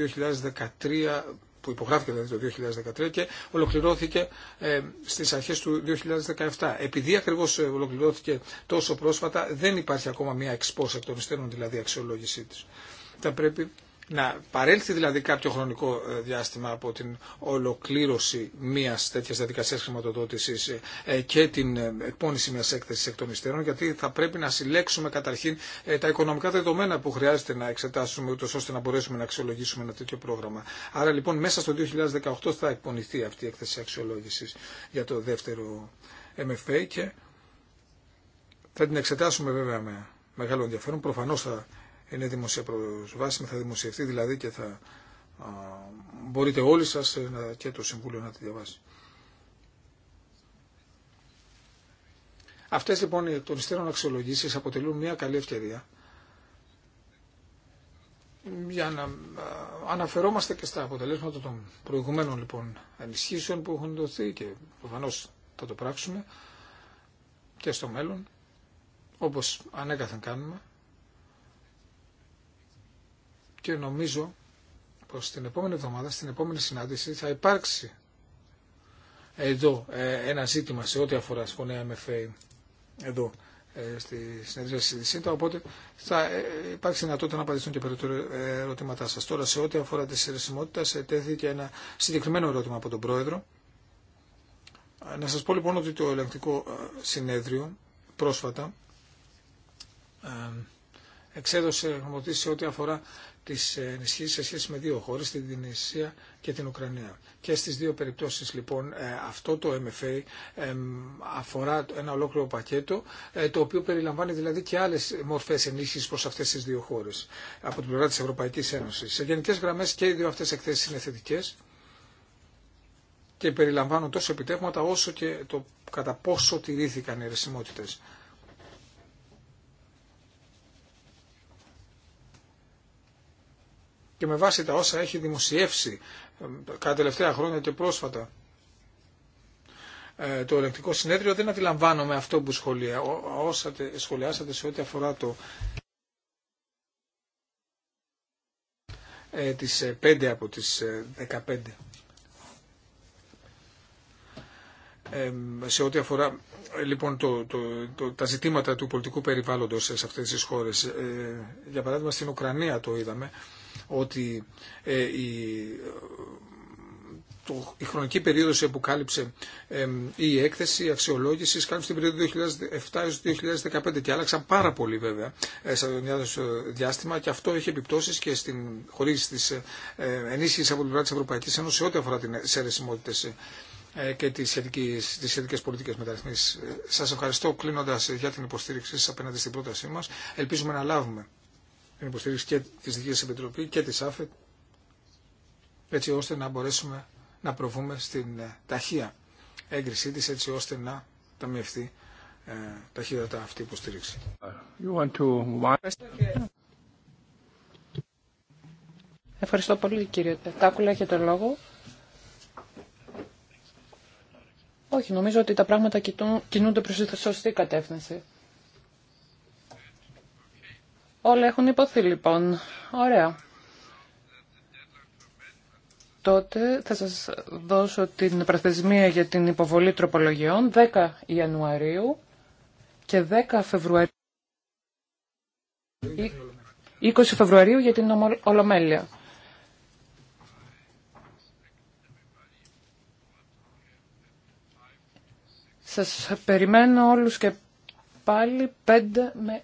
2013 που υπογράφηκε δηλαδή το 2013 και ολοκληρώθηκε ε, στις αρχές του 2017. Επειδή ακριβώς ε, ολοκληρώθηκε τόσο πρόσφατα δεν υπάρχει ακόμα μια εξπόσα εκ των υστέρων δηλαδή αξιολόγησή της. πρέπει να παρέλθει δηλαδή κάποιο χρονικό ε, διάστημα από την ολοκλήρωση μιας τέτοια διαδικασίας χρηματοδότησης ε, και την ε, εκπόνηση μιας έκθεσης εκ των υστέρων, γιατί θα πρέπει να συλλέξουμε καταρχήν τα οικονομικά δεδομένα που χρειάζεται να εξετάσουμε, ούτω ώστε να μπορέσουμε να αξιολογήσουμε ένα τέτοιο πρόγραμμα. Άρα λοιπόν μέσα στο 2018 θα εκπονηθεί αυτή η έκθεση αξιολόγησης για το δεύτερο MFA και θα την εξετάσουμε βέβαια με μεγάλο ενδιαφέρον. Προφανώ θα είναι δημοσία προσβάσιμη, θα δημοσιευτεί δηλαδή και θα μπορείτε όλοι σας ε, και το Συμβούλιο να τη διαβάσει. Αυτές λοιπόν οι των υστέρων αξιολογήσεις αποτελούν μια καλή ευκαιρία για να αναφερόμαστε και στα αποτελέσματα των προηγουμένων λοιπόν ενισχύσεων που έχουν δοθεί και προφανώ θα το πράξουμε και στο μέλλον όπως ανέκαθεν κάνουμε και νομίζω πως την επόμενη εβδομάδα, στην επόμενη συνάντηση θα υπάρξει εδώ ε, ένα ζήτημα σε ό,τι αφορά συμφωνία MFA εδώ ε, στη συνέντευξη τη ΣΥΝΤΑ. Οπότε θα ε, υπάρξει δυνατότητα να απαντηθούν και περισσότερο ερωτήματά σας. Τώρα, σε ό,τι αφορά τη συρρεσιμότητα, τέθηκε ένα συγκεκριμένο ερώτημα από τον Πρόεδρο. Να σας πω λοιπόν ότι το ελεγκτικό συνέδριο πρόσφατα εξέδωσε γνωμοτήσεις σε ό,τι αφορά τις ε, ενισχύσεις σε σχέση με δύο χώρες, την Ινδονησία και την Ουκρανία. Και στις δύο περιπτώσεις λοιπόν ε, αυτό το MFA ε, αφορά ένα ολόκληρο πακέτο το οποίο περιλαμβάνει δηλαδή και άλλες μορφές ενίσχυσης προς αυτές τις δύο χώρες από την πλευρά της Ευρωπαϊκής Ένωσης. Σε γενικές γραμμές και οι δύο αυτές εκθέσεις είναι θετικές και περιλαμβάνουν τόσο επιτεύγματα όσο και το κατά πόσο τηρήθηκαν οι ερεσιμότητες. και με βάση τα όσα έχει δημοσιεύσει κατά ε, τελευταία χρόνια και πρόσφατα ε, το ελεκτικό συνέδριο δεν αντιλαμβάνομαι αυτό που σχολεία, όσα σχολιάσατε σε ό,τι αφορά το ε, τις 5 από τις 15 σε ό,τι αφορά λοιπόν το, το, τα ζητήματα του πολιτικού περιβάλλοντος σε αυτές τις χώρες. για παράδειγμα στην Ουκρανία το είδαμε ότι ε, ε, η χρονική περίοδος που κάλυψε ε, η έκθεση αξιολόγηση κάλυψε την περίοδο 2007-2015 και άλλαξαν πάρα πολύ βέβαια σε αυτό το διάστημα και αυτό έχει επιπτώσεις και στην χωρίς της ενίσχυσης από την πλευρά της Ευρωπαϊκής Ένωσης ό,τι αφορά τις αιρεσιμότητες και τις, σχετικές, τις σχετικές πολιτικές μεταρρυθμίσεις. Σας ευχαριστώ κλείνοντας για την υποστήριξή σας απέναντι στην πρότασή μας. Ελπίζουμε να λάβουμε την υποστήριξη και της Δικής Επιτροπή και τη ΑΦΕΤ έτσι ώστε να μπορέσουμε να προβούμε στην ε, ταχεία έγκρισή της έτσι ώστε να ταμιευτεί ε, ταχύτατα αυτή η υποστήριξη. Ευχαριστώ πολύ κύριε Τάκουλα, τον λόγο. Όχι, νομίζω ότι τα πράγματα κινούνται προς τη σωστή κατεύθυνση. Όλα έχουν υποθεί λοιπόν. Ωραία. Τότε θα σας δώσω την προθεσμία για την υποβολή τροπολογιών 10 Ιανουαρίου και 10 Φεβρουαρίου. 20 Φεβρουαρίου για την Ολομέλεια. Σας περιμένω όλους και πάλι 5 με